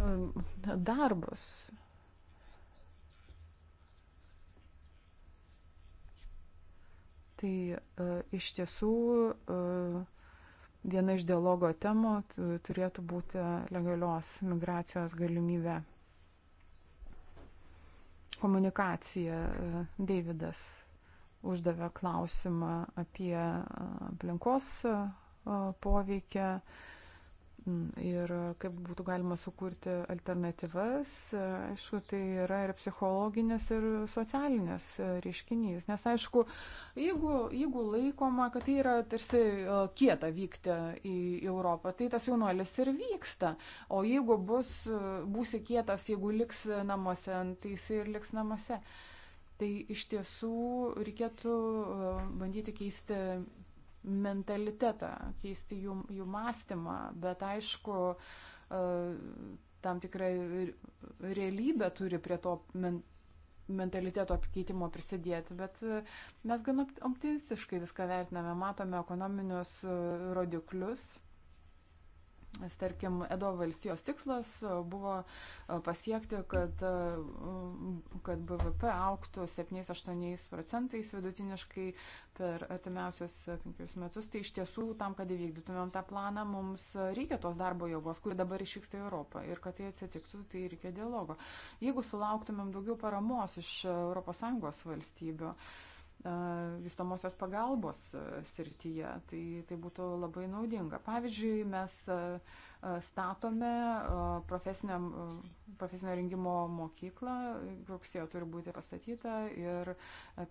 e, darbus. Tai e, iš tiesų viena iš dialogo temų turėtų būti legalios migracijos galimybė komunikacija. E, Davidas uždavė klausimą apie e, aplinkos e, poveikia ir kaip būtų galima sukurti alternatyvas, aišku, tai yra ir psichologinės, ir socialinės reiškinys. Nes, aišku, jeigu, jeigu laikoma, kad tai yra tarsi e, kieta vykti į Europą, tai tas jaunuolis ir vyksta. O jeigu bus, e, būsi kietas, jeigu liks namuose, tai jis ir liks namuose. Tai iš tiesų reikėtų e, bandyti keisti mentalitetą, keisti jų, jų mąstymą, bet aišku, e, tam tikra realybė turi prie to men, mentaliteto apkeitimo prisidėti, bet e, mes gan optimistiškai viską vertiname, matome ekonominius e, rodiklius Nes, tarkim, Edo valstijos tikslas e, buvo e, pasiekti, kad, e, kad BVP auktų 7-8 procentais vidutiniškai per artimiausius penkius metus. Tai iš tiesų, tam, kad įvykdytumėm tą planą, mums reikia tos darbo jėgos, kuri dabar išvyksta į Europą. Ir kad tai atsitiktų, tai reikia dialogo. Jeigu sulauktumėm daugiau paramos iš ES valstybių, uh, vystomosios pagalbos srityje. Tai, tai būtų labai naudinga. Pavyzdžiui, mes statome profesinio, profesinio rengimo mokyklą, rugsėjo turi būti pastatyta ir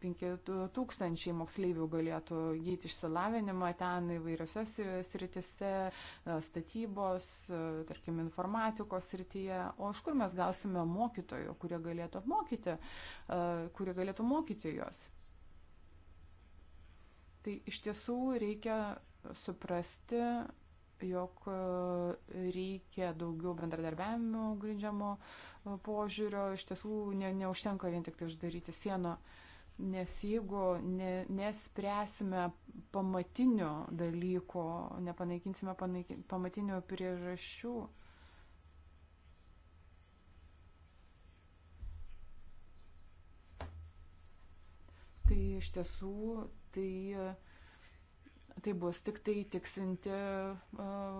5000 moksleivių galėtų gyti išsilavinimą ten įvairiose sritise, statybos, tarkim, informatikos srityje. O iš kur mes gausime mokytojų, kurie galėtų apmokyti, kurie galėtų mokyti juos? Tai iš tiesų reikia suprasti, jog e, reikia daugiau bendradarbiavimo grindžiamo e, požiūrio, iš tiesų ne, neužtenka vien tik tai uždaryti sieno, nes jeigu ne, nespręsime pamatinio dalyko, nepanaikinsime panaikin, pamatinio priežasčių, tai iš tiesų tai tai bus tik tai tiksinti e,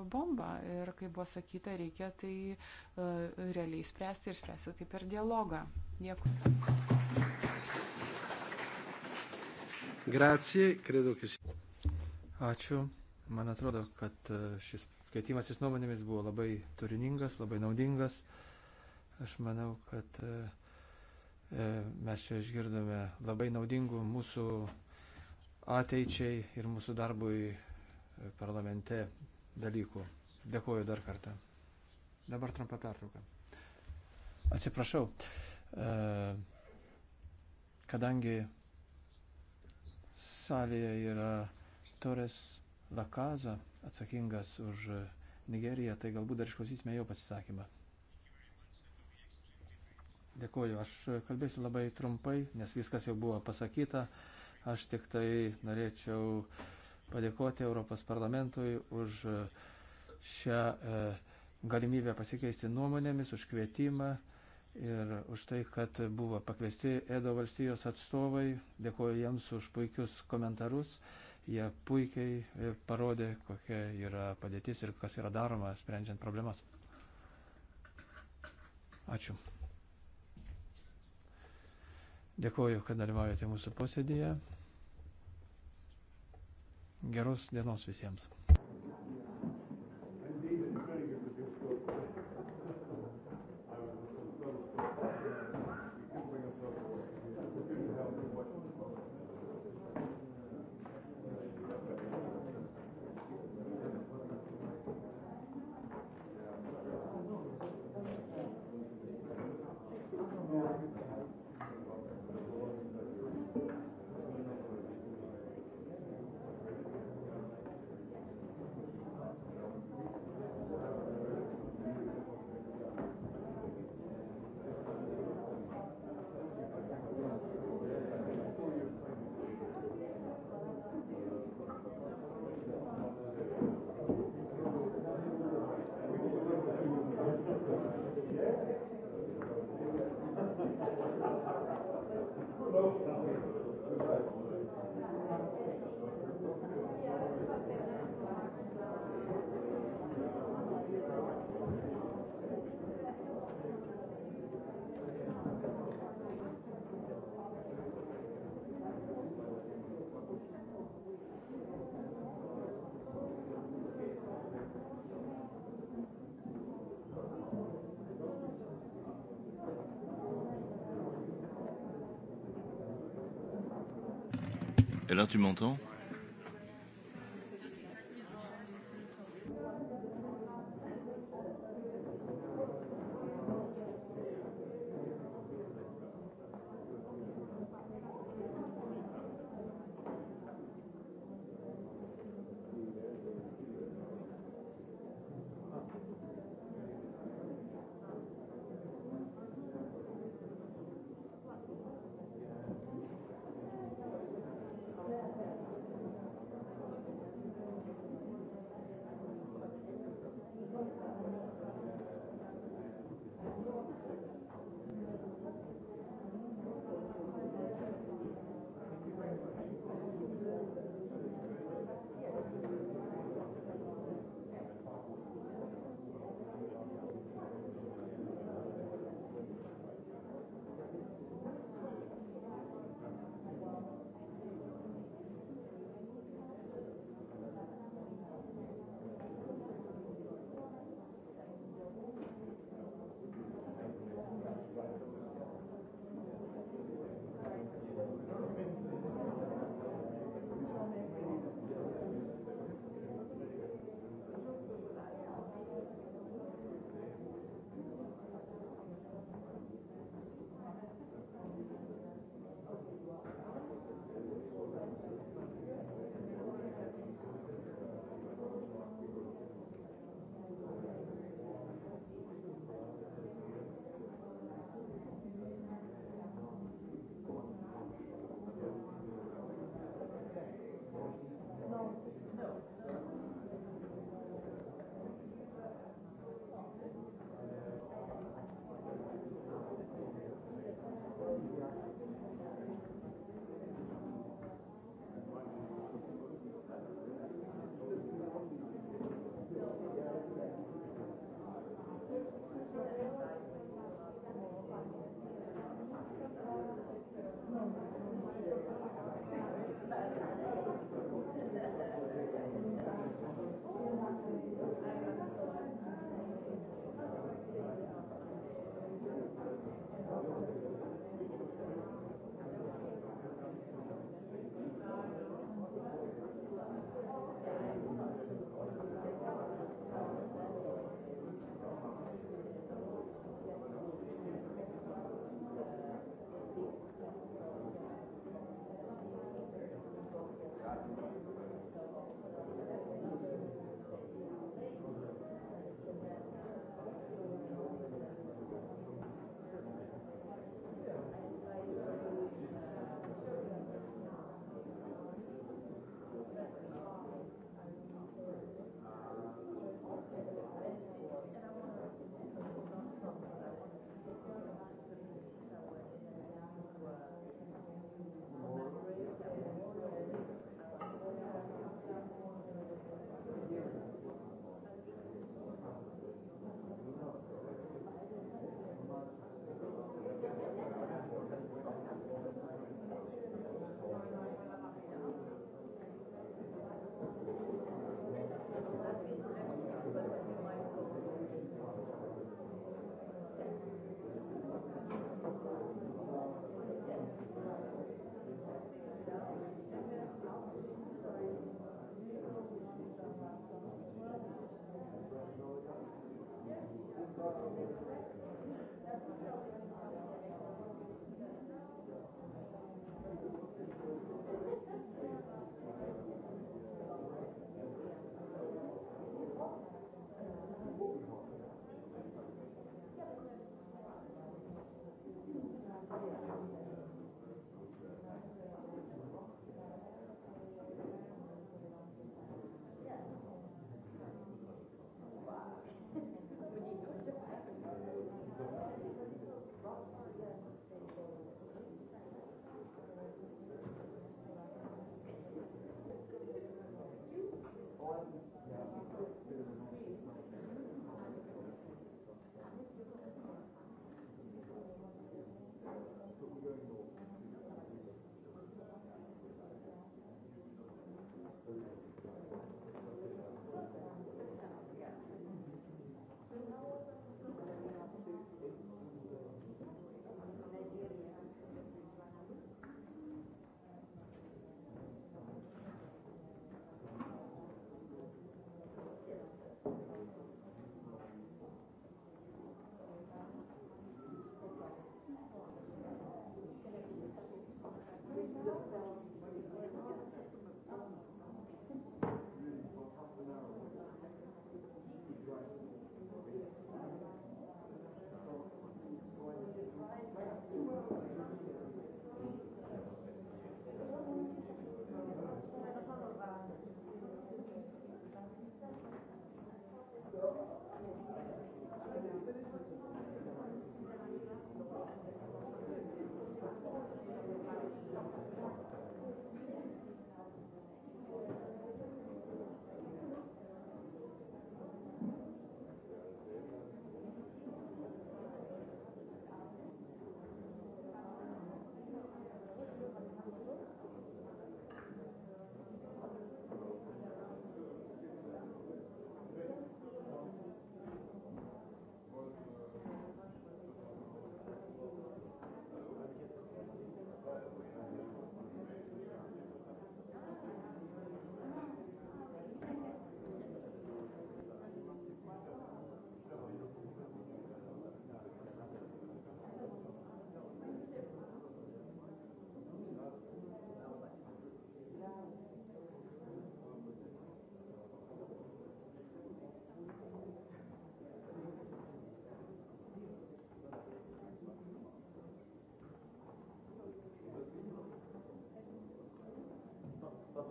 bomba. Ir kaip buvo sakyta, reikia tai e, realiai spręsti ir spręsti tai per dialogą. Dėkui. Grazie, credo che si. Ačiū. Man atrodo, kad e, šis skaitimasis nuomonėmis buvo labai turiningas, labai naudingas. Aš manau, kad mes čia išgirdome labai naudingų mūsų ateičiai ir mūsų darbui parlamente dalykų. Dėkuoju dar kartą. Dabar trumpa pertrauka. Atsiprašau, e, kadangi salėje yra Torres Lakaza atsakingas už Nigeriją, tai galbūt dar išklausysime jo pasisakymą. Dėkuoju, aš kalbėsiu labai trumpai, nes viskas jau buvo pasakyta. Uh, Aš tik tai norėčiau padėkoti Europos parlamentui už e, šią e, galimybę pasikeisti nuomonėmis, už kvietimą ir už tai, kad buvo pakviesti Edo valstijos atstovai. Dėkuoju jiems už puikius komentarus. Jie puikiai e, parodė, kokia yra padėtis ir kas yra daroma, sprendžiant problemas. Ačiū. Dėkuoju, kad dalyvaujate mūsų posėdėje. Geros dienos visiems. Et là, tu m'entends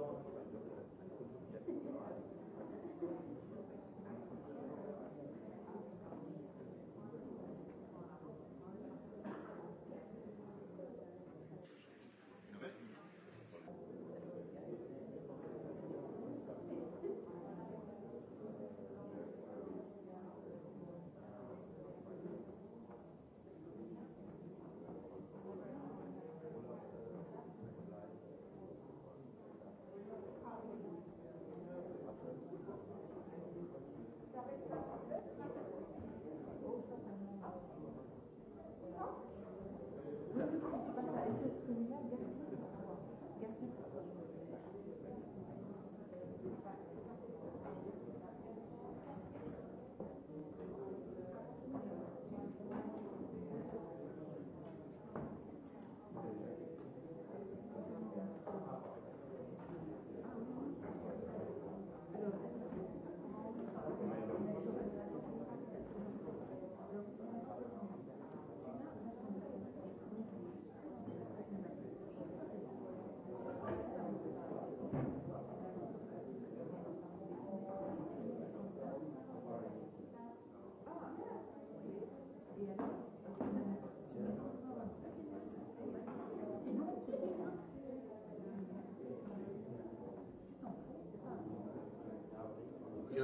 vadovas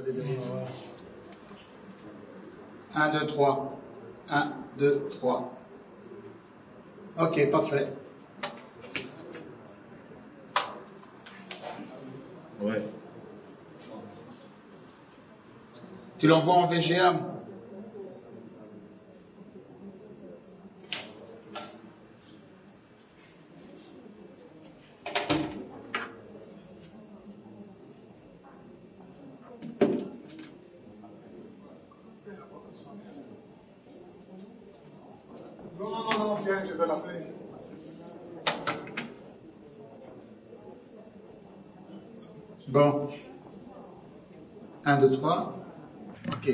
Regardez derrière, voilà. 1, 2, 3. 1, 2, 3. Ok, parfait. Ouais. Tu l'envoies en VGA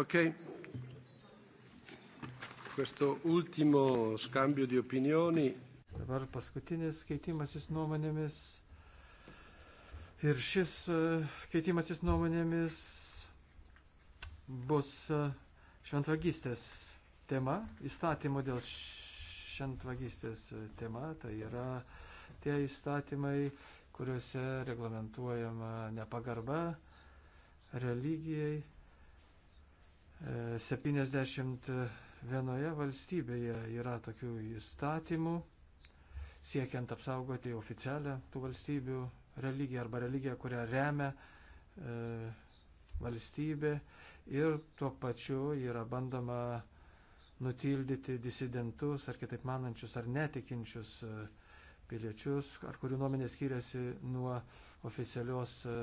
Ok. Questo ultimo scambio di opinioni. Dabar paskutinis keitimasis nuomonėmis. Ir šis e, keitimasis nuomonėmis bus e, šventvagystės tema, įstatymo dėl šventvagystės e, tema. Tai yra tie įstatymai, kuriuose reglamentuojama nepagarba religijai 71 valstybėje yra tokių įstatymų, siekiant apsaugoti oficialią tų valstybių religiją arba religiją, kurią remia e, valstybė ir tuo pačiu yra bandoma nutildyti disidentus ar kitaip manančius ar netikinčius e, piliečius, ar kurių nuomenė skiriasi nuo oficialios e,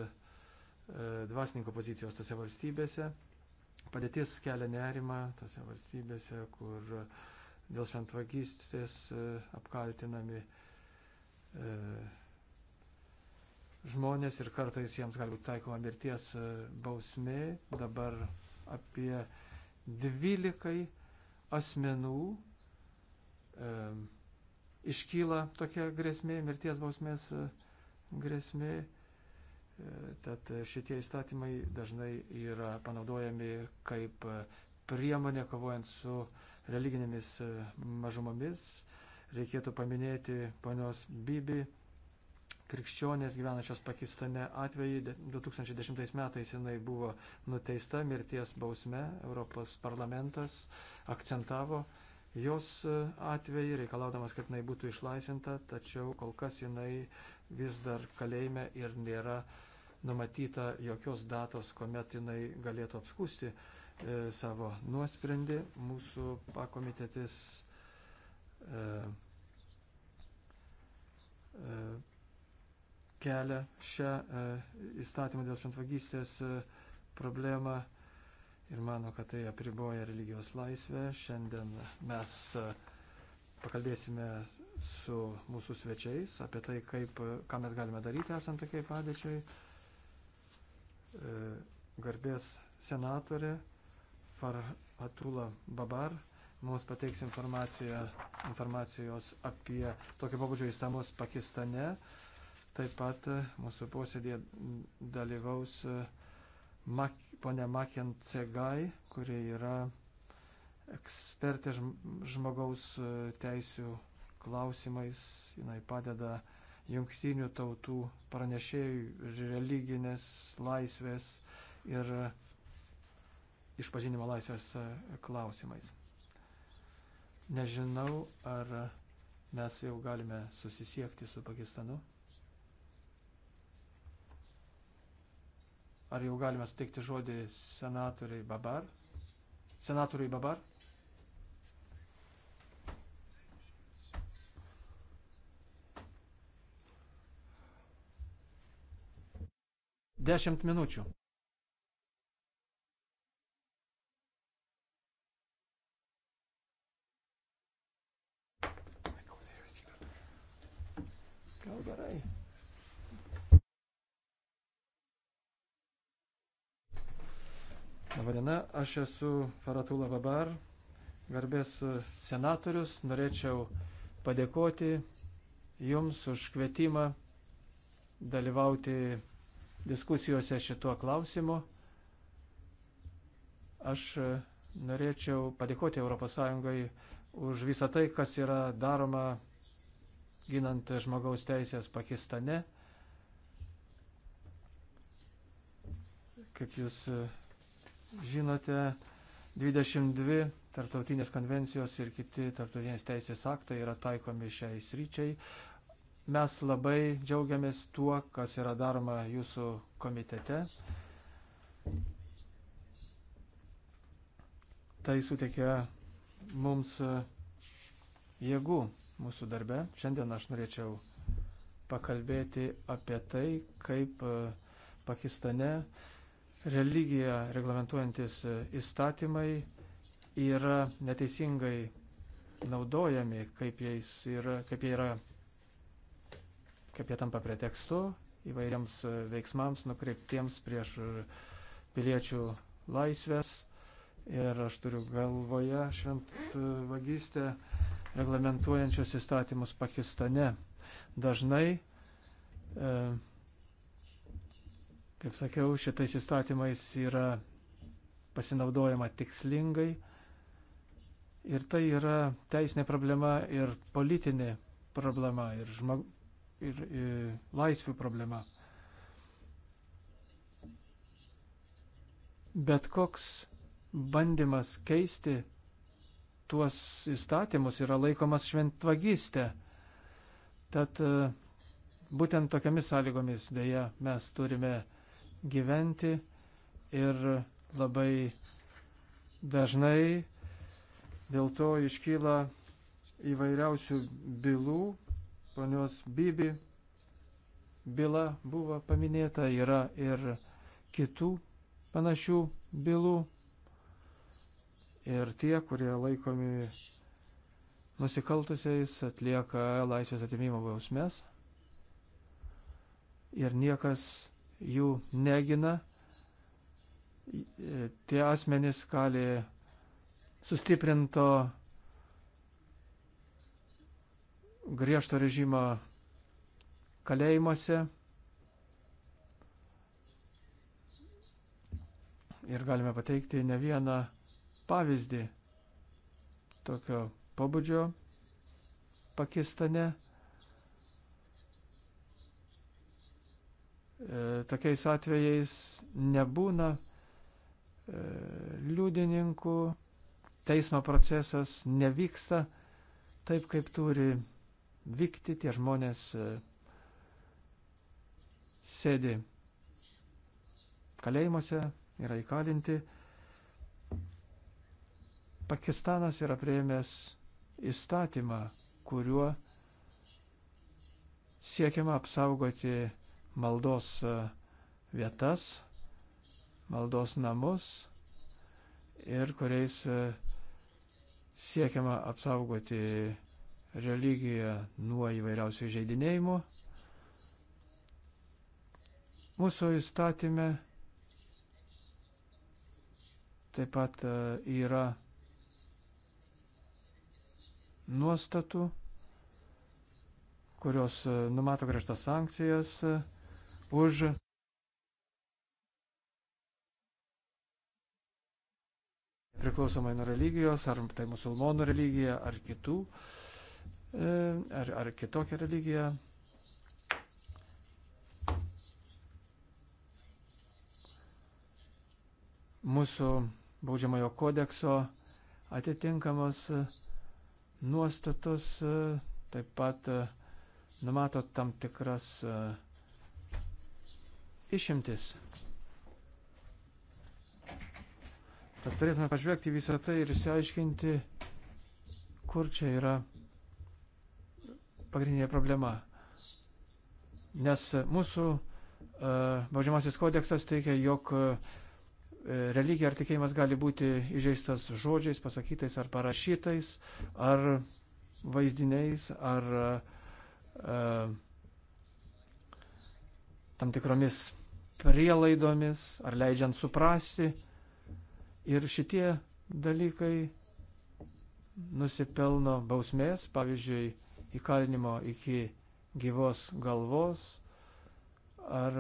e dvasininko pozicijos tose valstybėse padėtis kelia nerimą tose valstybėse, kur dėl šventvagystės e, apkaltinami e, žmonės ir kartais jiems gali būti taikoma mirties e, bausmė. Dabar apie 12 asmenų e, iškyla tokia grėsmė, mirties bausmės grėsmė. Tad šitie įstatymai dažnai yra panaudojami kaip priemonė kovojant su religinėmis mažumomis. Reikėtų paminėti ponios Bibi, krikščionės gyvenančios Pakistane atvejį. 2010 metais jinai buvo nuteista mirties bausme. Europos parlamentas akcentavo jos atvejį, reikalaudamas, kad jinai būtų išlaisvinta, tačiau kol kas jinai vis dar kalėjime ir nėra uh, numatyta jokios datos, kuomet jinai galėtų apskusti e, savo nuosprendį. Mūsų pakomitetis e, e, kelia šią įstatymą dėl šventvagystės problemą ir mano, kad tai apriboja religijos laisvę. Šiandien mes pakalbėsime su mūsų svečiais apie tai, kaip, ką mes galime daryti esant tokiai padėčiai. E, garbės senatorė Faratula Babar mums pateiks informacijos apie tokio pabudžio įstamos Pakistane. Taip pat e, mūsų posėdėje dalyvaus e, Mak, ponia Makien Cegai, kuri yra ekspertė žmogaus teisų klausimais. Jis padeda uh, jungtinių tautų pranešėjų religinės laisvės ir išpažinimo laisvės e, klausimais. Nežinau, ar mes jau galime susisiekti su Pakistanu. Ar jau galime suteikti žodį senatoriai Babar? Senatoriui Babar? Dešimt minučių. Gal gerai. Labadiena, aš esu Faratula Babar, garbės senatorius. Norėčiau padėkoti Jums už kvietimą dalyvauti diskusijose šituo klausimu. Aš e, norėčiau padėkoti ES už visą tai, kas yra daroma ginant žmogaus teisės Pakistane. Kaip jūs e, žinote, 22 tarptautinės konvencijos ir kiti tarptautinės teisės aktai yra taikomi šiai sryčiai. Mes labai džiaugiamės tuo, kas yra daroma jūsų komitete. Tai suteikia mums e, jėgų mūsų darbe. Šiandien aš norėčiau pakalbėti apie tai, kaip e, Pakistane religiją reglamentuojantis e, įstatymai yra neteisingai naudojami, kaip, yra, kaip jie yra kaip jie tampa pretekstu įvairiams e, veiksmams nukreiptiems prieš e, piliečių laisvės. Ir aš turiu galvoje šventvagystę e, reglamentuojančios įstatymus Pakistane. Dažnai, e, kaip sakiau, šitais įstatymais yra pasinaudojama tikslingai. Ir tai yra teisinė problema ir politinė problema. Ir žmog, ir e, laisvių problema. Bet koks bandymas keisti tuos įstatymus yra laikomas šventvagystė. Tad e, būtent tokiamis sąlygomis dėja mes turime gyventi ir labai dažnai dėl to iškyla įvairiausių bylų ponios Bibi byla buvo paminėta, yra ir kitų panašių bylų. Ir tie, kurie laikomi nusikaltusiais, atlieka laisvės atimimo bausmės. Ir niekas jų negina. Tie asmenys kali sustiprinto griežtą režimą kalėjimuose. Ir galime pateikti ne vieną pavyzdį tokio pobūdžio Pakistane. E, tokiais atvejais nebūna e, liudininkų, teismo procesas nevyksta taip, kaip turi vykti, tie žmonės e, sėdi kalėjimuose, yra įkalinti. Pakistanas yra prieimęs įstatymą, kuriuo siekiama apsaugoti maldos e, vietas, maldos namus ir kuriais e, siekiama apsaugoti religiją nuo įvairiausių žaidinėjimų. Mūsų įstatymė taip pat e, yra nuostatų, kurios e, numato griežtas sankcijas e, už priklausomai nuo religijos, ar tai musulmonų religija, ar kitų. Uh, E, ar, ar kitokią religiją. Mūsų baudžiamojo kodekso atitinkamos e, nuostatos e, taip pat numato tam tikras išimtis. Tad turėtume pažvelgti visą tai ir išsiaiškinti, kur čia yra pagrindinė problema. Nes mūsų e, baudžiamasis kodeksas teikia, jog e, religija ar tikėjimas gali būti įžeistas žodžiais, pasakytais ar parašytais, ar vaizdiniais, ar e, tam tikromis prielaidomis, ar leidžiant suprasti. Ir šitie dalykai nusipelno bausmės, pavyzdžiui, įkalinimo iki gyvos galvos ar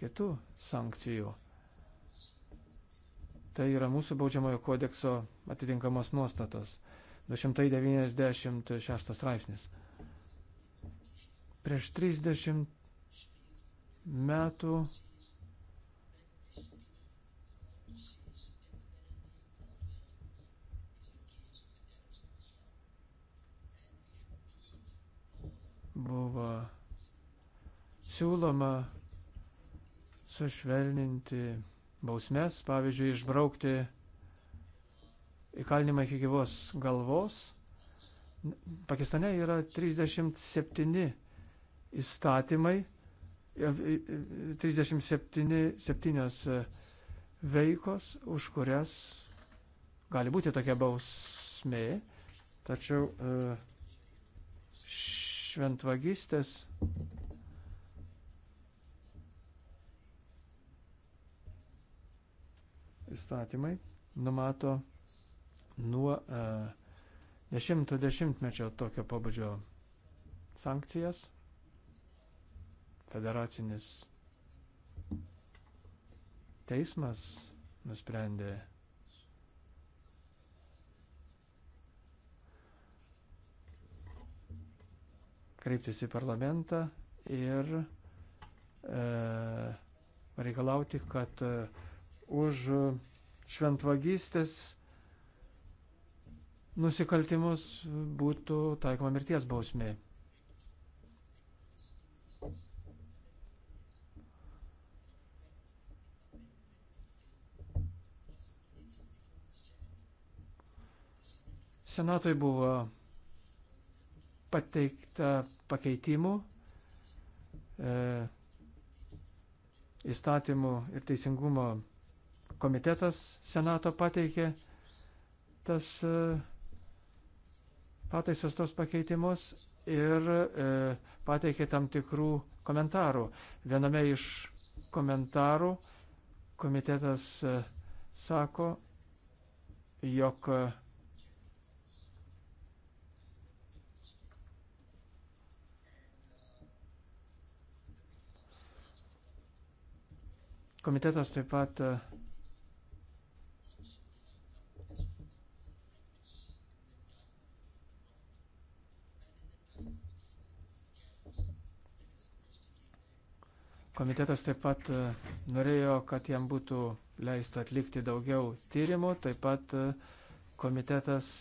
kitų sankcijų. Tai yra mūsų baudžiamojo kodekso atitinkamos nuostatos. 296 straipsnis. Prieš 30 metų buvo siūloma sušvelninti bausmes, pavyzdžiui, išbraukti įkalinimą iki gyvos galvos. Pakistane yra 37 įstatymai, 37 e, e, e, veikos, už kurias gali būti tokia bausmė, tačiau ši šventvagystės. Įstatymai numato nuo e, dešimto dešimtmečio tokio pabudžio sankcijas. Federacinis teismas nusprendė kreiptis į parlamentą ir e, reikalauti, kad e, už šventvagystės nusikaltimus būtų taikoma mirties bausmė. Senatui buvo pateikta pakeitimų e, įstatymų ir teisingumo komitetas Senato pateikė tas e, pataisas tos pakeitimus ir e, pateikė tam tikrų komentarų. Viename iš komentarų komitetas e, sako, jog e, Komitetas taip pat e, Komitetas taip pat e, norėjo, kad jam būtų leista atlikti daugiau tyrimų. Taip pat e, komitetas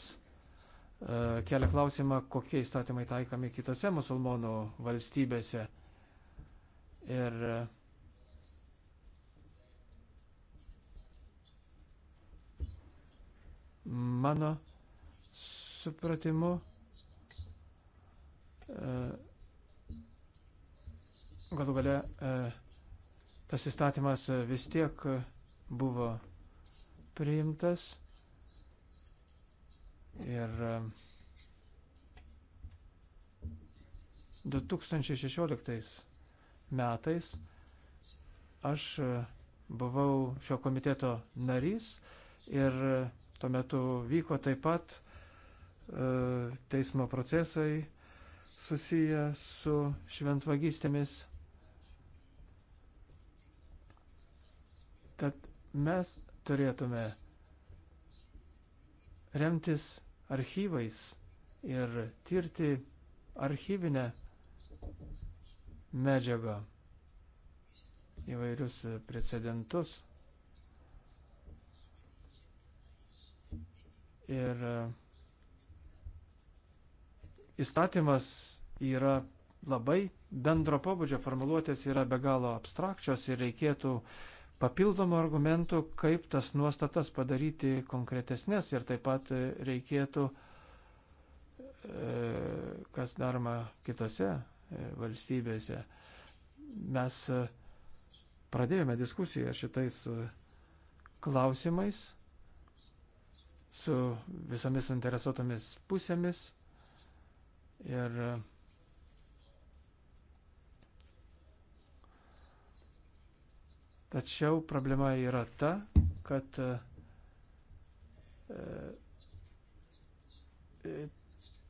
kelia klausimą, kokie įstatymai taikami kitose musulmonų valstybėse. Ir Mano supratimu, e, galų gale e, tas įstatymas e, vis tiek buvo priimtas ir 2016 metais aš buvau šio komiteto narys ir Tuo metu vyko taip pat e, teismo procesai susiję su šventvagystėmis. Tad mes turėtume remtis archyvais ir tirti archyvinę medžiagą įvairius precedentus. Ir e, įstatymas yra labai bendro pobūdžio, formuluotės yra be galo abstrakčios ir reikėtų papildomų argumentų, kaip tas nuostatas padaryti konkretesnės ir taip pat reikėtų, e, kas daroma kitose e, valstybėse. Mes pradėjome diskusiją šitais klausimais su visomis interesuotomis pusėmis ir Tačiau problema yra ta, kad e, e,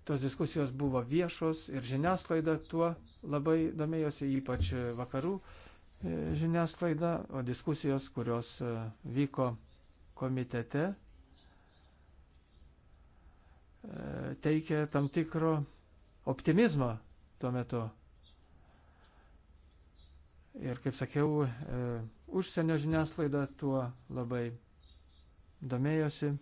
tos diskusijos buvo viešos ir žiniasklaida tuo labai domėjosi, ypač vakarų e, žiniasklaida, o diskusijos, kurios e, vyko komitete, teikia tam tikro optimizmo tuo metu. Ir kaip sakiau, e, užsienio žiniasklaida tuo labai domėjosi.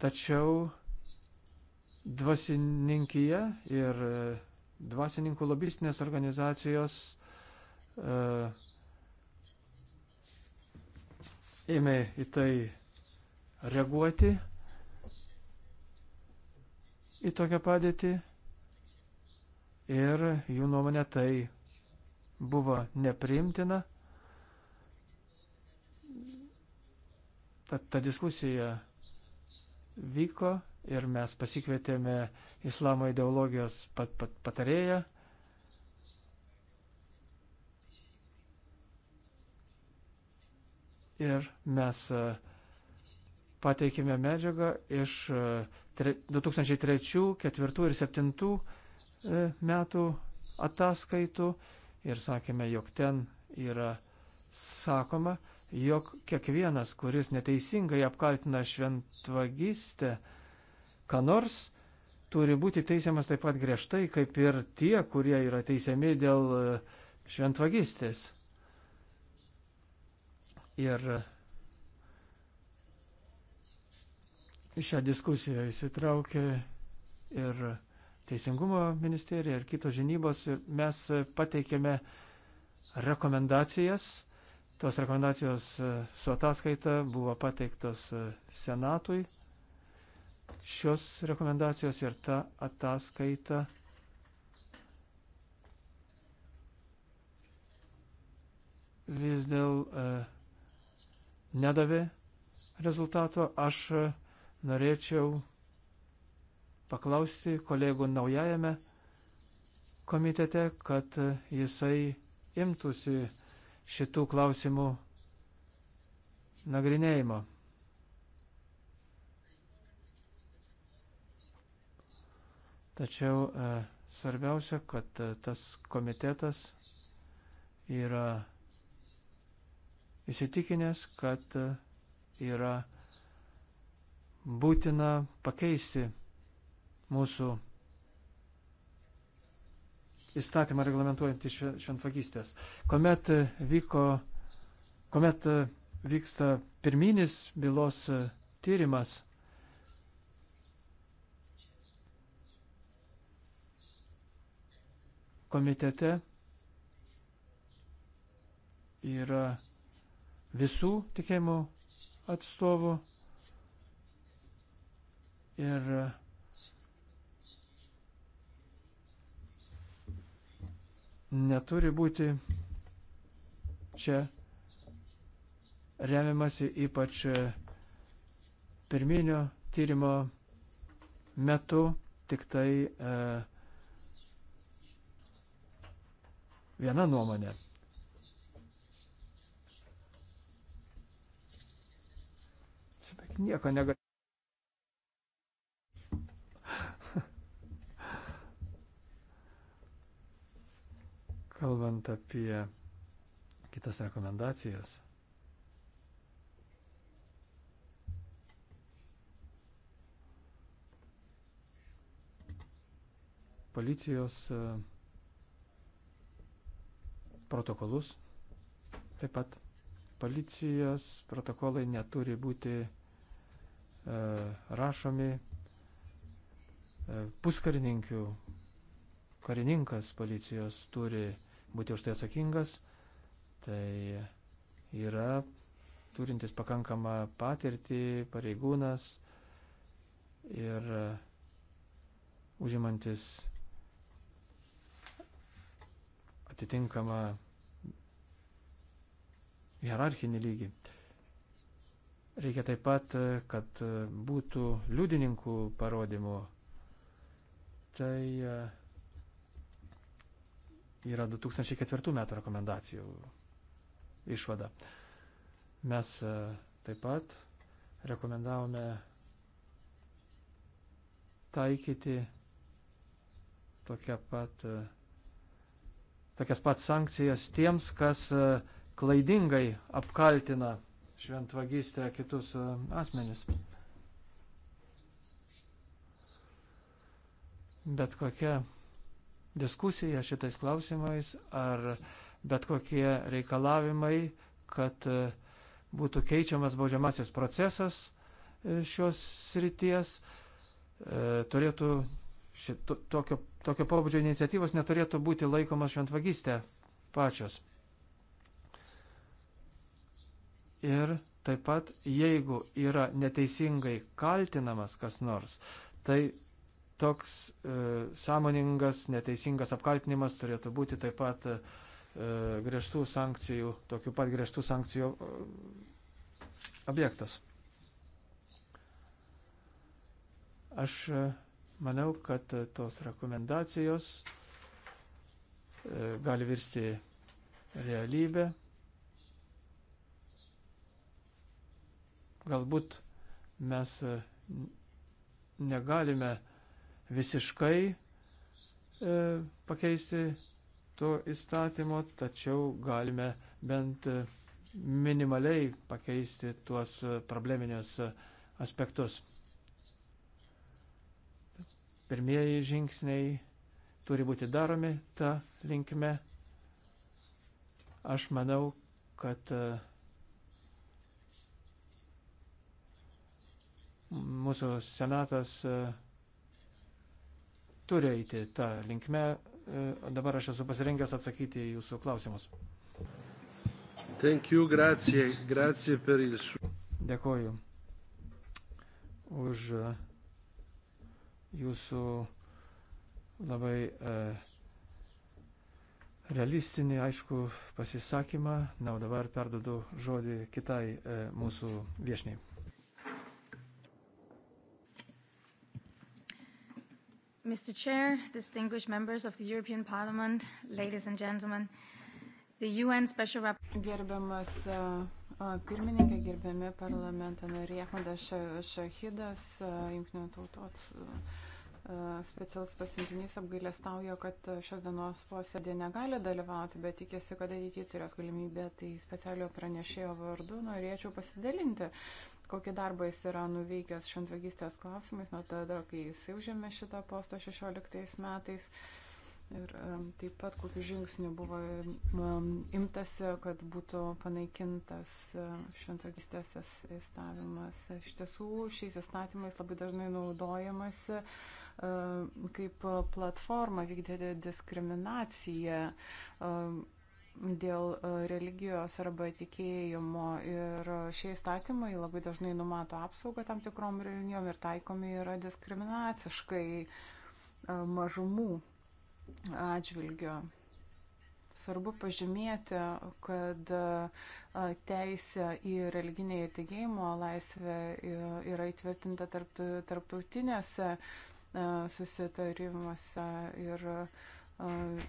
Tačiau dvasininkija ir dvasininkų lobistinės organizacijos uh, ėmė į tai reaguoti į tokią padėtį ir jų nuomonė tai buvo nepriimtina. Ta, ta diskusija vyko ir mes pasikvietėme islamo ideologijos pat, pat, patarėją ir mes e, pateikėme medžiagą iš 2003, e, 2004 ir 2007 e, metų ataskaitų ir sakėme, jog ten yra sakoma, jog kiekvienas, kuris neteisingai apkaltina šventvagystę, ką nors, turi būti teisiamas taip pat griežtai, kaip ir tie, kurie yra teisiami dėl šventvagystės ir šią diskusiją įsitraukė ir Teisingumo ministerija ir kitos žinybos ir mes pateikėme rekomendacijas. Tos rekomendacijos e, su ataskaita buvo pateiktos e, Senatui. Šios rekomendacijos ir ta ataskaita vis dėl uh, nedavė rezultato. Aš norėčiau paklausti kolegų naujajame komitete, kad jisai imtųsi šitų klausimų nagrinėjimo. Tačiau e, svarbiausia, kad e, tas komitetas yra įsitikinęs, kad e, yra būtina pakeisti mūsų įstatymą reglamentuojantį šventvagystės. Komet, e, vyko, komet e, vyksta pirminis bylos tyrimas, komitete yra visų tikėjimų atstovų. Ir neturi būti čia remiamasi ypač pirminio tyrimo metu tik tai e, viena nuomonė. nieko negali. Kalbant apie kitas rekomendacijas. Policijos e, protokolus taip pat policijos protokolai neturi būti E, rašomi e, puskarininkių. Karininkas policijos turi būti už tai atsakingas. Tai yra turintis pakankamą patirtį pareigūnas ir užimantis atitinkamą hierarchinį lygį. Reikia taip pat, kad būtų liudininkų parodymų. Tai e, yra 2004 metų rekomendacijų išvada. Mes e, taip pat rekomendavome taikyti tokia pat, e, tokias pat sankcijas tiems, kas klaidingai apkaltina šventvagystę kitus e, asmenis. Bet kokia diskusija šitais klausimais ar bet kokie reikalavimai, kad e, būtų keičiamas baudžiamasis procesas e, šios srities, turėtų šito, tokio, tokio pobūdžio iniciatyvos neturėtų būti laikomas šventvagystė pačios. ir taip pat, jeigu yra neteisingai kaltinamas kas nors, tai toks e, sąmoningas, neteisingas apkaltinimas turėtų būti taip pat e, griežtų sankcijų, tokių pat griežtų sankcijų e, objektas. Aš e, manau, kad tos rekomendacijos e, gali virsti realybę Galbūt mes e, negalime visiškai e, pakeisti to įstatymo, tačiau galime bent e, minimaliai pakeisti tuos e, probleminius aspektus. Pirmieji žingsniai turi būti daromi tą linkme. Aš manau, kad e, Mūsų senatas e, turi eiti tą linkmę. E, dabar aš esu pasirengęs atsakyti į jūsų klausimus. Thank you, grazie, grazie per il suo. Dėkoju už e, jūsų labai e, realistinį, aišku, pasisakymą. Na, o dabar perdodu žodį kitai e, mūsų viešniai. Mr. Chair, distinguished members of the European Parliament, ladies and gentlemen, the UN Special Rapporteur. Gerbiamas uh, uh, pirmininkė, gerbiami parlamento nariai, Ahmadas Šahidas, uh, Junktinių tautų specialus pasiuntinys apgailestauja, kad šios dienos posėdė negali dalyvauti, bet tikėsi, kad ateityje turės galimybę. Tai specialio pranešėjo vardu norėčiau pasidalinti kokį darbą jis yra nuveikęs šventvagystės klausimais nuo tada, kai jis užėmė šitą postą 16 metais. Ir taip pat kokiu žingsniu buvo imtasi, kad būtų panaikintas e, šventvagystės įstatymas. Iš tiesų, šiais įstatymais labai dažnai naudojamasi e, kaip platforma vykdyti diskriminaciją e, dėl e, religijos arba tikėjimo. Ir šie įstatymai labai dažnai numato apsaugą tam tikrom religijom ir taikomi yra diskriminaciškai e, mažumų atžvilgio. Svarbu pažymėti, kad e, teisė į religinę ir tikėjimo laisvę yra įtvirtinta tarptautinėse susitarimuose ir uh,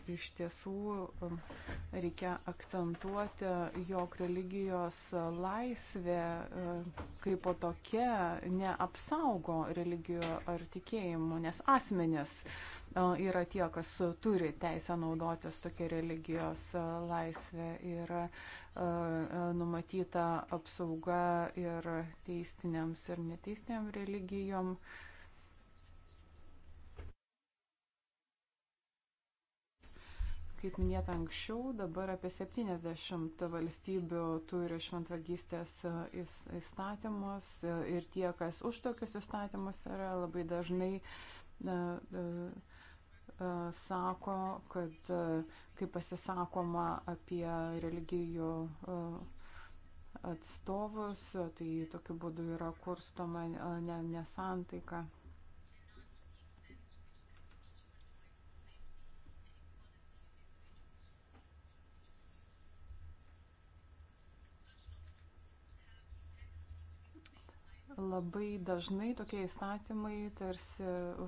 Iš tiesų um, reikia akcentuoti, jog religijos laisvė kaip po tokia neapsaugo religijų ar tikėjimų, nes asmenės yra tie, kas turi teisę naudotis tokia religijos laisvė. Yra numatyta apsauga ir teistiniams ir neteistiniam religijom. Kaip minėta anksčiau, dabar apie 70 valstybių turi šventvagystės e, įstatymus e, ir tie, kas už tokius įstatymus yra, labai dažnai na, e, sako, kad kai pasisakoma apie religijų atstovus, tai tokiu būdu yra kurstoma nesantaika. Ne Labai dažnai tokie įstatymai tarsi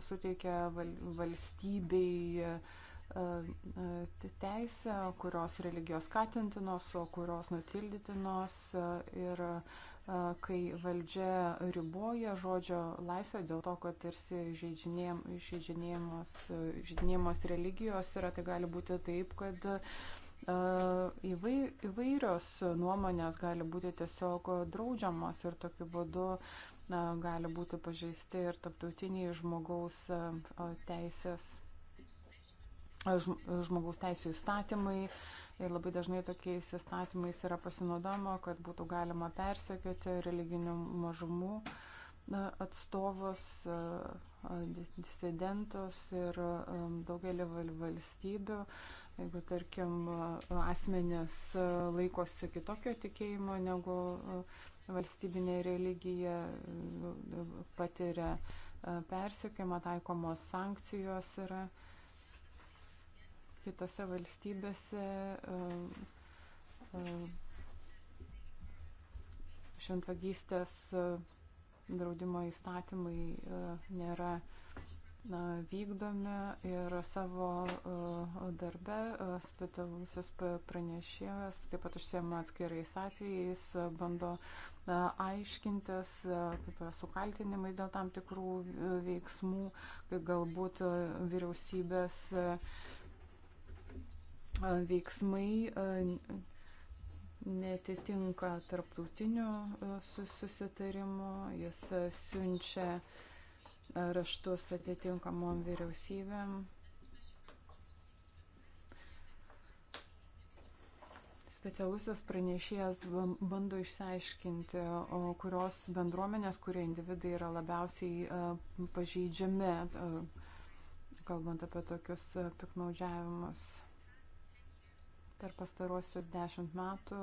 suteikia valstybei e, e, teisę, kurios religijos skatintinos, o kurios nutildytinos. E, ir kai valdžia riboja žodžio laisvę dėl to, kad tarsi žaidžinėjamos religijos yra, tai gali būti taip, kad įvairios nuomonės gali būti tiesiog draudžiamos ir tokiu būdu na, gali būti pažeisti ir taptautiniai žmogaus teisės, žmogaus teisų įstatymai. Ir labai dažnai tokiais įstatymais yra pasinaudama, kad būtų galima persekioti religinių mažumų atstovus, disidentus ir daugelį valstybių Jeigu, tarkim, asmenės laikosi kitokio tikėjimo negu e, valstybinė religija, e, patiria e, persiekimą, taikomos sankcijos yra kitose valstybėse. Šventvagystės draudimo įstatymai nėra vykdome ir savo e, darbe e, specialusis pranešėjas taip pat užsiema atskirais atvejais, bando e, aiškintis, kaip yra su kaltinimais dėl tam tikrų veiksmų, kaip galbūt vyriausybės veiksmai netitinka tarptautinių susitarimų, jis siunčia uh, raštus atitinkamom vyriausybėm. Specialusios pranešėjas bando išsiaiškinti, kurios bendruomenės, kurie individai yra labiausiai e, pažeidžiami, e, kalbant apie tokius e, piknaudžiavimus. Per pastaruosius dešimt metų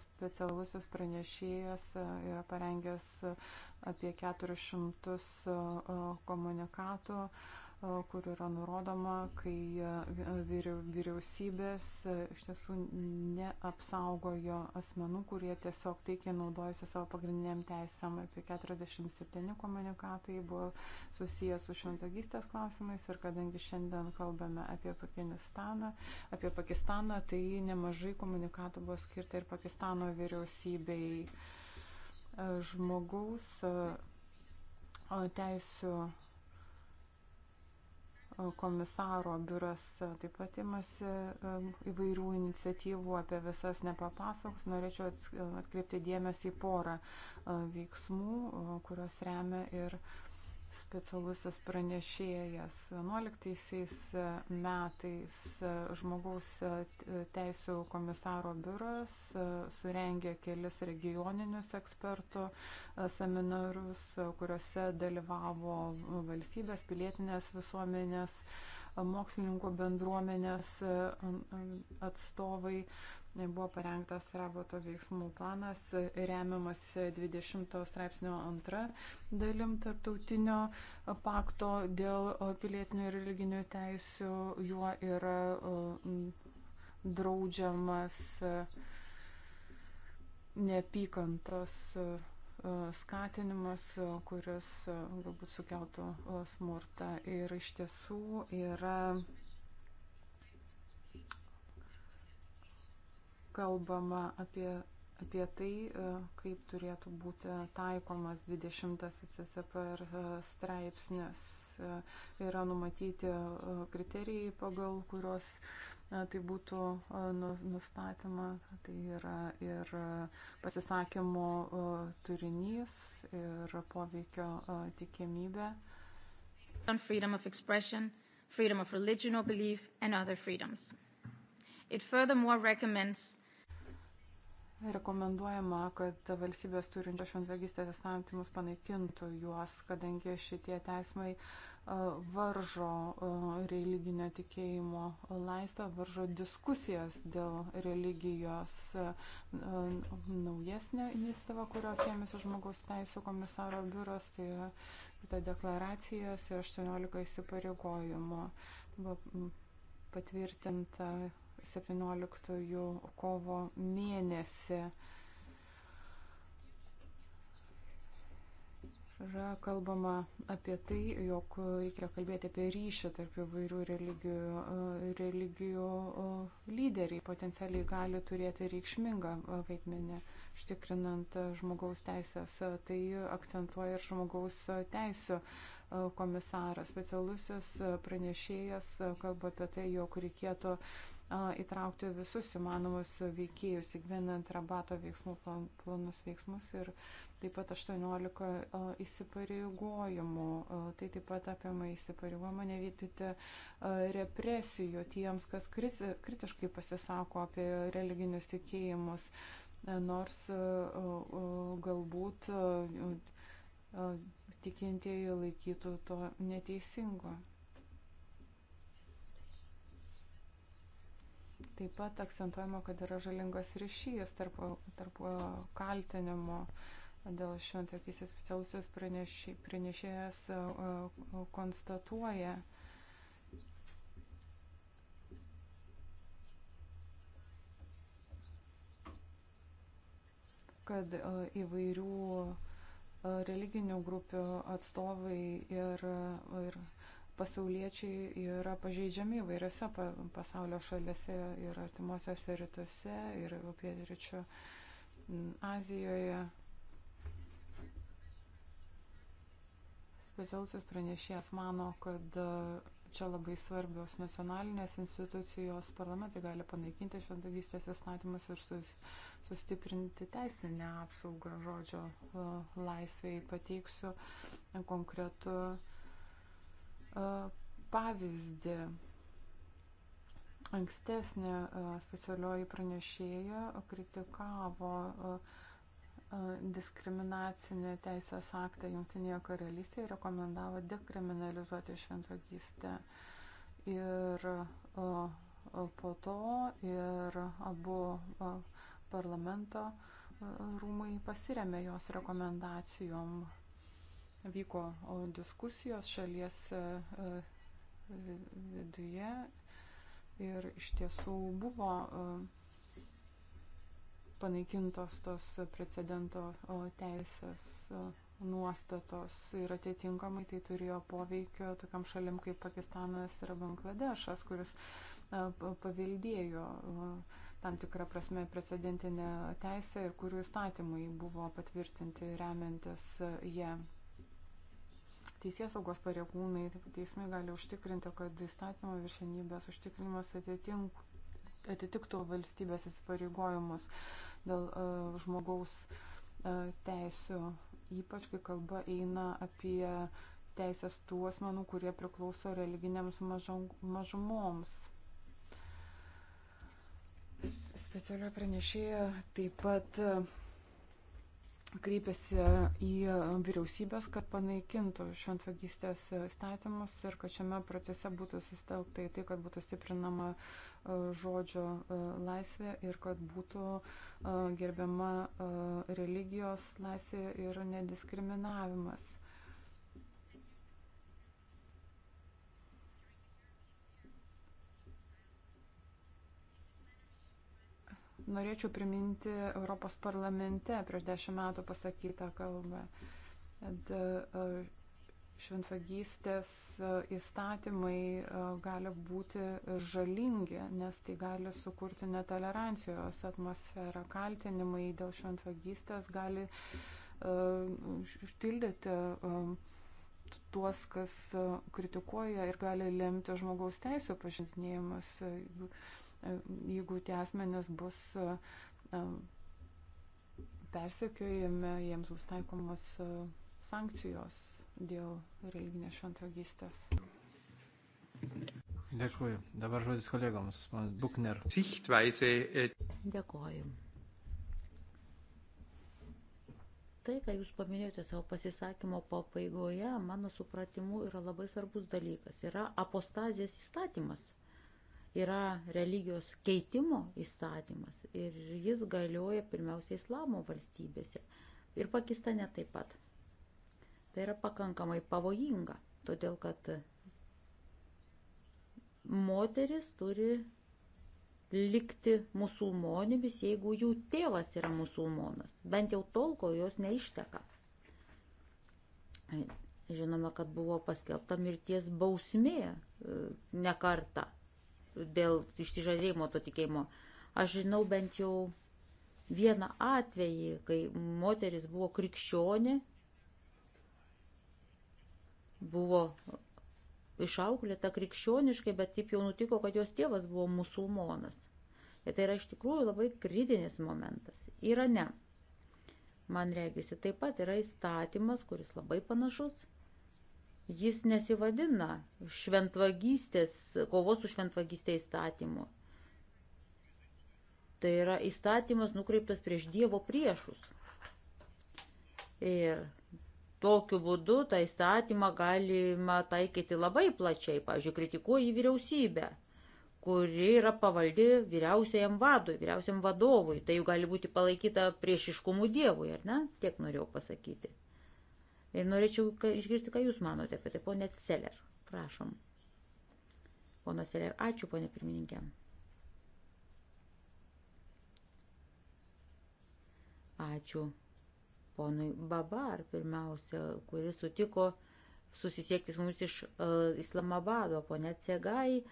specialusis pranešėjas e, yra parengęs e, apie 400 e, komunikatų kur yra nurodoma, kai e, e, vyriausybės e, iš tiesų neapsaugojo asmenų, kurie tiesiog taikiai naudojasi savo pagrindiniam teisėm. Apie 47 komunikatai buvo susijęs su šventagystės klausimais ir kadangi šiandien kalbame apie Pakistaną, apie Pakistaną tai nemažai komunikatų buvo skirta ir Pakistano vyriausybei žmogaus teisų komisaro biuras e, taip pat imasi e, įvairių iniciatyvų, apie visas nepapasakoks. Norėčiau atkreipti dėmesį į porą e, veiksmų, kurios remia ir. Uh, specialusis pranešėjas 11 metais žmogaus teisų komisaro biuras surengė kelis regioninius ekspertų seminarus, kuriuose dalyvavo valstybės, pilietinės visuomenės, mokslininkų bendruomenės atstovai. Buvo parengtas raboto veiksmų planas, remiamas 20 straipsnio antra dalim tarptautinio pakto dėl pilietinių ir religinių teisių. Juo yra draudžiamas neapykantos skatinimas, kuris galbūt sukeltų smurtą. Ir iš tiesų yra kalbama apie, apie tai, e, kaip turėtų būti taikomas 20 CCPR e, straipsnis. E, yra numatyti kriterijai, pagal kurios tai būtų nu, nustatoma, tai yra ir pasisakymo turinys, ir poveikio tikimybė. On freedom of expression, freedom of religion or belief, and other freedoms. It furthermore recommends Rekomenduojama, kad valstybės turinčios šventvagystės įstatymus panaikintų juos, kadangi šitie teismai varžo religinio tikėjimo laisvę, varžo diskusijas dėl religijos naujesnė iniciatyva, kurios ėmėsi žmogaus teisų komisaro biuras, tai yra ta deklaracijas ir 18 įsipareigojimų buvo patvirtinta 17 kovo mėnesį. Yra kalbama apie tai, jog reikia kalbėti apie ryšį tarp įvairių religijų, e, religijų e, lyderiai potencialiai gali turėti reikšmingą e, vaidmenį, ištikrinant žmogaus teisės. Tai akcentuoja ir žmogaus teisų komisaras, specialusis pranešėjas kalba apie tai, jog reikėtų įtraukti visus įmanomus veikėjus, įgyvenant rabato veiksmų plan, planus veiksmus ir taip pat 18 įsipareigojimų. Tai taip pat apima įsipareigojimą nevykdyti represijų tiems, kas kritiškai pasisako apie religinius tikėjimus, nors galbūt tikintieji laikytų to neteisingo. Taip pat akcentuojama, kad yra žalingas ryšys tarp, tarp e, kaltinimo dėl šventakysės specialusios pranešė, pranešėjas e, e, konstatuoja. kad įvairių religinių grupių atstovai ir, ir pasauliečiai yra pažeidžiami įvairiose pasaulio šalise ir artimuosiuose rytuose, ir pietryčių mm, Azijoje. Specialusis pranešėjas mano, kad e, čia labai svarbios nacionalinės institucijos, parlamentai gali panaikinti šventagystės įstatymus ir sus, sustiprinti teisinę apsaugą žodžio e, laisvai. Pateiksiu konkretų uh, pavyzdį. Ankstesnė specialioji pranešėja kritikavo diskriminacinį teisės aktą Junktinėje karalystėje rekomendavo dekriminalizuoti šventvagystę. Ir po to ir abu parlamento rūmai pasiremė jos rekomendacijom Vyko diskusijos šalies e, e, viduje ir iš tiesų buvo e, panaikintos tos precedento teisės nuostatos ir atitinkamai tai turėjo poveikio tokiam šalim kaip Pakistanas ir Bangladešas, kuris paveldėjo tam tikrą prasme precedentinę teisę ir kurių įstatymai buvo patvirtinti remiantis ją teisės saugos pareigūnai, taip pat teismai gali užtikrinti, kad įstatymo viršenybės užtikrinimas atitink, atitiktų valstybės įsipareigojimus dėl uh, žmogaus uh, e, teisų, ypač kai kalba eina apie teisės tų asmenų, kurie priklauso religinėms mažumoms. Specialio pranešėjo taip pat uh, kreipėsi į vyriausybės, kad panaikintų šventvagystės įstatymus ir kad šiame procese būtų sustelkta į tai, kad būtų stiprinama e, žodžio e, laisvė ir kad būtų e, gerbiama religijos laisvė ir nediskriminavimas. Norėčiau priminti Europos parlamente prieš dešimt metų pasakytą kalbą. E, šventvagystės e, įstatymai e, gali būti žalingi, nes tai gali sukurti netolerancijos atmosferą. Kaltinimai dėl šventvagystės gali užtildyti tuos, kas kritikuoja ir gali lemti žmogaus teisų pažintinėjimus jeigu tie asmenės bus e, persekiojami, jiems bus taikomos e, sankcijos dėl religinės šventvagystės. Dėkuoju. Dabar žodis kolegoms. Man Bukner. E, Dėkuoju. Tai, ką Jūs paminėjote savo pasisakymo pabaigoje, mano supratimu, yra labai svarbus dalykas. Yra apostazijos įstatymas yra religijos keitimo įstatymas ir jis galioja pirmiausia islamo valstybėse ir Pakistane taip pat. Tai yra pakankamai pavojinga, todėl kad moteris turi likti musulmonėmis, jeigu jų tėvas yra musulmonas, bent jau tol, kol jos neišteka. Žinome, kad buvo paskelbta mirties bausmė e, ne kartą dėl išsižadėjimo to tikėjimo. Aš žinau bent jau vieną atvejį, kai moteris buvo krikščionė, buvo išauklėta krikščioniškai, bet taip jau nutiko, kad jos tėvas buvo musulmonas. Ir tai yra iš tikrųjų labai kritinis momentas. Irane, man regisi, taip pat yra įstatymas, kuris labai panašus Jis nesivadina šventvagystės, kovos su šventvagystė įstatymu. Tai yra įstatymas nukreiptas prieš Dievo priešus. Ir tokiu būdu tą įstatymą galima taikyti labai plačiai. Pavyzdžiui, kritikuoji vyriausybę, kuri yra pavaldi vyriausiajam vadui, vyriausiam vadovui. Tai jau gali būti palaikyta priešiškumu Dievui, ar ne? Tiek norėjau pasakyti. Ir norėčiau išgirsti, ką Jūs manote apie tai, ponė Celer. Prašom. Ponas Celer, ačiū, ponė pirmininkė. Ačiū ponui Babar, pirmiausia, kuris sutiko susisiekti su mumis iš uh, Islamabado. Pone Cegai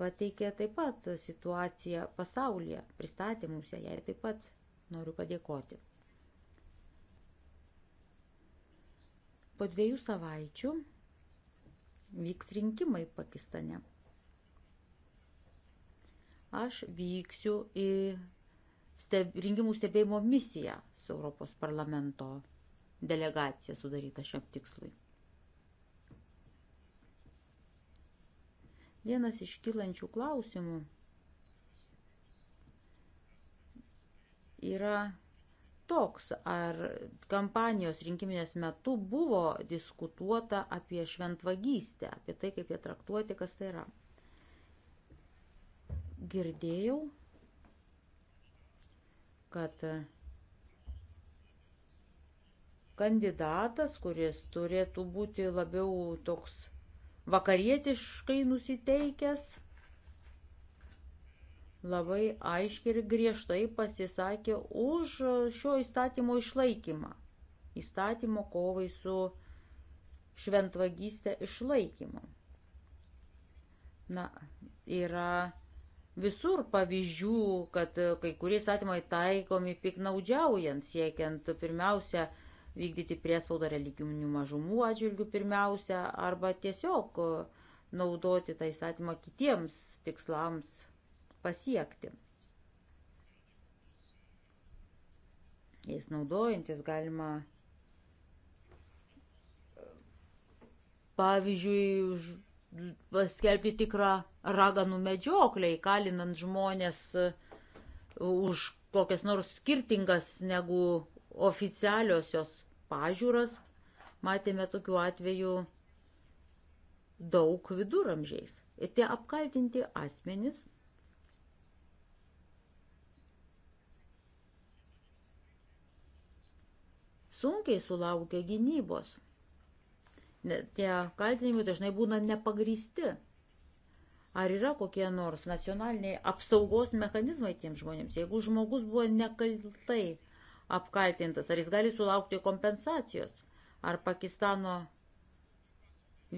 pateikė taip pat situaciją pasaulyje, pristatė mums ją ir taip pat noriu padėkoti. Po dviejų savaičių vyks rinkimai Pakistane. Aš vyksiu į steb, rinkimų stebėjimo misiją su Europos parlamento delegacija sudaryta šiam tikslui. Vienas iš kilančių klausimų yra toks, ar kampanijos rinkiminės metu buvo diskutuota apie šventvagystę, apie tai, kaip jie traktuoti, kas tai yra. Girdėjau, kad kandidatas, kuris turėtų būti labiau toks vakarietiškai nusiteikęs, labai aiškiai ir griežtai pasisakė už šio įstatymo išlaikymą. Įstatymo kovai su šventvagystė išlaikymu. Na, yra visur pavyzdžių, kad kai kurie įstatymai taikomi piknaudžiaujant, siekiant pirmiausia vykdyti priespaudą religinių mažumų atžvilgių pirmiausia, arba tiesiog naudoti tą įstatymą kitiems tikslams pasiekti. Jais naudojantis galima pavyzdžiui paskelbti tikrą raganų medžioklę, įkalinant žmonės e, už kokias nors skirtingas negu oficialiosios pažiūras. Matėme tokių atvejų daug viduramžiais. Ir tie apkaltinti asmenys sunkiai sulaukia gynybos. Tie kaltinimai dažnai būna nepagrysti. Ar yra kokie nors nacionaliniai apsaugos mechanizmai tiems žmonėms? Jeigu žmogus buvo nekaltai apkaltintas, ar jis gali sulaukti kompensacijos? Ar Pakistano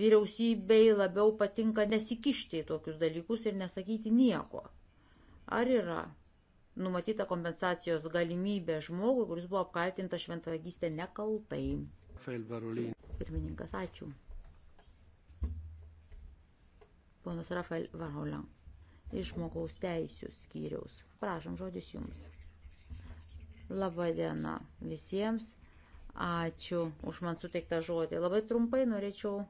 vyriausybei labiau patinka nesikišti į tokius dalykus ir nesakyti nieko? Ar yra numatyta kompensacijos galimybė žmogui, kuris buvo apkaltintas šventvagystė nekaltai. Pirmininkas, ačiū. Ponas Rafael Varholan iš žmogaus teisų skyriaus. Prašom, žodis jums. Labadiena visiems. Ačiū už man suteiktą žodį. Labai trumpai norėčiau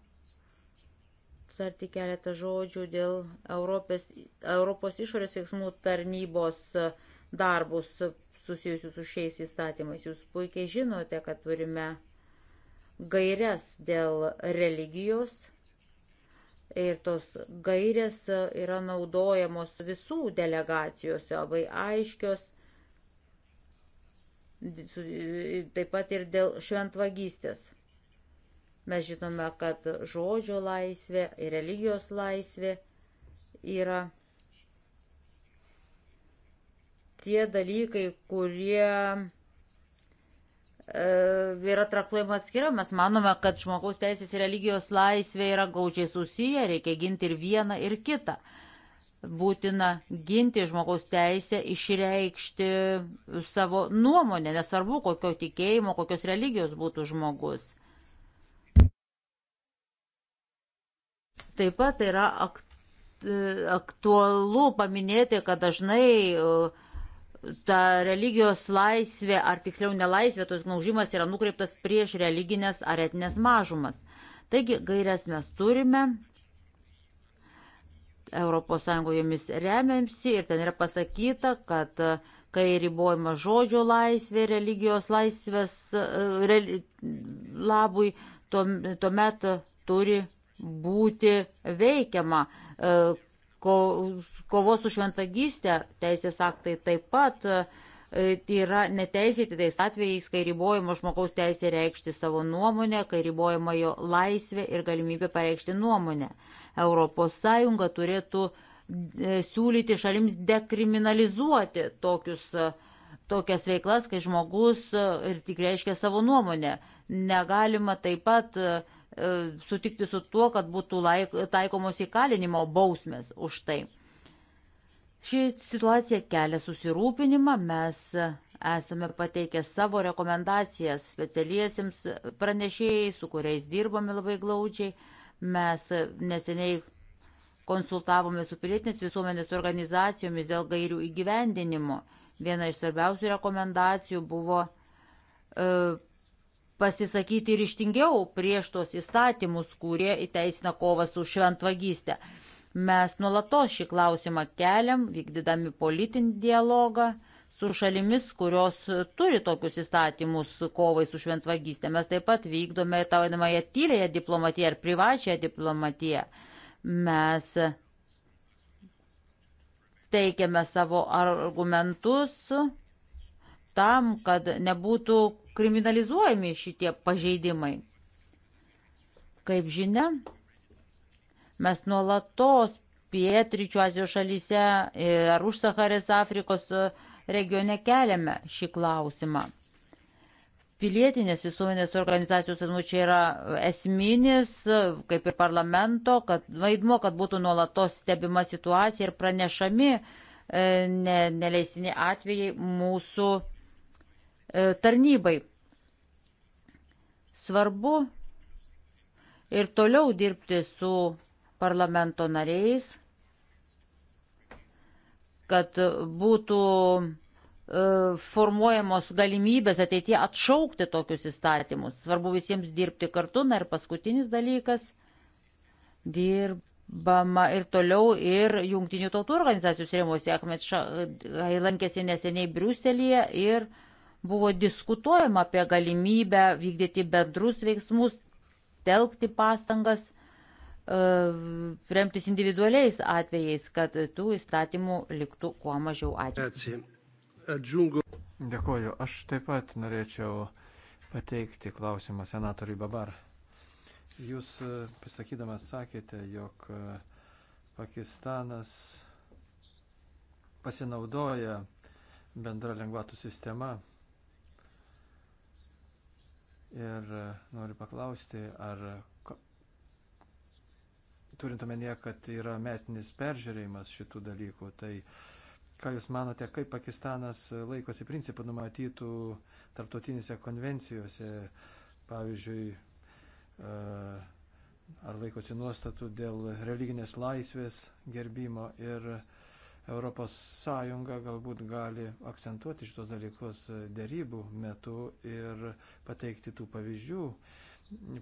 tarti keletą žodžių dėl Europės, Europos išorės veiksmų tarnybos uh, darbus susijusius su šiais įstatymais. Jūs puikiai žinote, kad turime gairias dėl religijos ir tos gairės yra naudojamos visų delegacijose, labai aiškios, taip pat ir dėl šventvagystės. Mes žinome, kad žodžio laisvė ir religijos laisvė yra tie dalykai, kurie e, yra traktuojama atskira. Mes manome, kad žmogaus teisės ir religijos laisvė yra gaučiai susiję, reikia ginti ir vieną, ir kitą. Būtina ginti žmogaus teisę, išreikšti savo nuomonę, nesvarbu, kokio tikėjimo, kokios religijos būtų žmogus. Taip pat yra aktualu paminėti, kad dažnai uh, ta religijos laisvė, ar tiksliau nelaisvė, tos gnaužimas yra nukreiptas prieš religinės ar etinės mažumas. Taigi gairias mes turime, ES jomis remiamsi ir ten yra pasakyta, kad e, kai ribojama žodžio laisvė religijos laisvės e, re, labui, tuomet turi būti veikiama e, ko, kovos už šventagystę teisės aktai taip pat e, yra neteisėti tais atvejais, kai ribojama žmogaus teisė reikšti savo nuomonę, kai ribojama jo laisvė ir galimybė pareikšti nuomonę. ES turėtų e, siūlyti šalims dekriminalizuoti tokius, e, tokias veiklas, kai žmogus ir tik reiškia savo nuomonę. Negalima taip pat E, sutikti su tuo, kad būtų laik, taikomos įkalinimo bausmės už tai. Ši situacija kelia susirūpinimą, mes esame pateikę savo rekomendacijas specialiesiems pranešėjai, su kuriais dirbame labai glaudžiai. Mes neseniai konsultavome su pilietinės visuomenės organizacijomis dėl gairių įgyvendinimo. Viena iš svarbiausių rekomendacijų buvo e, pasisakyti ryštingiau prieš tos įstatymus, kurie įteisina kovą su šventvagystė. Mes nuolatos šį klausimą keliam, vykdydami politinį dialogą su šalimis, kurios turi tokius įstatymus kovai su šventvagystė. Mes taip pat vykdome tą vadinamąją tylėją diplomatiją ar privačią diplomatiją. Mes teikiame savo argumentus tam, kad nebūtų kriminalizuojami šitie pažeidimai. Kaip žinia, mes nuolatos pietryčių Azijos šalyse e, ar už Saharės Afrikos e, regione keliame šį klausimą. Pilietinės visuomenės organizacijos vaidmuo čia yra esminis, e, kaip ir parlamento, kad vaidmuo, kad būtų nuolatos stebima situacija ir pranešami ne, neleistini atvejai mūsų E, tarnybai. Svarbu ir toliau dirbti su parlamento nariais, kad būtų e, formuojamos galimybės ateitie atšaukti tokius įstatymus. Svarbu visiems dirbti kartu. Na ir paskutinis dalykas - dirbama ir toliau ir jungtinių tautų organizacijos rėmose. Ahmed Šahai lankėsi neseniai Briuselėje ir uh, buvo diskutuojama apie galimybę vykdyti bendrus veiksmus, telkti pastangas, e, remtis individualiais atvejais, kad tų įstatymų liktų kuo mažiau atvejų. Dėkuoju. Aš taip pat norėčiau pateikti klausimą senatoriui Babar. Jūs e, pasakydamas sakėte, jog e, Pakistanas pasinaudoja bendra lengvatų sistema Ir e, noriu paklausti, ar turint omenyje, kad yra metinis peržiūrėjimas šitų dalykų, tai ką Jūs manote, kaip Pakistanas laikosi principų numatytų tarptautinėse konvencijose, pavyzdžiui, e, ar laikosi nuostatų dėl religinės laisvės gerbimo ir Europos Sąjunga galbūt gali akcentuoti šitos dalykus dėrybų metu ir pateikti tų pavyzdžių,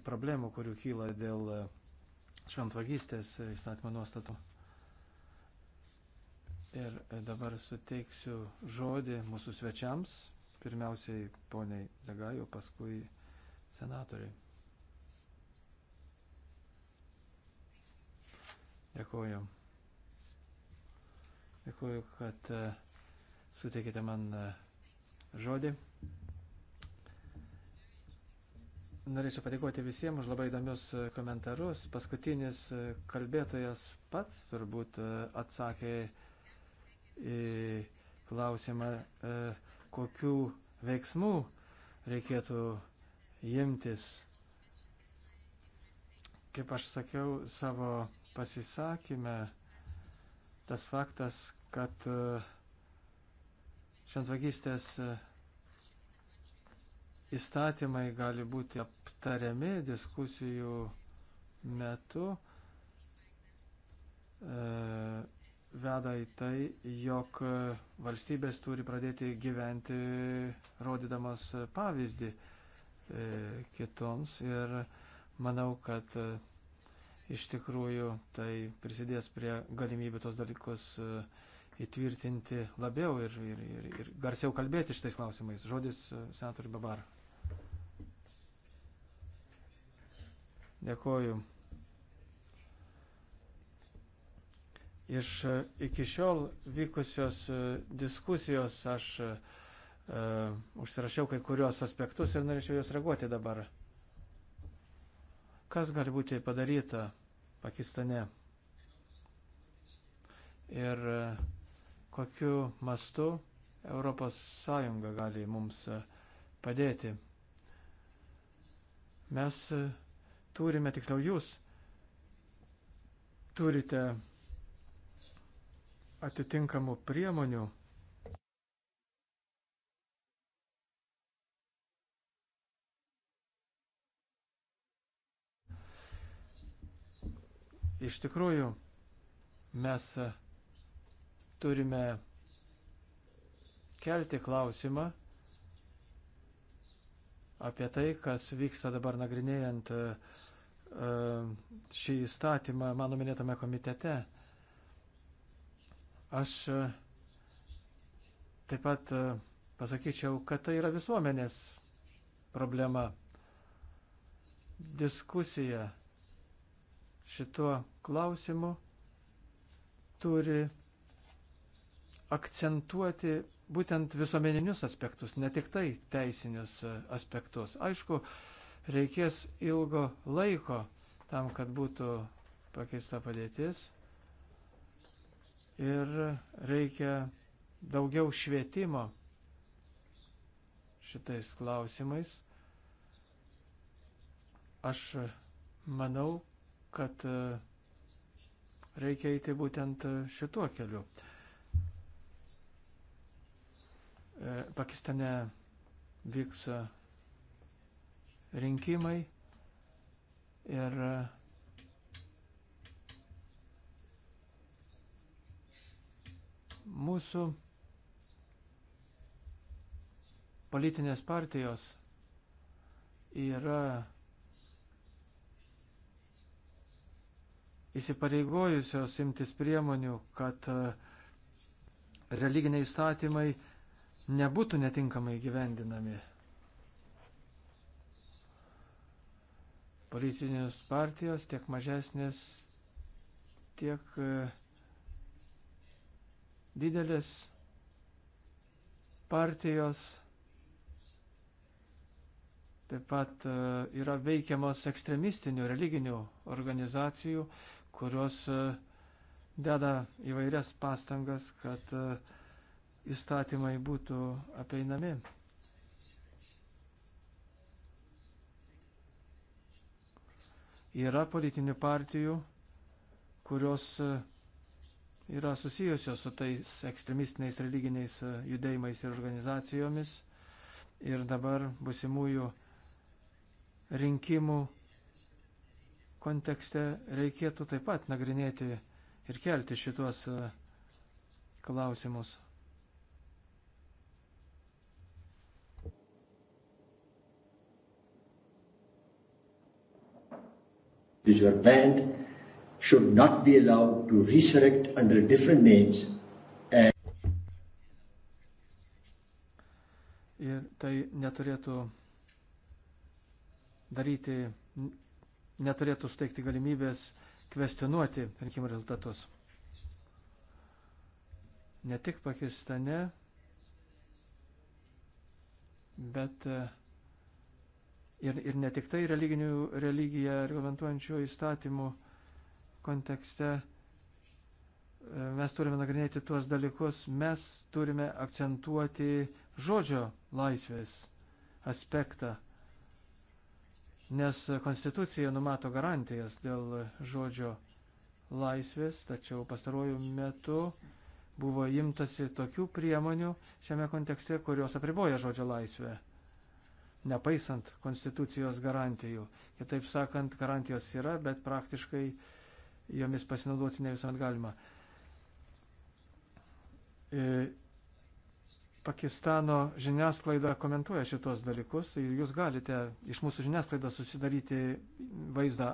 problemų, kurių kyla dėl šventvagystės įstatymo nuostatų. Ir dabar suteiksiu žodį mūsų svečiams, pirmiausiai poniai Zagajų, paskui senatoriai. Dėkuoju. Dėkuoju, kad e, suteikite man e, žodį. Norėčiau padėkoti visiems už labai įdomius e, komentarus. Paskutinis kalbėtojas pats turbūt atsakė į klausimą, kokių veiksmų reikėtų imtis. Kaip aš sakiau savo pasisakymę, tas faktas, kad e, šventvagystės e, įstatymai gali būti aptariami diskusijų metu, e, veda į tai, jog valstybės turi pradėti gyventi rodydamas pavyzdį kitoms ir manau, kad Iš tikrųjų, tai prisidės prie galimybių tos dalykus e, įtvirtinti labiau ir, ir, ir, ir garsiau kalbėti šitais klausimais. Žodis e, senatoriui Babar. Dėkoju. Iš e, iki šiol vykusios diskusijos aš uh, užsirašiau kai kurios aspektus ir norėčiau juos reaguoti dabar. Uh, Kas gali būti padaryta Pakistane? Ir e, kokiu mastu ES gali mums e, padėti? Mes e, turime, tiksliau jūs turite atitinkamų priemonių Iš tikrųjų, mes e, turime kelti klausimą apie tai, kas vyksta dabar nagrinėjant e, e, šį įstatymą mano minėtame komitete. Aš taip pat pasakyčiau, kad tai yra visuomenės problema. Diskusija šituo klausimu turi akcentuoti būtent visuomeninius aspektus, ne tik tai teisinius e, aspektus. Aišku, reikės ilgo laiko tam, kad būtų pakeista padėtis ir reikia daugiau švietimo šitais klausimais. Aš manau, kad e, reikia eiti būtent e, šituo keliu. E, Pakistane vyks rinkimai ir mūsų politinės partijos yra įsipareigojusios imtis priemonių, kad e, religiniai įstatymai nebūtų netinkamai gyvendinami. Politinės partijos tiek mažesnės, tiek e, didelės partijos taip pat e, yra veikiamos ekstremistinių religinių organizacijų, kurios e, deda įvairias pastangas, kad e, įstatymai būtų apeinami. Yra politinių partijų, kurios e, yra susijusios su tais ekstremistiniais religiniais judėjimais ir organizacijomis. Ir dabar busimųjų rinkimų kontekste reikėtų taip pat nagrinėti ir kelti šitos e, klausimus. which were banned should not be allowed to resurrect under different names ir tai neturėtų daryti neturėtų suteikti galimybės kvestionuoti rinkimų rezultatus. Ne tik Pakistane, bet e, ir, ir ne tik tai religinių, religiją reglamentuojančių įstatymų kontekste e, mes turime nagrinėti tuos dalykus, mes turime akcentuoti žodžio laisvės aspektą nes Konstitucija numato garantijas dėl žodžio laisvės, tačiau pastaruoju metu buvo imtasi tokių priemonių šiame kontekste, kurios apriboja žodžio laisvę, nepaisant Konstitucijos garantijų. Kitaip sakant, garantijos yra, bet praktiškai jomis pasinaudoti ne visuomet galima. E, Pakistano žiniasklaida komentuoja šitos dalykus ir jūs galite iš mūsų žiniasklaidos susidaryti vaizdą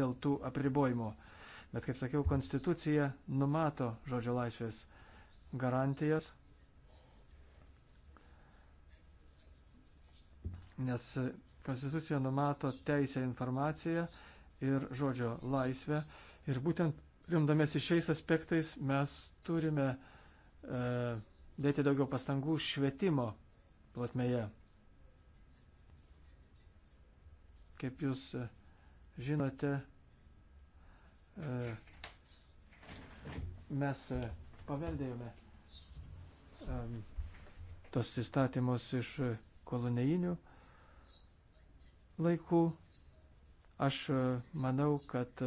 dėl tų apribojimų. Bet, kaip sakiau, konstitucija numato žodžio laisvės garantijas, nes konstitucija numato teisę informaciją ir žodžio laisvę. Ir būtent rimdamėsi šiais aspektais mes turime e, dėti daugiau pastangų švietimo plotmėje. Kaip jūs e, žinote, e, mes e, paveldėjome tos įstatymus iš kolonijinių laikų. Aš manau, kad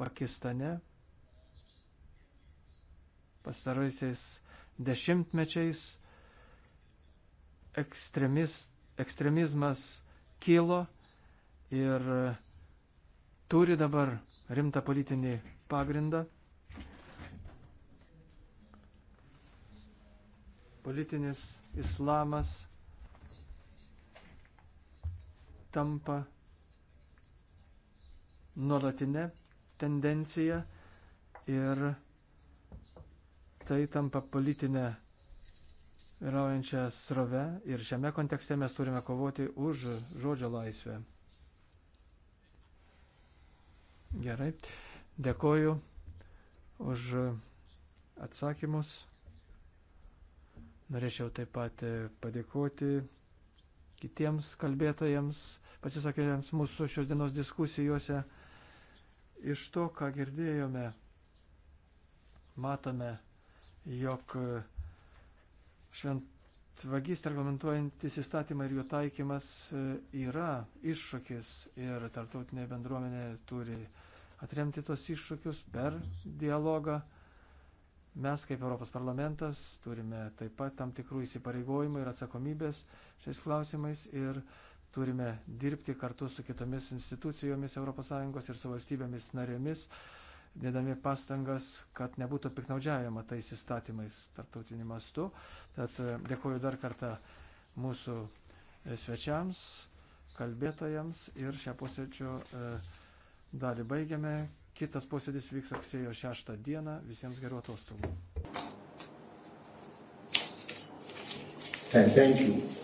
Pakistane pastaraisiais dešimtmečiais ekstremis, ekstremizmas kilo ir turi dabar rimtą politinį pagrindą. Politinis islamas tampa nuolatinė tendencija ir tai tampa politinė vyraujančią srovę ir šiame kontekste mes turime kovoti už žodžio laisvę. Gerai, dėkoju už atsakymus. Norėčiau taip pat padėkoti kitiems kalbėtojams, pasisakėjams mūsų šios dienos diskusijose. Iš to, ką girdėjome, matome, jog e, šventvagystę reglamentuojantis įstatymą ir jo taikymas e, yra iššūkis ir tarptautinė bendruomenė turi atremti tos iššūkius per dialogą. Mes kaip Europos parlamentas turime taip pat tam tikrų įsipareigojimų ir atsakomybės šiais klausimais ir turime dirbti kartu su kitomis institucijomis ES ir su valstybėmis narėmis, dėdami pastangas, kad nebūtų piknaudžiavima tais įstatymais tarptautiniu mastu. Tad e, dėkuoju dar kartą mūsų e, svečiams, kalbėtojams ir šią posėdžio e, dalį baigiame. Kitas posėdis vyks rugsėjo 6 dieną. Visiems gerų atostogų. Thank you.